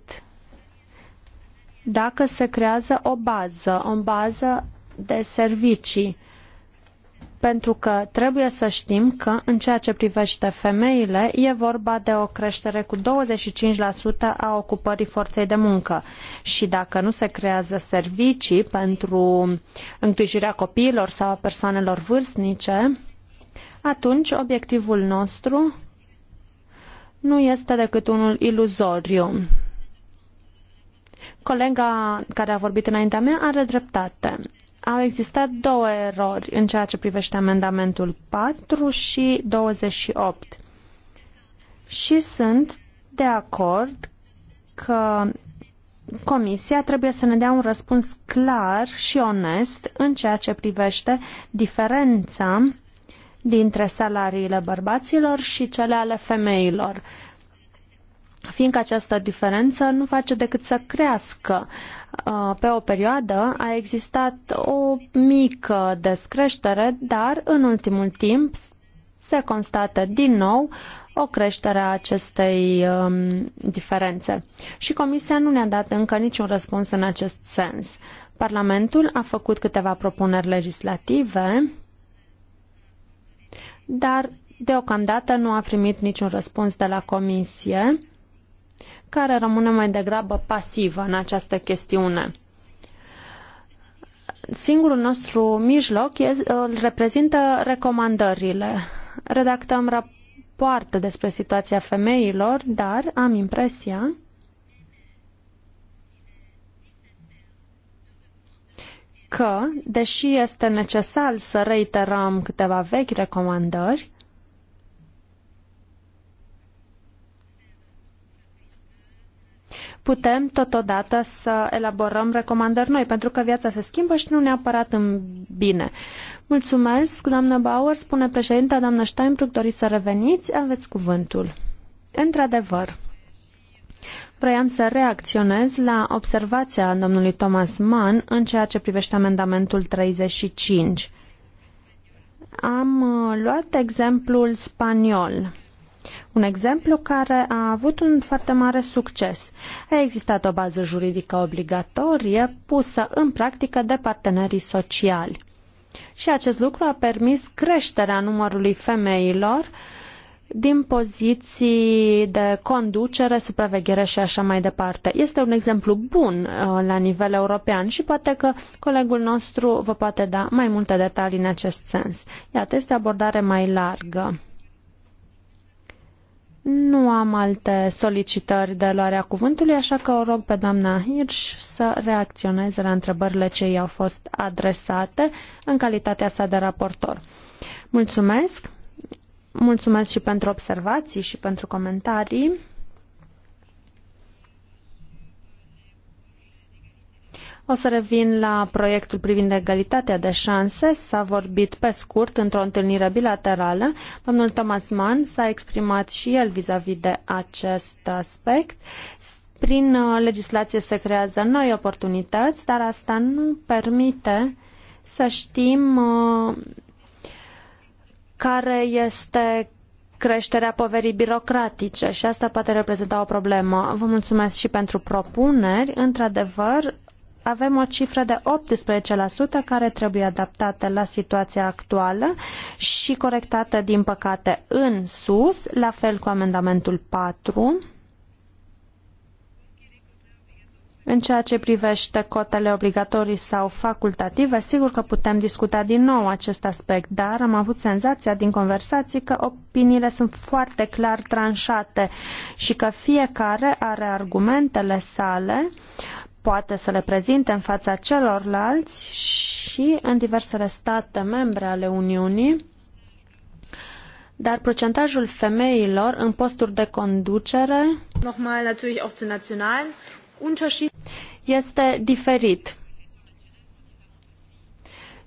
[SPEAKER 2] dacă se creează o bază, o bază de servicii, pentru că trebuie să știm că, în ceea ce privește femeile, e vorba de o creștere cu 25% a ocupării forței de muncă. Și dacă nu se creează servicii pentru îngrijirea copiilor sau a persoanelor vârstnice, atunci obiectivul nostru nu este decât unul iluzoriu. Colega care a vorbit înaintea mea are dreptate. Au existat două erori în ceea ce privește amendamentul 4 și 28. Și sunt de acord că Comisia trebuie să ne dea un răspuns clar și onest în ceea ce privește diferența dintre salariile bărbaților și cele ale femeilor fiindcă această diferență nu face decât să crească. Uh, pe o perioadă a existat o mică descreștere, dar în ultimul timp se constată din nou o creștere a acestei um, diferențe. Și Comisia nu ne-a dat încă niciun răspuns în acest sens. Parlamentul a făcut câteva propuneri legislative, dar deocamdată nu a primit niciun răspuns de la Comisie care rămâne mai degrabă pasivă în această chestiune. Singurul nostru mijloc îl reprezintă recomandările. Redactăm rapoarte despre situația femeilor, dar am impresia că, deși este necesar să reiterăm câteva vechi recomandări, putem totodată să elaborăm recomandări noi, pentru că viața se schimbă și nu neapărat în bine. Mulțumesc, doamnă Bauer, spune președinta, doamnă Steinbrück, doriți să reveniți, aveți cuvântul. Într-adevăr, vreau să reacționez la observația domnului Thomas Mann în ceea ce privește amendamentul 35. Am uh, luat exemplul spaniol. Un exemplu care a avut un foarte mare succes. A existat o bază juridică obligatorie pusă în practică de partenerii sociali. Și acest lucru a permis creșterea numărului femeilor din poziții de conducere, supraveghere și așa mai departe. Este un exemplu bun uh, la nivel european și poate că colegul nostru vă poate da mai multe detalii în acest sens. Iată, este o abordare mai largă. Nu am alte solicitări de luarea cuvântului, așa că o rog pe doamna Hirsch să reacționeze la întrebările ce i-au fost adresate în calitatea sa de raportor. Mulțumesc! Mulțumesc și pentru observații și pentru comentarii. O să revin la proiectul privind egalitatea de șanse. S-a vorbit pe scurt într-o întâlnire bilaterală. Domnul Thomas Mann s-a exprimat și el vis-a-vis -vis de acest aspect. Prin uh, legislație se creează noi oportunități, dar asta nu permite să știm uh, care este creșterea poverii birocratice și asta poate reprezenta o problemă. Vă mulțumesc și pentru propuneri. Într-adevăr, avem o cifră de 18% care trebuie adaptată la situația actuală și corectată, din păcate, în sus, la fel cu amendamentul 4. În ceea ce privește cotele obligatorii sau facultative, sigur că putem discuta din nou acest aspect, dar am avut senzația din conversații că opiniile sunt foarte clar tranșate și că fiecare are argumentele sale poate să le prezinte în fața celorlalți și în diversele state membre ale Uniunii, dar procentajul femeilor în posturi de conducere este diferit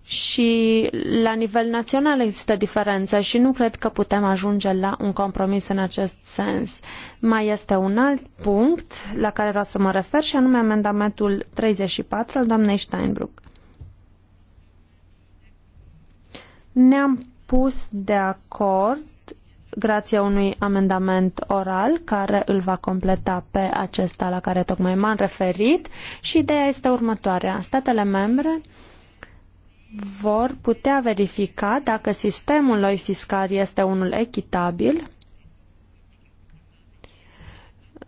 [SPEAKER 2] și la nivel național există diferențe și nu cred că putem ajunge la un compromis în acest sens. Mai este un alt punct la care vreau să mă refer și anume amendamentul 34 al doamnei Steinbrück. Ne-am pus de acord grație unui amendament oral care îl va completa pe acesta la care tocmai m-am referit și ideea este următoarea. Statele membre vor putea verifica dacă sistemul lor fiscal este unul echitabil,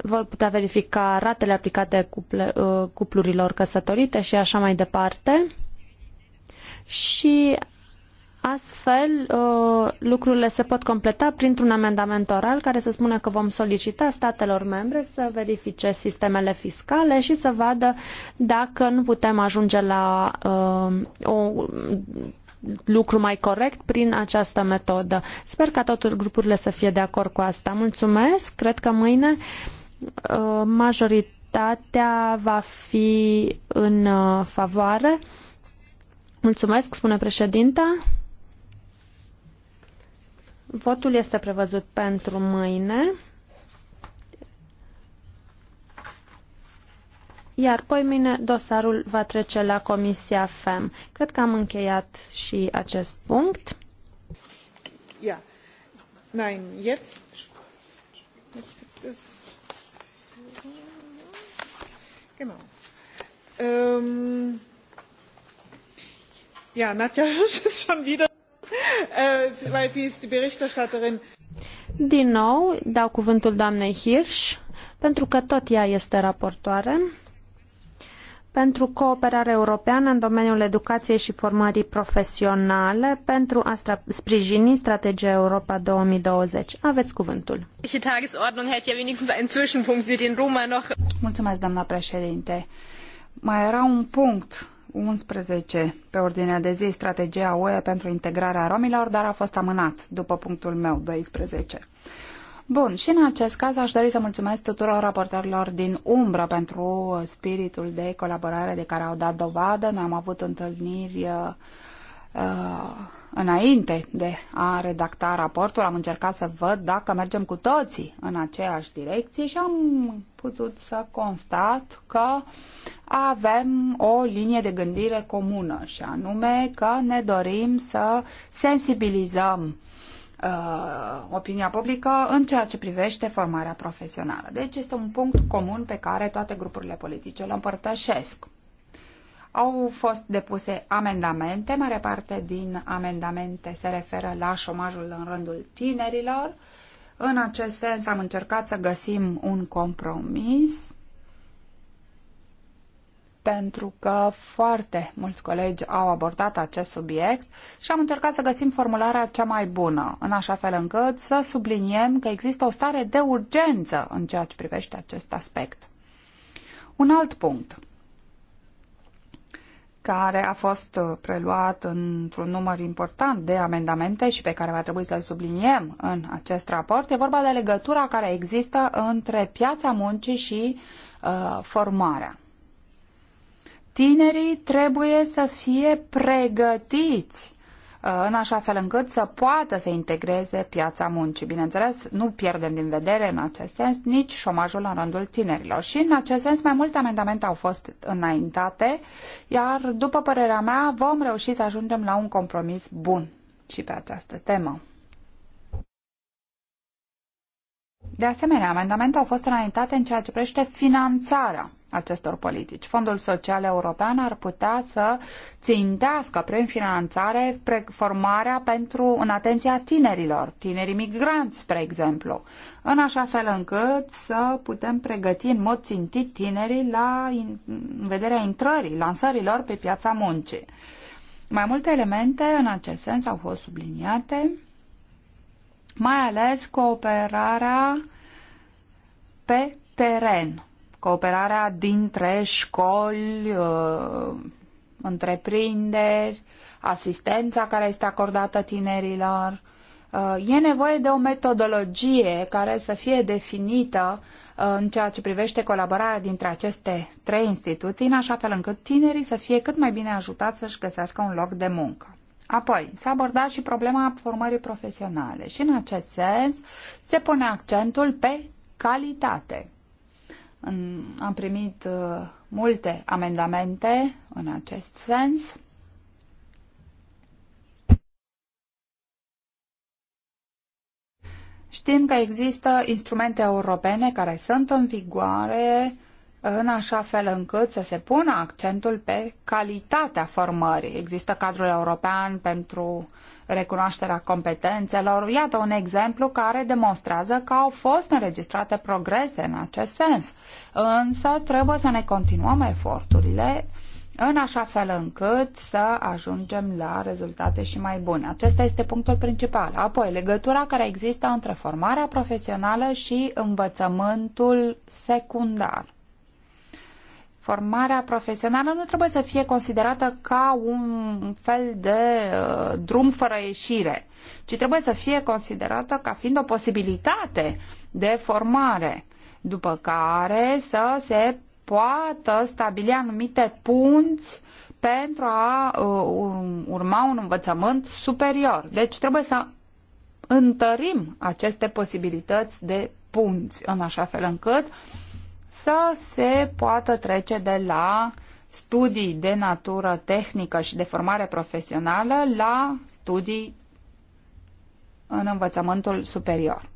[SPEAKER 2] vor putea verifica ratele aplicate uh, cuplurilor căsătorite și așa mai departe și Astfel, uh, lucrurile se pot completa printr-un amendament oral care să spună că vom solicita statelor membre să verifice sistemele fiscale și să vadă dacă nu putem ajunge la uh, o lucru mai corect prin această metodă. Sper ca toate grupurile să fie de acord cu asta. Mulțumesc. Cred că mâine uh, majoritatea va fi în uh, favoare. Mulțumesc, spune președinta. Votul este prevăzut pentru mâine. Iar poi mine dosarul va trece la Comisia FEM. Cred că am încheiat și acest punct.
[SPEAKER 1] Ja. Nein, jetzt. Jetzt gibt es. Genau. Ähm. Ja, Nadja Hirsch ist schon wieder weil eh, sie ist die Berichterstatterin.
[SPEAKER 2] Din nou, dau cuvântul doamnei Hirsch, pentru că tot ea este raportoare pentru cooperare europeană în domeniul educației și formării profesionale pentru a sprijini strategia Europa 2020. Aveți cuvântul.
[SPEAKER 3] Mulțumesc, doamna președinte. Mai era un punct 11 pe ordinea de zi strategia UE pentru integrarea romilor, dar a fost amânat după punctul meu 12. Bun, și în acest caz aș dori să mulțumesc tuturor raportorilor din umbră pentru spiritul de colaborare de care au dat dovadă. Noi am avut întâlniri uh, Uh, înainte de a redacta raportul, am încercat să văd dacă mergem cu toții în aceeași direcție și am putut să constat că avem o linie de gândire comună și anume că ne dorim să sensibilizăm uh, opinia publică în ceea ce privește formarea profesională. Deci este un punct comun pe care toate grupurile politice îl împărtășesc. Au fost depuse amendamente, mare parte din amendamente se referă la șomajul în rândul tinerilor. În acest sens am încercat să găsim un compromis pentru că foarte mulți colegi au abordat acest subiect și am încercat să găsim formularea cea mai bună, în așa fel încât să subliniem că există o stare de urgență în ceea ce privește acest aspect. Un alt punct care a fost uh, preluat într-un număr important de amendamente și pe care va trebui să-l subliniem în acest raport. E vorba de legătura care există între piața muncii și uh, formarea. Tinerii trebuie să fie pregătiți în așa fel încât să poată să integreze piața muncii. Bineînțeles, nu pierdem din vedere în acest sens nici șomajul în rândul tinerilor. Și în acest sens mai multe amendamente au fost înaintate, iar după părerea mea vom reuși să ajungem la un compromis bun și pe această temă. De asemenea, amendamente au fost înaintate în ceea ce privește finanțarea acestor politici. Fondul Social European ar putea să țintească prin finanțare formarea pentru, în atenția tinerilor, tinerii migranți, spre exemplu, în așa fel încât să putem pregăti în mod țintit tinerii la in, în vederea intrării, lansărilor pe piața muncii. Mai multe elemente în acest sens au fost subliniate, mai ales cooperarea pe teren cooperarea dintre școli, uh, întreprinderi, asistența care este acordată tinerilor. Uh, e nevoie de o metodologie care să fie definită uh, în ceea ce privește colaborarea dintre aceste trei instituții, în așa fel încât tinerii să fie cât mai bine ajutați să-și găsească un loc de muncă. Apoi, s-a abordat și problema formării profesionale și, în acest sens, se pune accentul pe calitate. În, am primit uh, multe amendamente în acest sens. Știm că există instrumente europene care sunt în vigoare în așa fel încât să se pună accentul pe calitatea formării. Există cadrul european pentru recunoașterea competențelor. Iată un exemplu care demonstrează că au fost înregistrate progrese în acest sens. Însă trebuie să ne continuăm eforturile în așa fel încât să ajungem la rezultate și mai bune. Acesta este punctul principal. Apoi, legătura care există între formarea profesională și învățământul secundar. Formarea profesională nu trebuie să fie considerată ca un fel de uh, drum fără ieșire, ci trebuie să fie considerată ca fiind o posibilitate de formare, după care să se poată stabili anumite punți pentru a uh, urma un învățământ superior. Deci trebuie să întărim aceste posibilități de punți în așa fel încât uh, să se poată trece de la studii de natură tehnică și de formare profesională la studii în învățământul superior.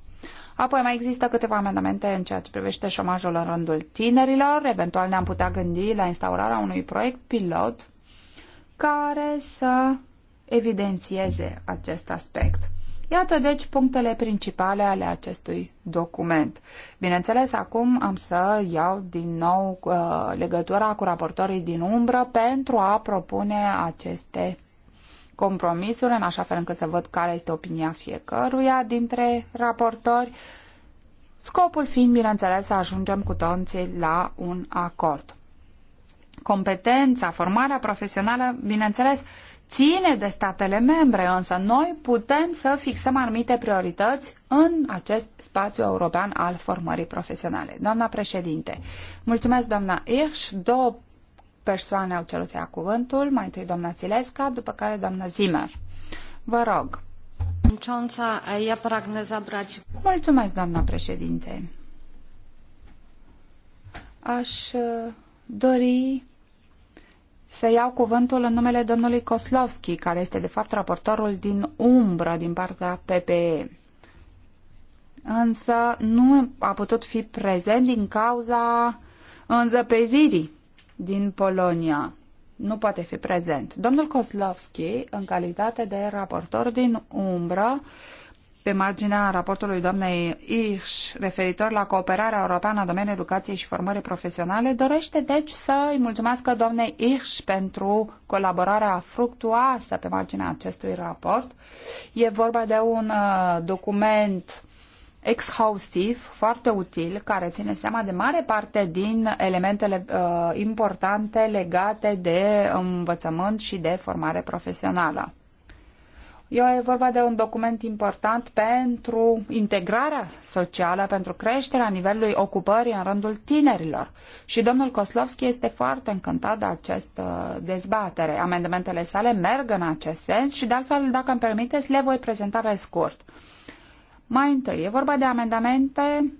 [SPEAKER 3] Apoi mai există câteva amendamente în ceea ce privește șomajul în rândul tinerilor. Eventual ne-am putea gândi la instaurarea unui proiect pilot care să evidențieze acest aspect. Iată deci punctele principale ale acestui document. Bineînțeles, acum am să iau din nou uh, legătura cu raportorii din umbră pentru a propune aceste compromisuri, în așa fel încât să văd care este opinia fiecăruia dintre raportori, scopul fiind, bineînțeles, să ajungem cu toții la un acord. Competența, formarea profesională, bineînțeles, uh, ține de statele membre, însă noi putem să fixăm anumite priorități în acest spațiu european al formării profesionale. Doamna președinte, mulțumesc doamna Irș, două persoane au cerut să ia cuvântul, mai întâi doamna Țilesca, după care doamna Zimmer. Vă rog. Mulțumesc, doamna președinte. Aș uh, dori să iau cuvântul în numele domnului Koslovski, care este de fapt raportorul din umbră din partea PPE. Însă nu a putut fi prezent din cauza înzăpezirii din Polonia. Nu poate fi prezent. Domnul Koslovski, în calitate de raportor din umbră, uh, pe marginea raportului doamnei Irș referitor la cooperarea europeană în domeniul educației și formării profesionale, dorește deci să îi mulțumească doamnei Irș pentru colaborarea fructuoasă pe marginea acestui raport. E vorba de un uh, document exhaustiv, foarte util, care ține seama de mare parte din elementele uh, importante legate de învățământ și de formare profesională. E vorba de un document important pentru integrarea socială, pentru creșterea nivelului ocupării în rândul tinerilor. Și domnul Koslovski este foarte încântat de această dezbatere. Amendamentele sale merg în acest sens și, de altfel, dacă îmi permiteți, le voi prezenta pe scurt. Mai întâi, e vorba de amendamente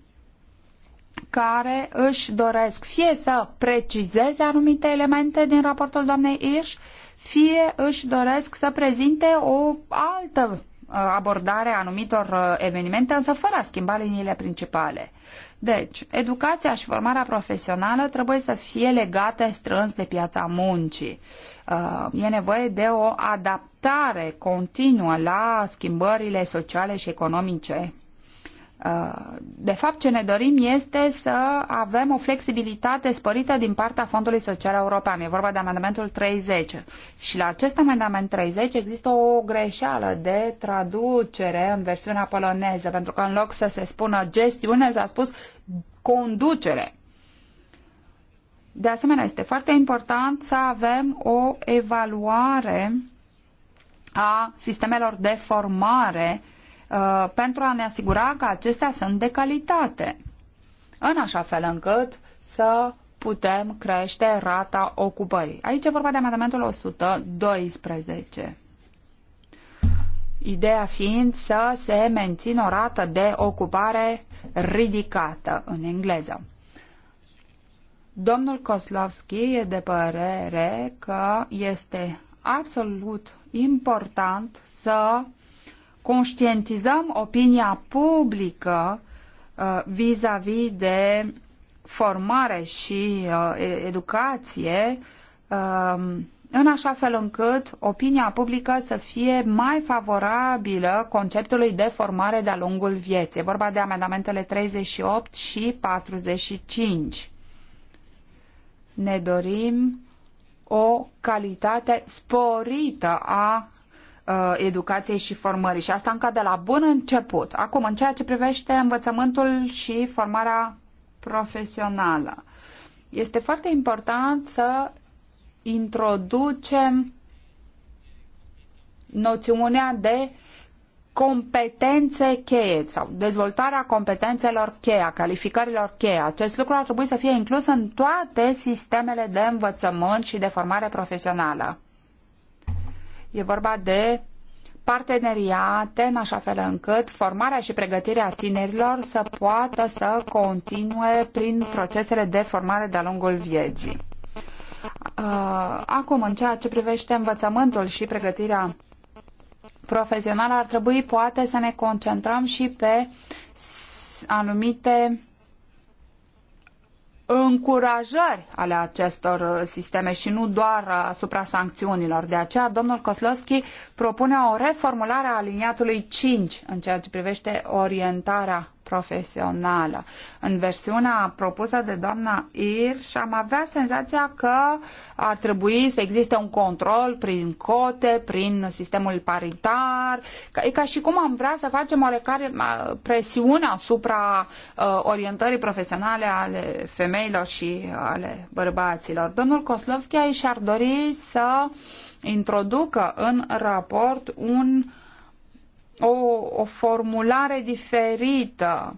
[SPEAKER 3] care își doresc fie să precizeze anumite elemente din raportul doamnei Irș, fie își doresc să prezinte o altă uh, abordare a anumitor uh, evenimente, însă fără a schimba liniile principale. Deci, educația și formarea profesională trebuie să fie legate strâns de piața muncii. Uh, e nevoie de o adaptare continuă la schimbările sociale și economice Uh, de fapt, ce ne dorim este să avem o flexibilitate sporită din partea Fondului Social European. E vorba de amendamentul 30. Și la acest amendament 30 există o greșeală de traducere în versiunea poloneză, pentru că în loc să se spună gestiune, s-a spus conducere. De asemenea, este foarte important să avem o evaluare a sistemelor de formare uh, Uh, pentru a ne asigura că acestea sunt de calitate, în așa fel încât să putem crește rata ocupării. Aici e vorba de amendamentul 112. Ideea fiind să se mențină o rată de ocupare ridicată în engleză. Domnul Koslovski e de părere că este absolut important să conștientizăm opinia publică uh, vis-a-vis -vis de formare și uh, educație um, în așa fel încât opinia publică să fie mai favorabilă conceptului de formare de-a lungul vieții. E vorba de amendamentele 38 și 45. Ne dorim o calitate sporită a uh, educației și formării și asta încă de la bun început. Acum, în ceea ce privește învățământul și formarea profesională, este foarte important să introducem noțiunea de competențe cheie sau dezvoltarea competențelor cheie, a calificărilor cheie. Acest lucru ar trebui să fie inclus în toate sistemele de învățământ și de formare profesională. E vorba de parteneriate în așa fel încât formarea și pregătirea tinerilor să poată să continue prin procesele de formare de-a lungul vieții. Uh, acum, în ceea ce privește învățământul și pregătirea profesională, ar trebui poate să ne concentrăm și pe anumite încurajări ale acestor uh, sisteme și nu doar uh, asupra sancțiunilor. De aceea, domnul Koslowski propune o reformulare a aliniatului 5 în ceea ce privește orientarea profesională. În versiunea propusă de doamna și am avea senzația că ar trebui să existe un control prin cote, prin sistemul paritar, e ca și cum am vrea să facem oarecare presiune asupra orientării profesionale ale femeilor și ale bărbaților. Domnul Koslovski și-ar dori să introducă în raport un uh, o, o formulare diferită,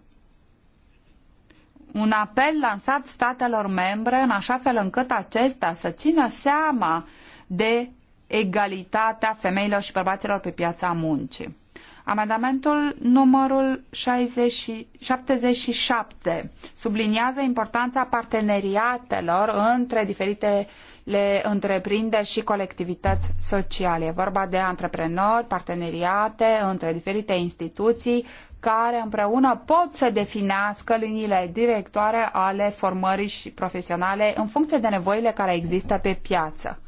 [SPEAKER 3] un apel lansat statelor membre în așa fel încât acesta să țină seama de egalitatea femeilor și bărbaților pe piața muncii. Amendamentul numărul 60, 77 subliniază importanța parteneriatelor între diferite le întreprinde și colectivități sociale. E vorba de antreprenori, parteneriate între diferite instituții care împreună pot să definească liniile directoare ale formării și profesionale în funcție de nevoile care există pe piață.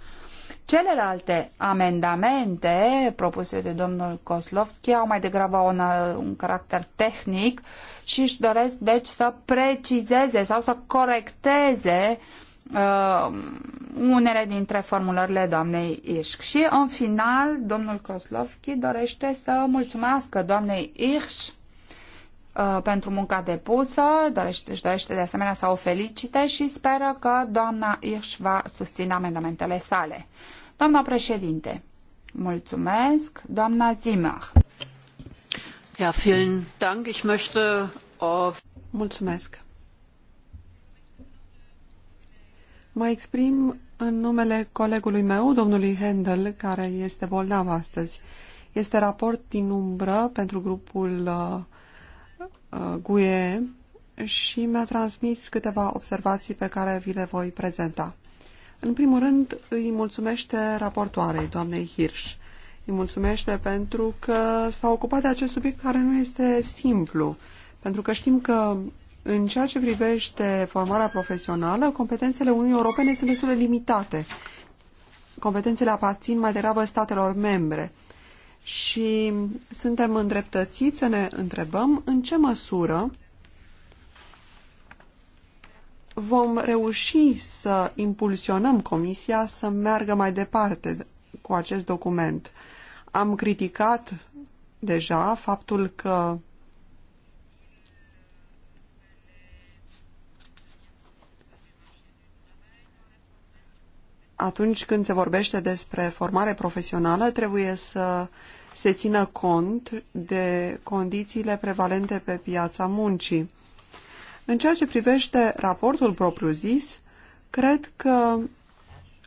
[SPEAKER 3] Celelalte amendamente propuse de domnul Koslovski au mai degrabă un, un caracter tehnic și își doresc deci să precizeze sau să corecteze uh, uh, unele dintre formulările doamnei Ișc. Și în final, domnul Koslovski dorește să mulțumească doamnei Ișc uh, pentru munca depusă, dorește, își dorește de asemenea să o felicite și speră că doamna Ișc va susține amendamentele sale. Doamna președinte, mulțumesc. Doamna Zimach. Ja, vielen Dank. Ich möchte... Mulțumesc.
[SPEAKER 1] Mă exprim în numele colegului meu, domnului Handel, care este bolnav astăzi. Este raport din umbră pentru grupul uh, uh GUE și mi-a transmis câteva observații pe care vi le voi prezenta. În primul rând, îi mulțumește raportoarei, doamnei Hirsch. Îi mulțumește pentru că s-a ocupat de acest subiect care nu este simplu, pentru că știm că în ceea ce privește formarea profesională, competențele Uniunii Europene sunt destul de limitate. Competențele aparțin mai degrabă statelor membre și suntem îndreptățiți să ne întrebăm în ce măsură vom reuși să impulsionăm Comisia să meargă mai departe cu acest document. Am criticat deja faptul că atunci când se vorbește despre formare profesională, trebuie să se țină cont de condițiile prevalente pe piața muncii. În ceea ce privește raportul propriu-zis, cred că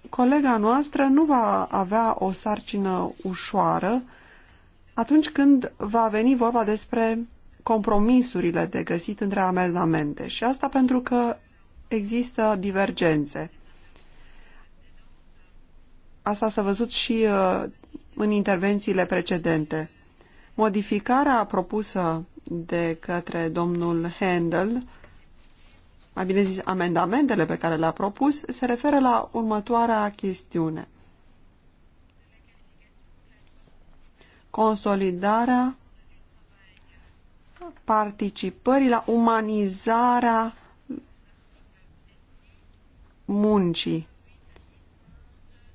[SPEAKER 1] colega noastră nu va avea o sarcină ușoară atunci când va veni vorba despre compromisurile de găsit între amendamente. Și asta pentru că există divergențe. Asta s-a văzut și uh, în intervențiile precedente. Modificarea propusă de către domnul Handel, mai bine zis, amendamentele pe care le-a propus, se referă la următoarea chestiune. Consolidarea participării la umanizarea muncii.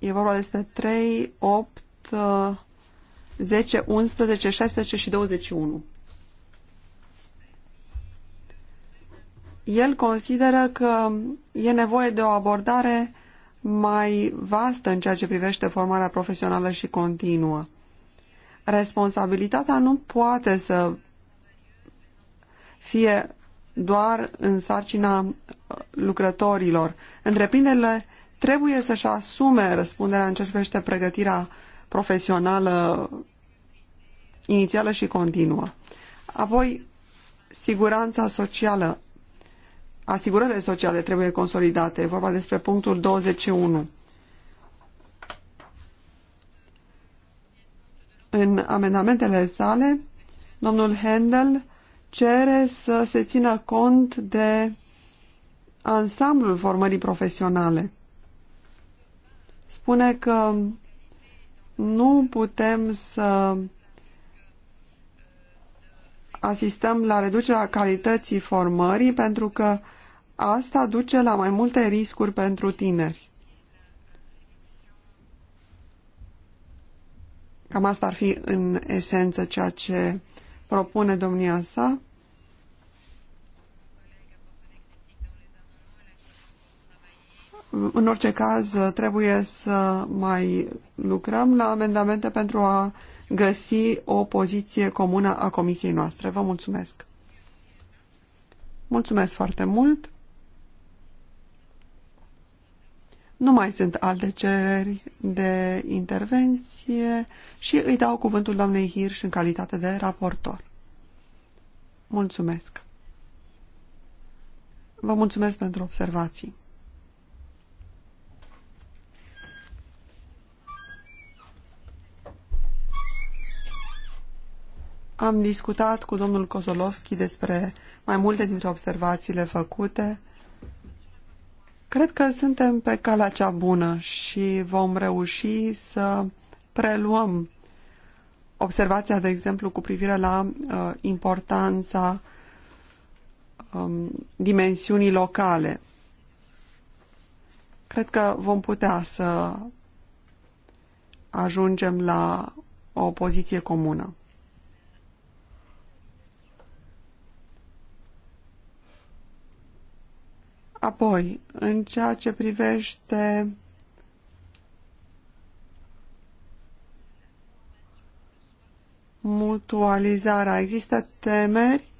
[SPEAKER 1] E vorba despre 3, 8, 10, 11, 16 și 21. El consideră că e nevoie de o abordare mai vastă în ceea ce privește formarea profesională și continuă. Responsabilitatea nu poate să fie doar în sarcina uh, lucrătorilor. Întreprinderile trebuie să-și asume răspunderea în ce privește pregătirea profesională inițială și continuă. Apoi, siguranța socială. Asigurările sociale trebuie consolidate. E vorba despre punctul 21. În amendamentele sale, domnul Handel cere să se țină cont de ansamblul formării profesionale spune că nu putem să asistăm la reducerea calității formării pentru că asta duce la mai multe riscuri pentru tineri. Cam asta ar fi în esență ceea ce propune domnia sa. În orice caz, trebuie să mai lucrăm la amendamente pentru a găsi o poziție comună a comisiei noastre. Vă mulțumesc! Mulțumesc foarte mult! Nu mai sunt alte cereri de intervenție și îi dau cuvântul doamnei Hirsch în calitate de raportor. Mulțumesc! Vă mulțumesc pentru observații. Am discutat cu domnul Kozolovski despre mai multe dintre observațiile făcute. Cred că suntem pe calea cea bună și vom reuși să preluăm observația, de exemplu, cu privire la uh, importanța um, dimensiunii locale. Cred că vom putea să ajungem la o poziție comună. Apoi, în ceea ce privește mutualizarea, există temeri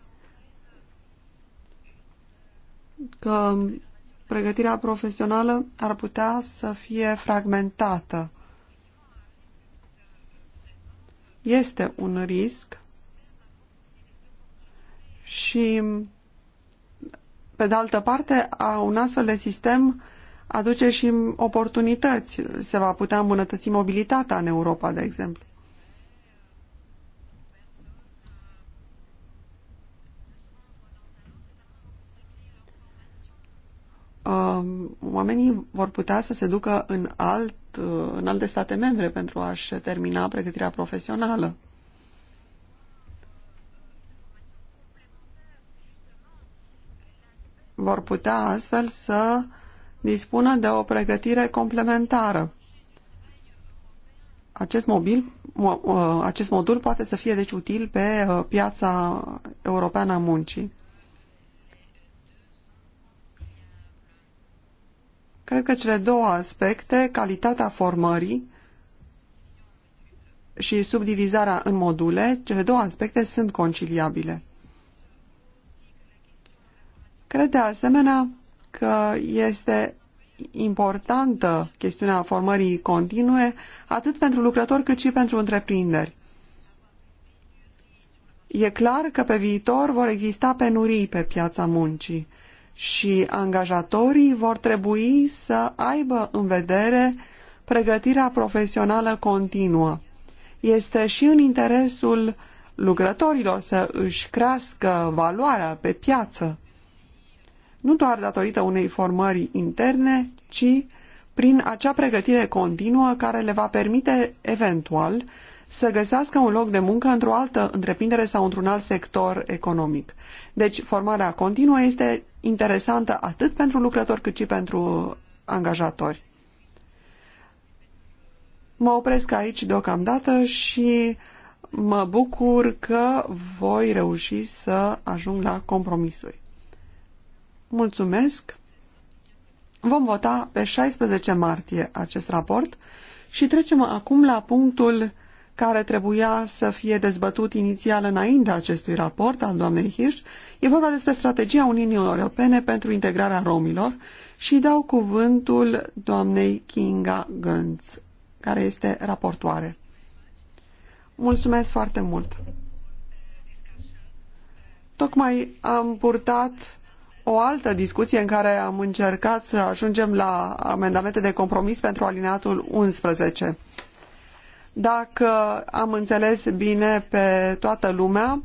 [SPEAKER 1] că pregătirea profesională ar putea să fie fragmentată. Este un risc și pe de altă parte, a un astfel de sistem aduce și oportunități. Se va putea îmbunătăți mobilitatea în Europa, de exemplu. Um, oamenii vor putea să se ducă în, alt, uh, în alte state membre pentru a-și termina pregătirea profesională. vor putea astfel să dispună de o pregătire complementară. Acest, mobil, uh, acest modul poate să fie deci util pe uh, piața europeană a muncii. Cred că cele două aspecte, calitatea formării și subdivizarea în module, cele două aspecte sunt conciliabile. Cred de asemenea că este importantă chestiunea formării continue atât pentru lucrători cât și pentru întreprinderi. E clar că pe viitor vor exista penurii pe piața muncii și angajatorii vor trebui să aibă în vedere pregătirea profesională continuă. Este și în interesul lucrătorilor să își crească valoarea pe piață nu doar datorită unei formări interne, ci prin acea pregătire continuă care le va permite, eventual, să găsească un loc de muncă într-o altă întreprindere sau într-un alt sector economic. Deci, formarea continuă este interesantă atât pentru lucrători cât și pentru angajatori. Mă opresc aici deocamdată și mă bucur că voi reuși să ajung la compromisuri. Mulțumesc! Vom vota pe 16 martie acest raport și trecem acum la punctul care trebuia să fie dezbătut inițial înainte acestui raport al doamnei Hirsch. E vorba despre strategia Uniunii Europene pentru integrarea romilor și dau cuvântul doamnei Kinga Gânț, care este raportoare. Mulțumesc foarte mult! Tocmai am purtat o altă discuție în care am încercat să ajungem la amendamente de compromis pentru alineatul 11. Dacă am înțeles bine pe toată lumea,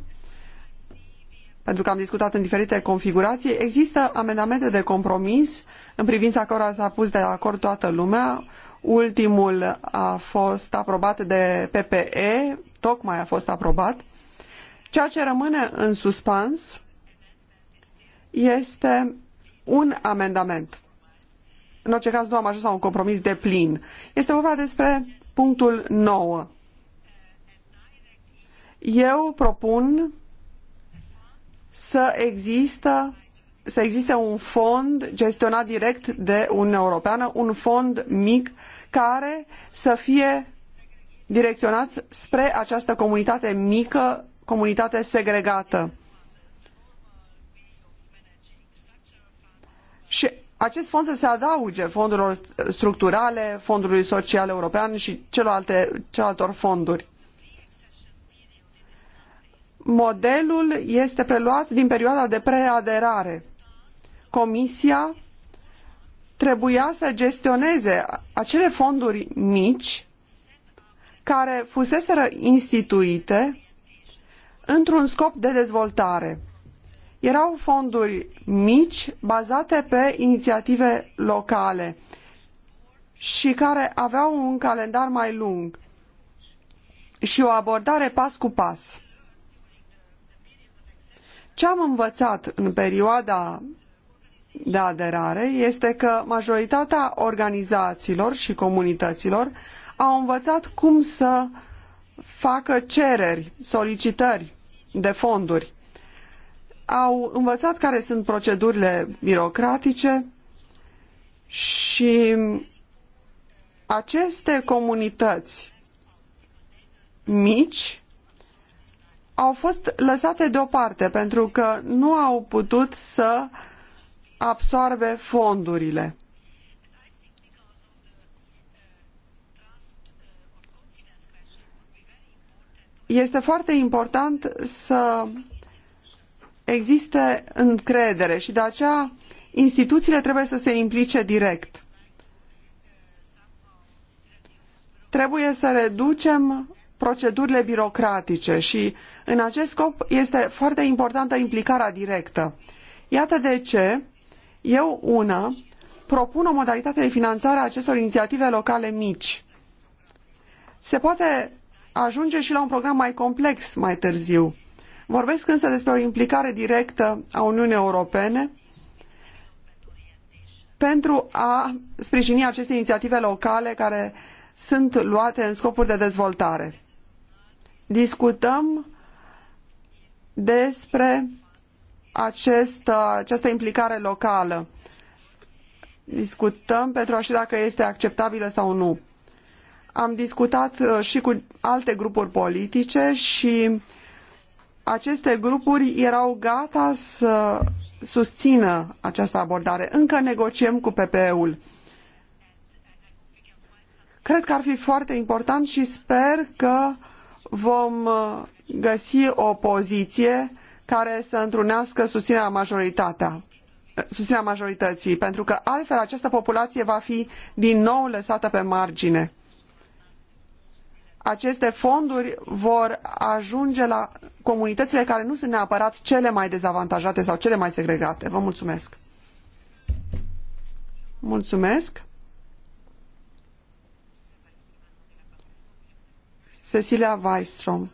[SPEAKER 1] pentru că am discutat în diferite configurații, există amendamente de compromis în privința cărora s-a pus de acord toată lumea. Ultimul a fost aprobat de PPE, tocmai a fost aprobat. Ceea ce rămâne în suspans este un amendament. În orice caz, nu am ajuns la un compromis de plin. Este vorba despre punctul 9. Eu propun să există să existe un fond gestionat direct de Uniunea Europeană, un fond mic care să fie direcționat spre această comunitate mică, comunitate segregată. Și acest fond să se adauge fondurilor structurale, fondului social european și celorlalte, celorlaltor fonduri. Modelul este preluat din perioada de preaderare. Comisia trebuia să gestioneze acele fonduri mici care fuseseră instituite într-un scop de dezvoltare. Erau fonduri mici, bazate pe inițiative locale și care aveau un calendar mai lung și o abordare pas cu pas. Ce am învățat în perioada de aderare este că majoritatea organizațiilor și comunităților au învățat cum să facă cereri, solicitări de fonduri au învățat care sunt procedurile birocratice și aceste comunități mici au fost lăsate deoparte pentru că nu au putut să absorbe fondurile. Este foarte important să existe încredere și de aceea instituțiile trebuie să se implice direct. Trebuie să reducem procedurile birocratice și în acest scop este foarte importantă implicarea directă. Iată de ce eu una propun o modalitate de finanțare a acestor inițiative locale mici. Se poate ajunge și la un program mai complex mai târziu. Vorbesc însă despre o implicare directă a Uniunii Europene pentru a sprijini aceste inițiative locale care sunt luate în scopuri de dezvoltare. Discutăm despre acest, această implicare locală. Discutăm pentru a ști dacă este acceptabilă sau nu. Am discutat uh, și cu alte grupuri politice și aceste grupuri erau gata să susțină această abordare. Încă negociem cu PPE-ul. Cred că ar fi foarte important și sper că vom uh, găsi o poziție care să întrunească susținerea majoritatea uh, susținerea majorității, pentru că altfel această populație va fi din nou lăsată pe margine aceste fonduri vor ajunge la comunitățile care nu sunt neapărat cele mai dezavantajate sau cele mai segregate. Vă mulțumesc! Mulțumesc! Cecilia Weistrom.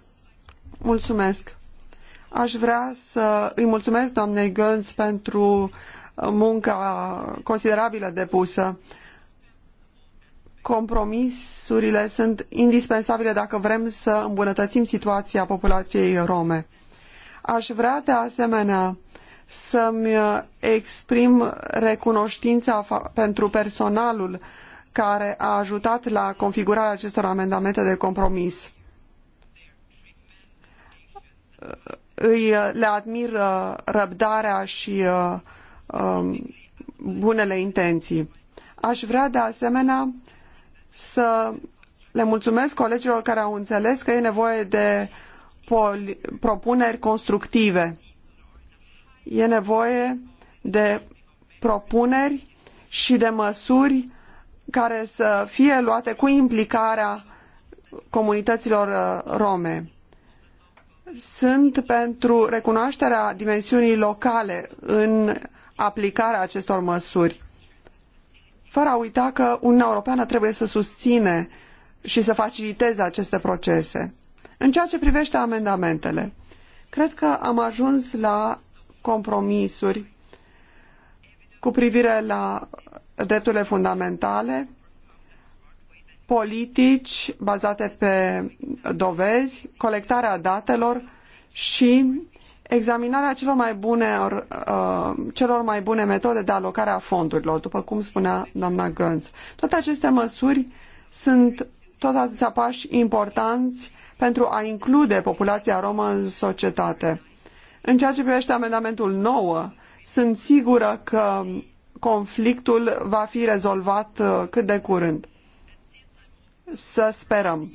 [SPEAKER 1] Mulțumesc! Aș vrea să îi mulțumesc doamnei Gönz pentru munca considerabilă depusă. Uh, compromisurile sunt indispensabile dacă vrem să îmbunătățim situația populației rome. Aș vrea de asemenea să-mi exprim recunoștința pentru personalul care a ajutat la configurarea acestor amendamente de compromis. Îi le admir uh, răbdarea și uh, um, bunele intenții. Aș vrea de asemenea să le mulțumesc colegilor care au înțeles că e nevoie de propuneri constructive. E nevoie de propuneri și de măsuri care să fie luate cu implicarea comunităților uh, rome. Sunt pentru recunoașterea dimensiunii locale în aplicarea acestor măsuri fără a uita că Uniunea Europeană trebuie să susține și să faciliteze aceste procese. În ceea ce privește amendamentele, cred că am ajuns la compromisuri cu privire la drepturile fundamentale, politici bazate pe dovezi, colectarea datelor și examinarea celor mai bune, uh, celor mai bune metode de alocare a fondurilor, după cum spunea doamna Gânț. Toate aceste măsuri sunt tot atâția pași importanți pentru a include populația romă în societate. În ceea ce privește amendamentul 9, sunt sigură că conflictul va fi rezolvat uh, cât de curând. Să sperăm.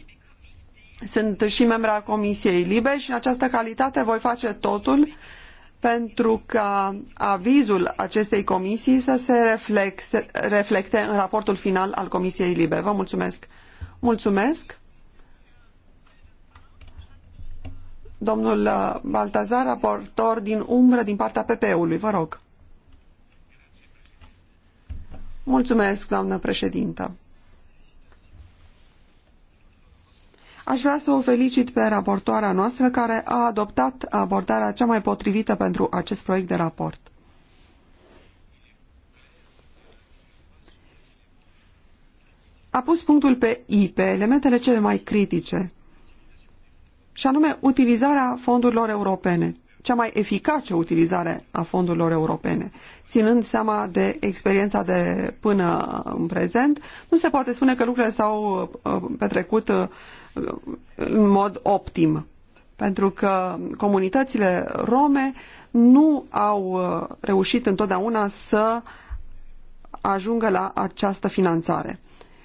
[SPEAKER 1] Sunt și membra Comisiei Libe și în această calitate voi face totul pentru ca avizul acestei comisii să se reflexe, reflecte în raportul final al Comisiei Libe. Vă mulțumesc! Mulțumesc! Domnul uh, Baltazar, raportor din umbră din partea PP-ului, vă rog. Mulțumesc, doamnă președintă. Aș vrea să o felicit pe raportoarea noastră care a adoptat abordarea cea mai potrivită pentru acest proiect de raport. A pus punctul pe I, pe elementele cele mai critice, și anume utilizarea fondurilor europene, cea mai eficace utilizare a fondurilor europene. Ținând seama de experiența de până în prezent, nu se poate spune că lucrurile s-au uh, petrecut uh, în mod optim. Pentru că comunitățile rome nu au uh, reușit întotdeauna să ajungă la această finanțare.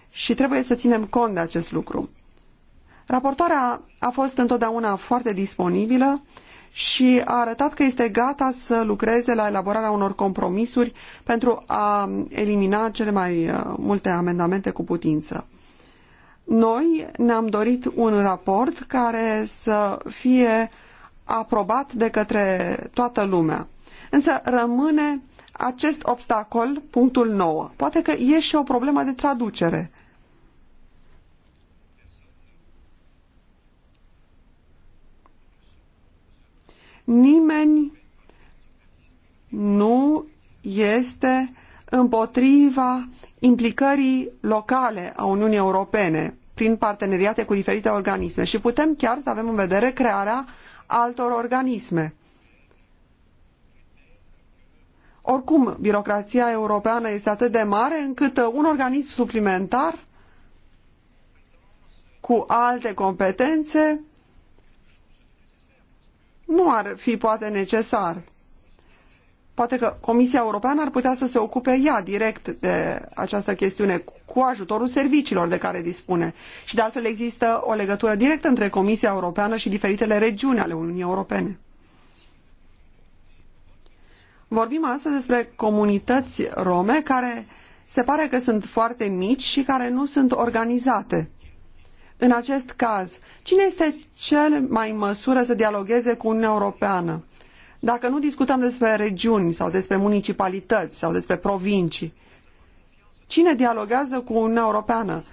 [SPEAKER 1] Și trebuie să ținem cont de acest lucru. Raportoarea a fost întotdeauna foarte disponibilă și a arătat că este gata să lucreze la elaborarea unor compromisuri pentru a elimina cele mai uh, multe amendamente cu putință. Noi ne-am dorit un raport care să fie aprobat de către toată lumea. Însă rămâne acest obstacol, punctul 9. Poate că e și o problemă de traducere. Nimeni nu este împotriva implicării locale a Uniunii Europene prin parteneriate cu diferite organisme și putem chiar să avem în vedere crearea altor organisme. Oricum, birocrația europeană este atât de mare încât un organism suplimentar cu alte competențe nu ar fi poate necesar. Poate că Comisia Europeană ar putea să se ocupe ea direct de această chestiune cu ajutorul serviciilor de care dispune. Și de altfel există o legătură directă între Comisia Europeană și diferitele regiuni ale Uniunii Europene. Vorbim astăzi despre comunități rome care se pare că sunt foarte mici și care nu sunt organizate. În acest caz, cine este cel mai în măsură să dialogueze cu Uniunea Europeană? Dacă nu discutăm despre regiuni sau despre municipalități sau despre provincii, cine dialoguează cu Uniunea Europeană?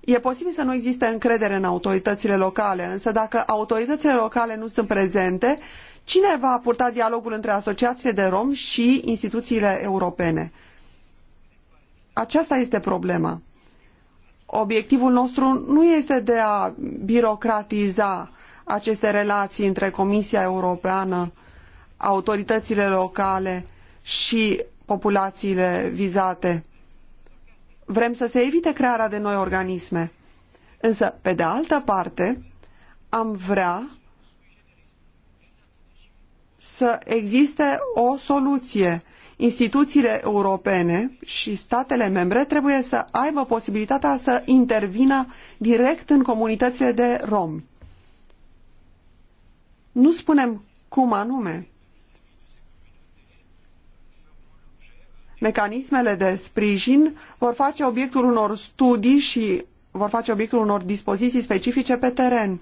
[SPEAKER 1] E posibil să nu existe încredere în autoritățile locale, însă dacă autoritățile locale nu sunt prezente, cine va purta dialogul între asociațiile de rom și instituțiile europene? Aceasta este problema. Obiectivul nostru nu este de a birocratiza aceste relații între Comisia Europeană autoritățile locale și populațiile vizate. Vrem să se evite crearea de noi organisme. Însă, pe de altă parte, am vrea să existe o soluție. Instituțiile europene și statele membre trebuie să aibă posibilitatea să intervină direct în comunitățile de romi. Nu spunem cum anume, mecanismele de sprijin vor face obiectul unor studii și vor face obiectul unor dispoziții specifice pe teren.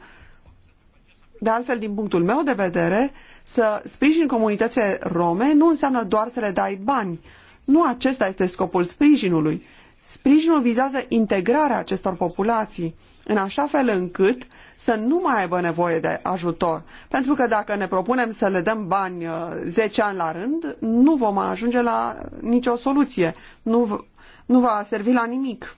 [SPEAKER 1] De altfel, din punctul meu de vedere, să sprijin comunitățile rome nu înseamnă doar să le dai bani. Nu acesta este scopul sprijinului. Sprijinul vizează integrarea acestor populații, în așa fel încât să nu mai aibă nevoie de ajutor. Pentru că dacă ne propunem să le dăm bani 10 uh, ani la rând, nu vom ajunge la nicio soluție. Nu, nu va servi la nimic.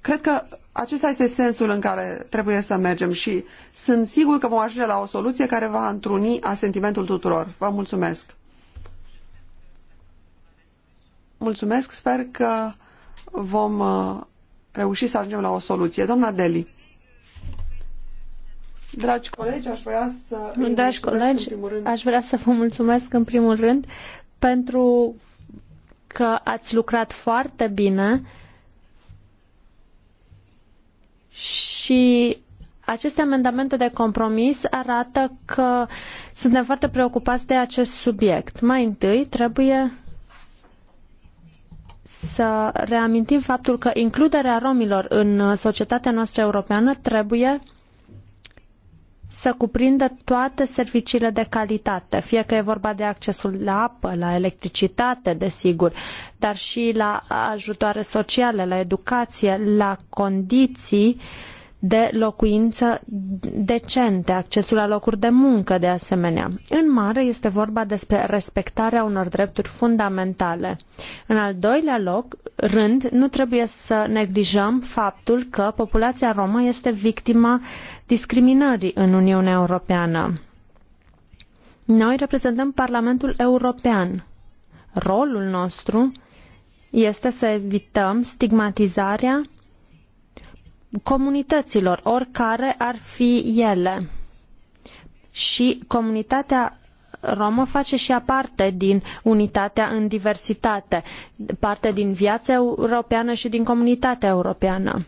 [SPEAKER 1] Cred că acesta este sensul în care trebuie să mergem și sunt sigur că vom ajunge la o soluție care va întruni asentimentul tuturor. Vă mulțumesc! Mulțumesc, sper că vom uh, reuși să ajungem la o soluție. Doamna Deli. Dragi colegi, aș vrea să Dragi colegi, aș vrea
[SPEAKER 2] să vă mulțumesc în primul rând pentru că ați lucrat foarte bine și aceste amendamente de compromis arată că suntem foarte preocupați de acest subiect. Mai întâi trebuie să reamintim faptul că includerea romilor în uh, societatea noastră europeană trebuie să cuprindă toate serviciile de calitate, fie că e vorba de accesul la apă, la electricitate, desigur, dar și la ajutoare sociale, la educație, la condiții uh, de locuință decente, accesul la locuri de muncă de asemenea. În mare este vorba despre respectarea unor drepturi fundamentale. În al doilea loc, rând, nu trebuie să neglijăm faptul că populația romă este victima discriminării în Uniunea Europeană. Noi reprezentăm Parlamentul European. Rolul nostru este să evităm stigmatizarea comunităților, oricare ar fi ele. Și comunitatea romă face și ea parte din unitatea în diversitate, parte din viața europeană și din comunitatea europeană.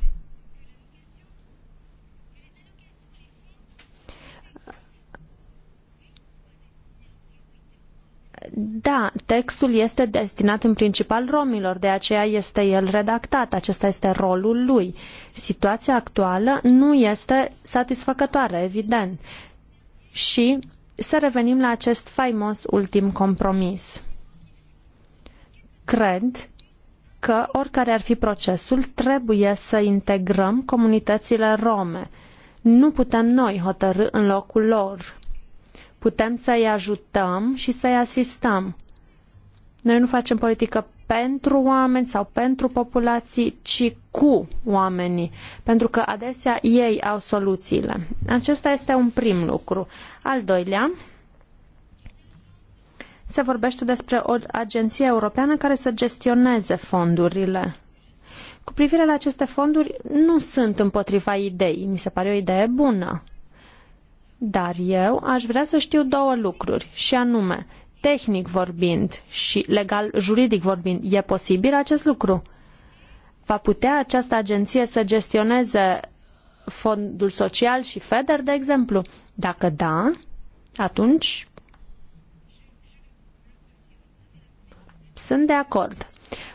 [SPEAKER 2] Da, textul este destinat în principal romilor, de aceea este el redactat, acesta este rolul lui. Situația actuală nu este satisfăcătoare, evident. Și să revenim la acest faimos ultim compromis. Cred că, oricare ar fi procesul, trebuie să integrăm comunitățile rome. Nu putem noi hotărâ în locul lor Putem să-i ajutăm și să-i asistăm. Noi nu facem politică pentru oameni sau pentru populații, ci cu oamenii, pentru că adesea ei au soluțiile. Acesta este un prim lucru. Al doilea, se vorbește despre o agenție europeană care să gestioneze fondurile. Cu privire la aceste fonduri, nu sunt împotriva ideii, mi se pare o idee bună. Dar eu aș vrea să știu două lucruri, și anume, tehnic vorbind și legal juridic vorbind, e posibil acest lucru? Va putea această agenție să gestioneze fondul social și FEDER, de exemplu? Dacă da, atunci sunt de acord.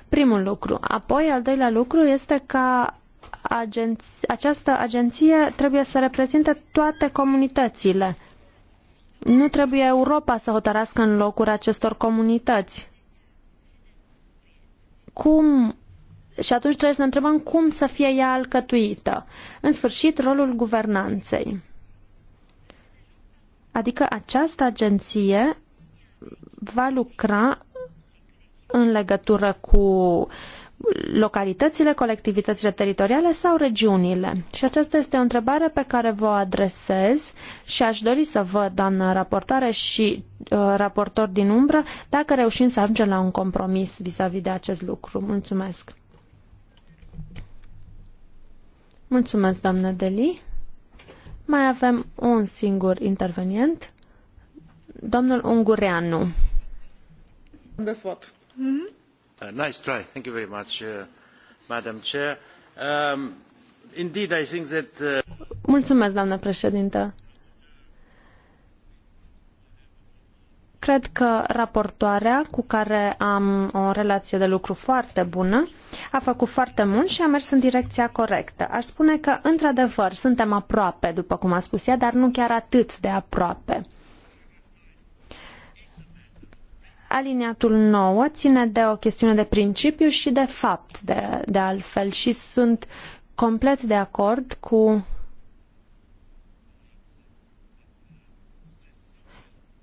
[SPEAKER 2] Primul lucru. Apoi, al doilea lucru este ca agenț- această agenție trebuie să reprezinte toate comunitățile. Nu trebuie Europa să hotărască în locul acestor comunități. Cum și atunci trebuie să ne întrebăm cum să fie ea alcătuită. În sfârșit, rolul guvernanței. Adică această agenție va lucra în legătură cu localitățile, colectivitățile teritoriale sau regiunile? Și aceasta este o întrebare pe care vă adresez și aș dori să văd, doamnă raportare și uh, raportor din umbră, dacă reușim să ajungem la un compromis vis-a-vis -vis de acest lucru. Mulțumesc! Mulțumesc, doamnă Deli. Mai avem un singur intervenient, domnul Ungureanu.
[SPEAKER 1] Desvot. Mm-hmm. Uh, nice try. Thank you very much, uh, Madam Chair. Um, indeed, I think that... Uh...
[SPEAKER 2] Mulțumesc, doamnă președintă. cred că raportoarea, cu care am o relație de lucru foarte bună, a făcut foarte mult și a mers în direcția corectă. Aș spune că, într-adevăr, suntem aproape, după cum a spus ea, dar nu chiar atât de aproape. Aliniatul 9 ține de o chestiune de principiu și de fapt, de, de altfel, și sunt complet de acord cu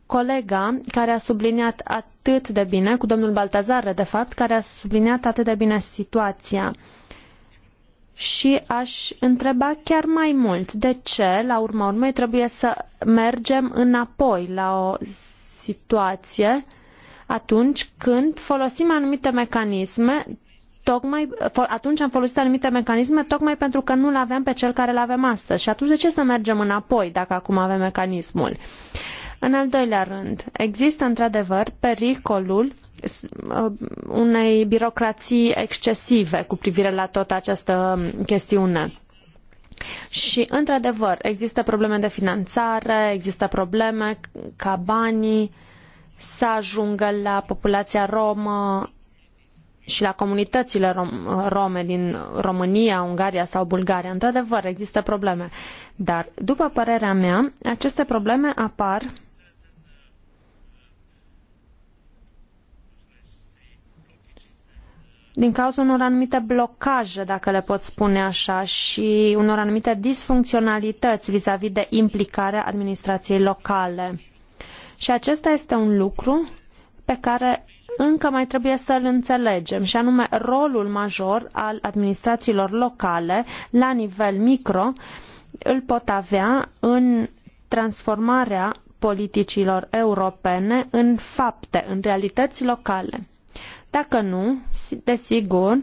[SPEAKER 2] colega care a subliniat atât de bine, cu domnul Baltazar, de fapt, care a subliniat atât de bine situația. Și aș întreba chiar mai mult de ce, la urma urmei, trebuie să mergem înapoi la o situație uh, atunci când folosim anumite mecanisme, tocmai, atunci am folosit anumite mecanisme tocmai pentru că nu-l aveam pe cel care l avem astăzi. Și atunci de ce să mergem înapoi dacă acum avem mecanismul? În al doilea rând, există într-adevăr pericolul uh, unei birocrații excesive cu privire la toată această um, chestiune. Și, într-adevăr, există probleme de finanțare, există probleme ca banii uh, să ajungă la populația romă și la comunitățile rom- rome din România, Ungaria sau Bulgaria. Într-adevăr, există probleme. Dar, după părerea mea, aceste probleme apar din cauza unor anumite blocaje, dacă le pot spune așa, și unor anumite disfuncționalități vis-a-vis -vis de implicarea administrației locale. Și acesta este un lucru pe care încă mai trebuie să-l înțelegem, și anume rolul major al administrațiilor locale la nivel micro îl pot avea în transformarea politicilor europene în fapte, în realități locale. Dacă nu, desigur,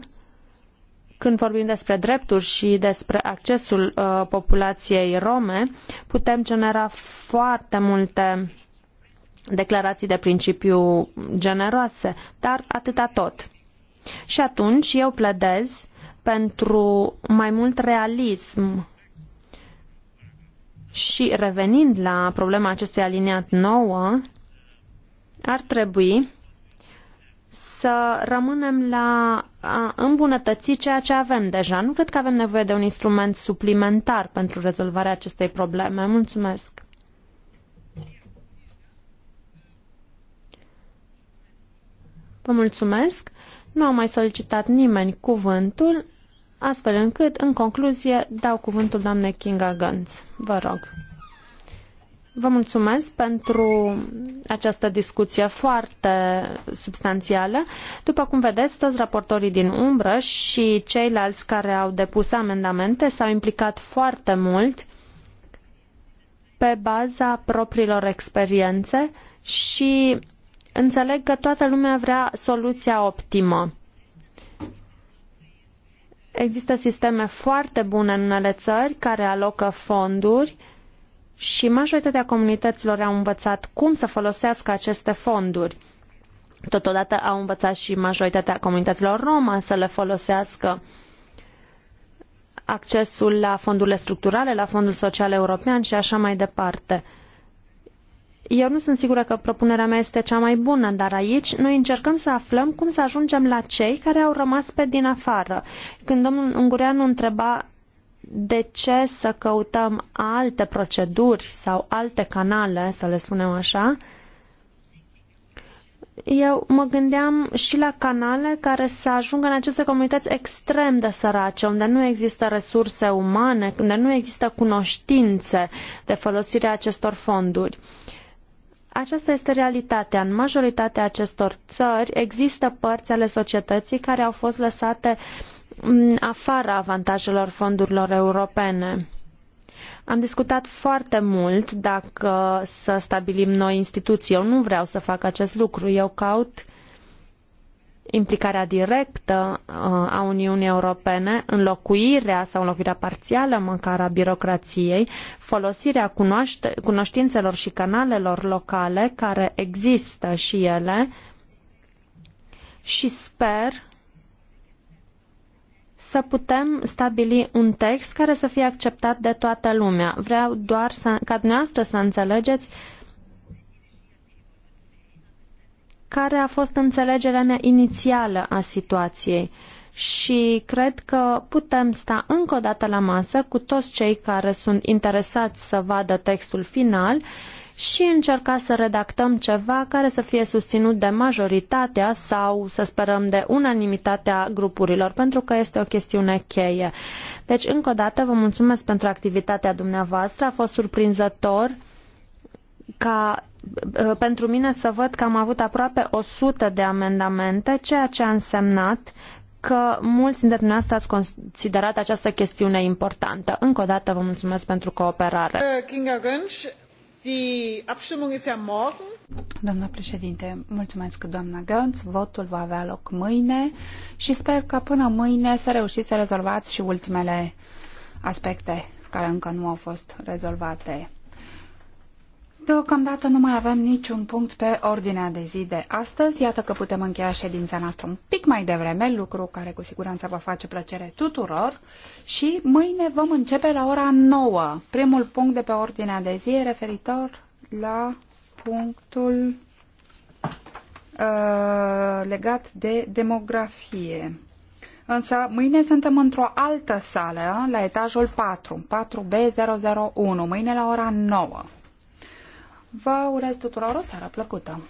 [SPEAKER 2] când vorbim despre drepturi și despre accesul uh, populației rome, putem genera foarte multe declarații de principiu generoase, dar atâta tot. Și atunci eu pledez pentru mai mult realism și revenind la problema acestui aliniat nouă, ar trebui să rămânem la a îmbunătăți ceea ce avem deja. Nu cred că avem nevoie de un instrument suplimentar pentru rezolvarea acestei probleme. Mulțumesc! Vă mulțumesc. Nu a mai solicitat nimeni cuvântul, astfel încât, în concluzie, dau cuvântul doamnei Kinga Gantz. Vă rog. Vă mulțumesc pentru această discuție foarte substanțială. După cum vedeți, toți raportorii din umbră și ceilalți care au depus amendamente s-au implicat foarte mult pe baza propriilor experiențe și Înțeleg că toată lumea vrea soluția optimă. Există sisteme foarte bune în unele țări care alocă fonduri și majoritatea comunităților au învățat cum să folosească aceste fonduri. Totodată au învățat și majoritatea comunităților roma să le folosească accesul la fondurile structurale, la Fondul Social European și așa mai departe. Eu nu sunt sigură că propunerea mea este cea mai bună, dar aici noi încercăm să aflăm cum să ajungem la cei care au rămas pe din afară. Când domnul Ungureanu întreba de ce să căutăm alte proceduri sau alte canale, să le spunem așa, eu mă gândeam și la canale care să ajungă în aceste comunități extrem de sărace, unde nu există resurse umane, unde nu există cunoștințe de folosirea acestor fonduri. Aceasta este realitatea. În majoritatea acestor țări există părți ale societății care au fost lăsate afară avantajelor fondurilor europene. Am discutat foarte mult dacă să stabilim noi instituții. Eu nu vreau să fac acest lucru. Eu caut implicarea directă uh, a Uniunii Europene, înlocuirea sau înlocuirea parțială măcar a birocrației, folosirea cunoștințelor și canalelor locale care există și ele și sper să putem stabili un text care să fie acceptat de toată lumea. Vreau doar să, ca dumneavoastră să înțelegeți uh, care a fost înțelegerea mea inițială a situației și cred că putem sta încă o dată la masă cu toți cei care sunt interesați să vadă textul final și încerca să redactăm ceva care să fie susținut de majoritatea sau, să sperăm, de unanimitatea grupurilor, pentru că este o chestiune cheie. Deci, încă o dată, vă mulțumesc pentru activitatea dumneavoastră, a fost surprinzător ca uh, pentru mine să văd că am avut aproape 100 de amendamente, ceea ce a însemnat că mulți dintre dumneavoastră ați considerat această chestiune importantă. Încă o dată vă mulțumesc pentru cooperare.
[SPEAKER 1] Uh, Kinga Gönch,
[SPEAKER 3] Doamna președinte, mulțumesc doamna Gönț, votul va avea loc mâine și sper că până mâine să reușiți să rezolvați și ultimele aspecte care încă nu au fost rezolvate. Deocamdată nu mai avem niciun punct pe ordinea de zi de astăzi. Iată că putem încheia ședința noastră un pic mai devreme, lucru care cu siguranță va face plăcere tuturor. Și mâine vom începe la ora 9. Primul punct de pe ordinea de zi referitor la punctul uh, legat de demografie. Însă mâine suntem într-o altă sală, la etajul 4, 4B001, mâine la ora 9. Vă urez tuturor o seară plăcută!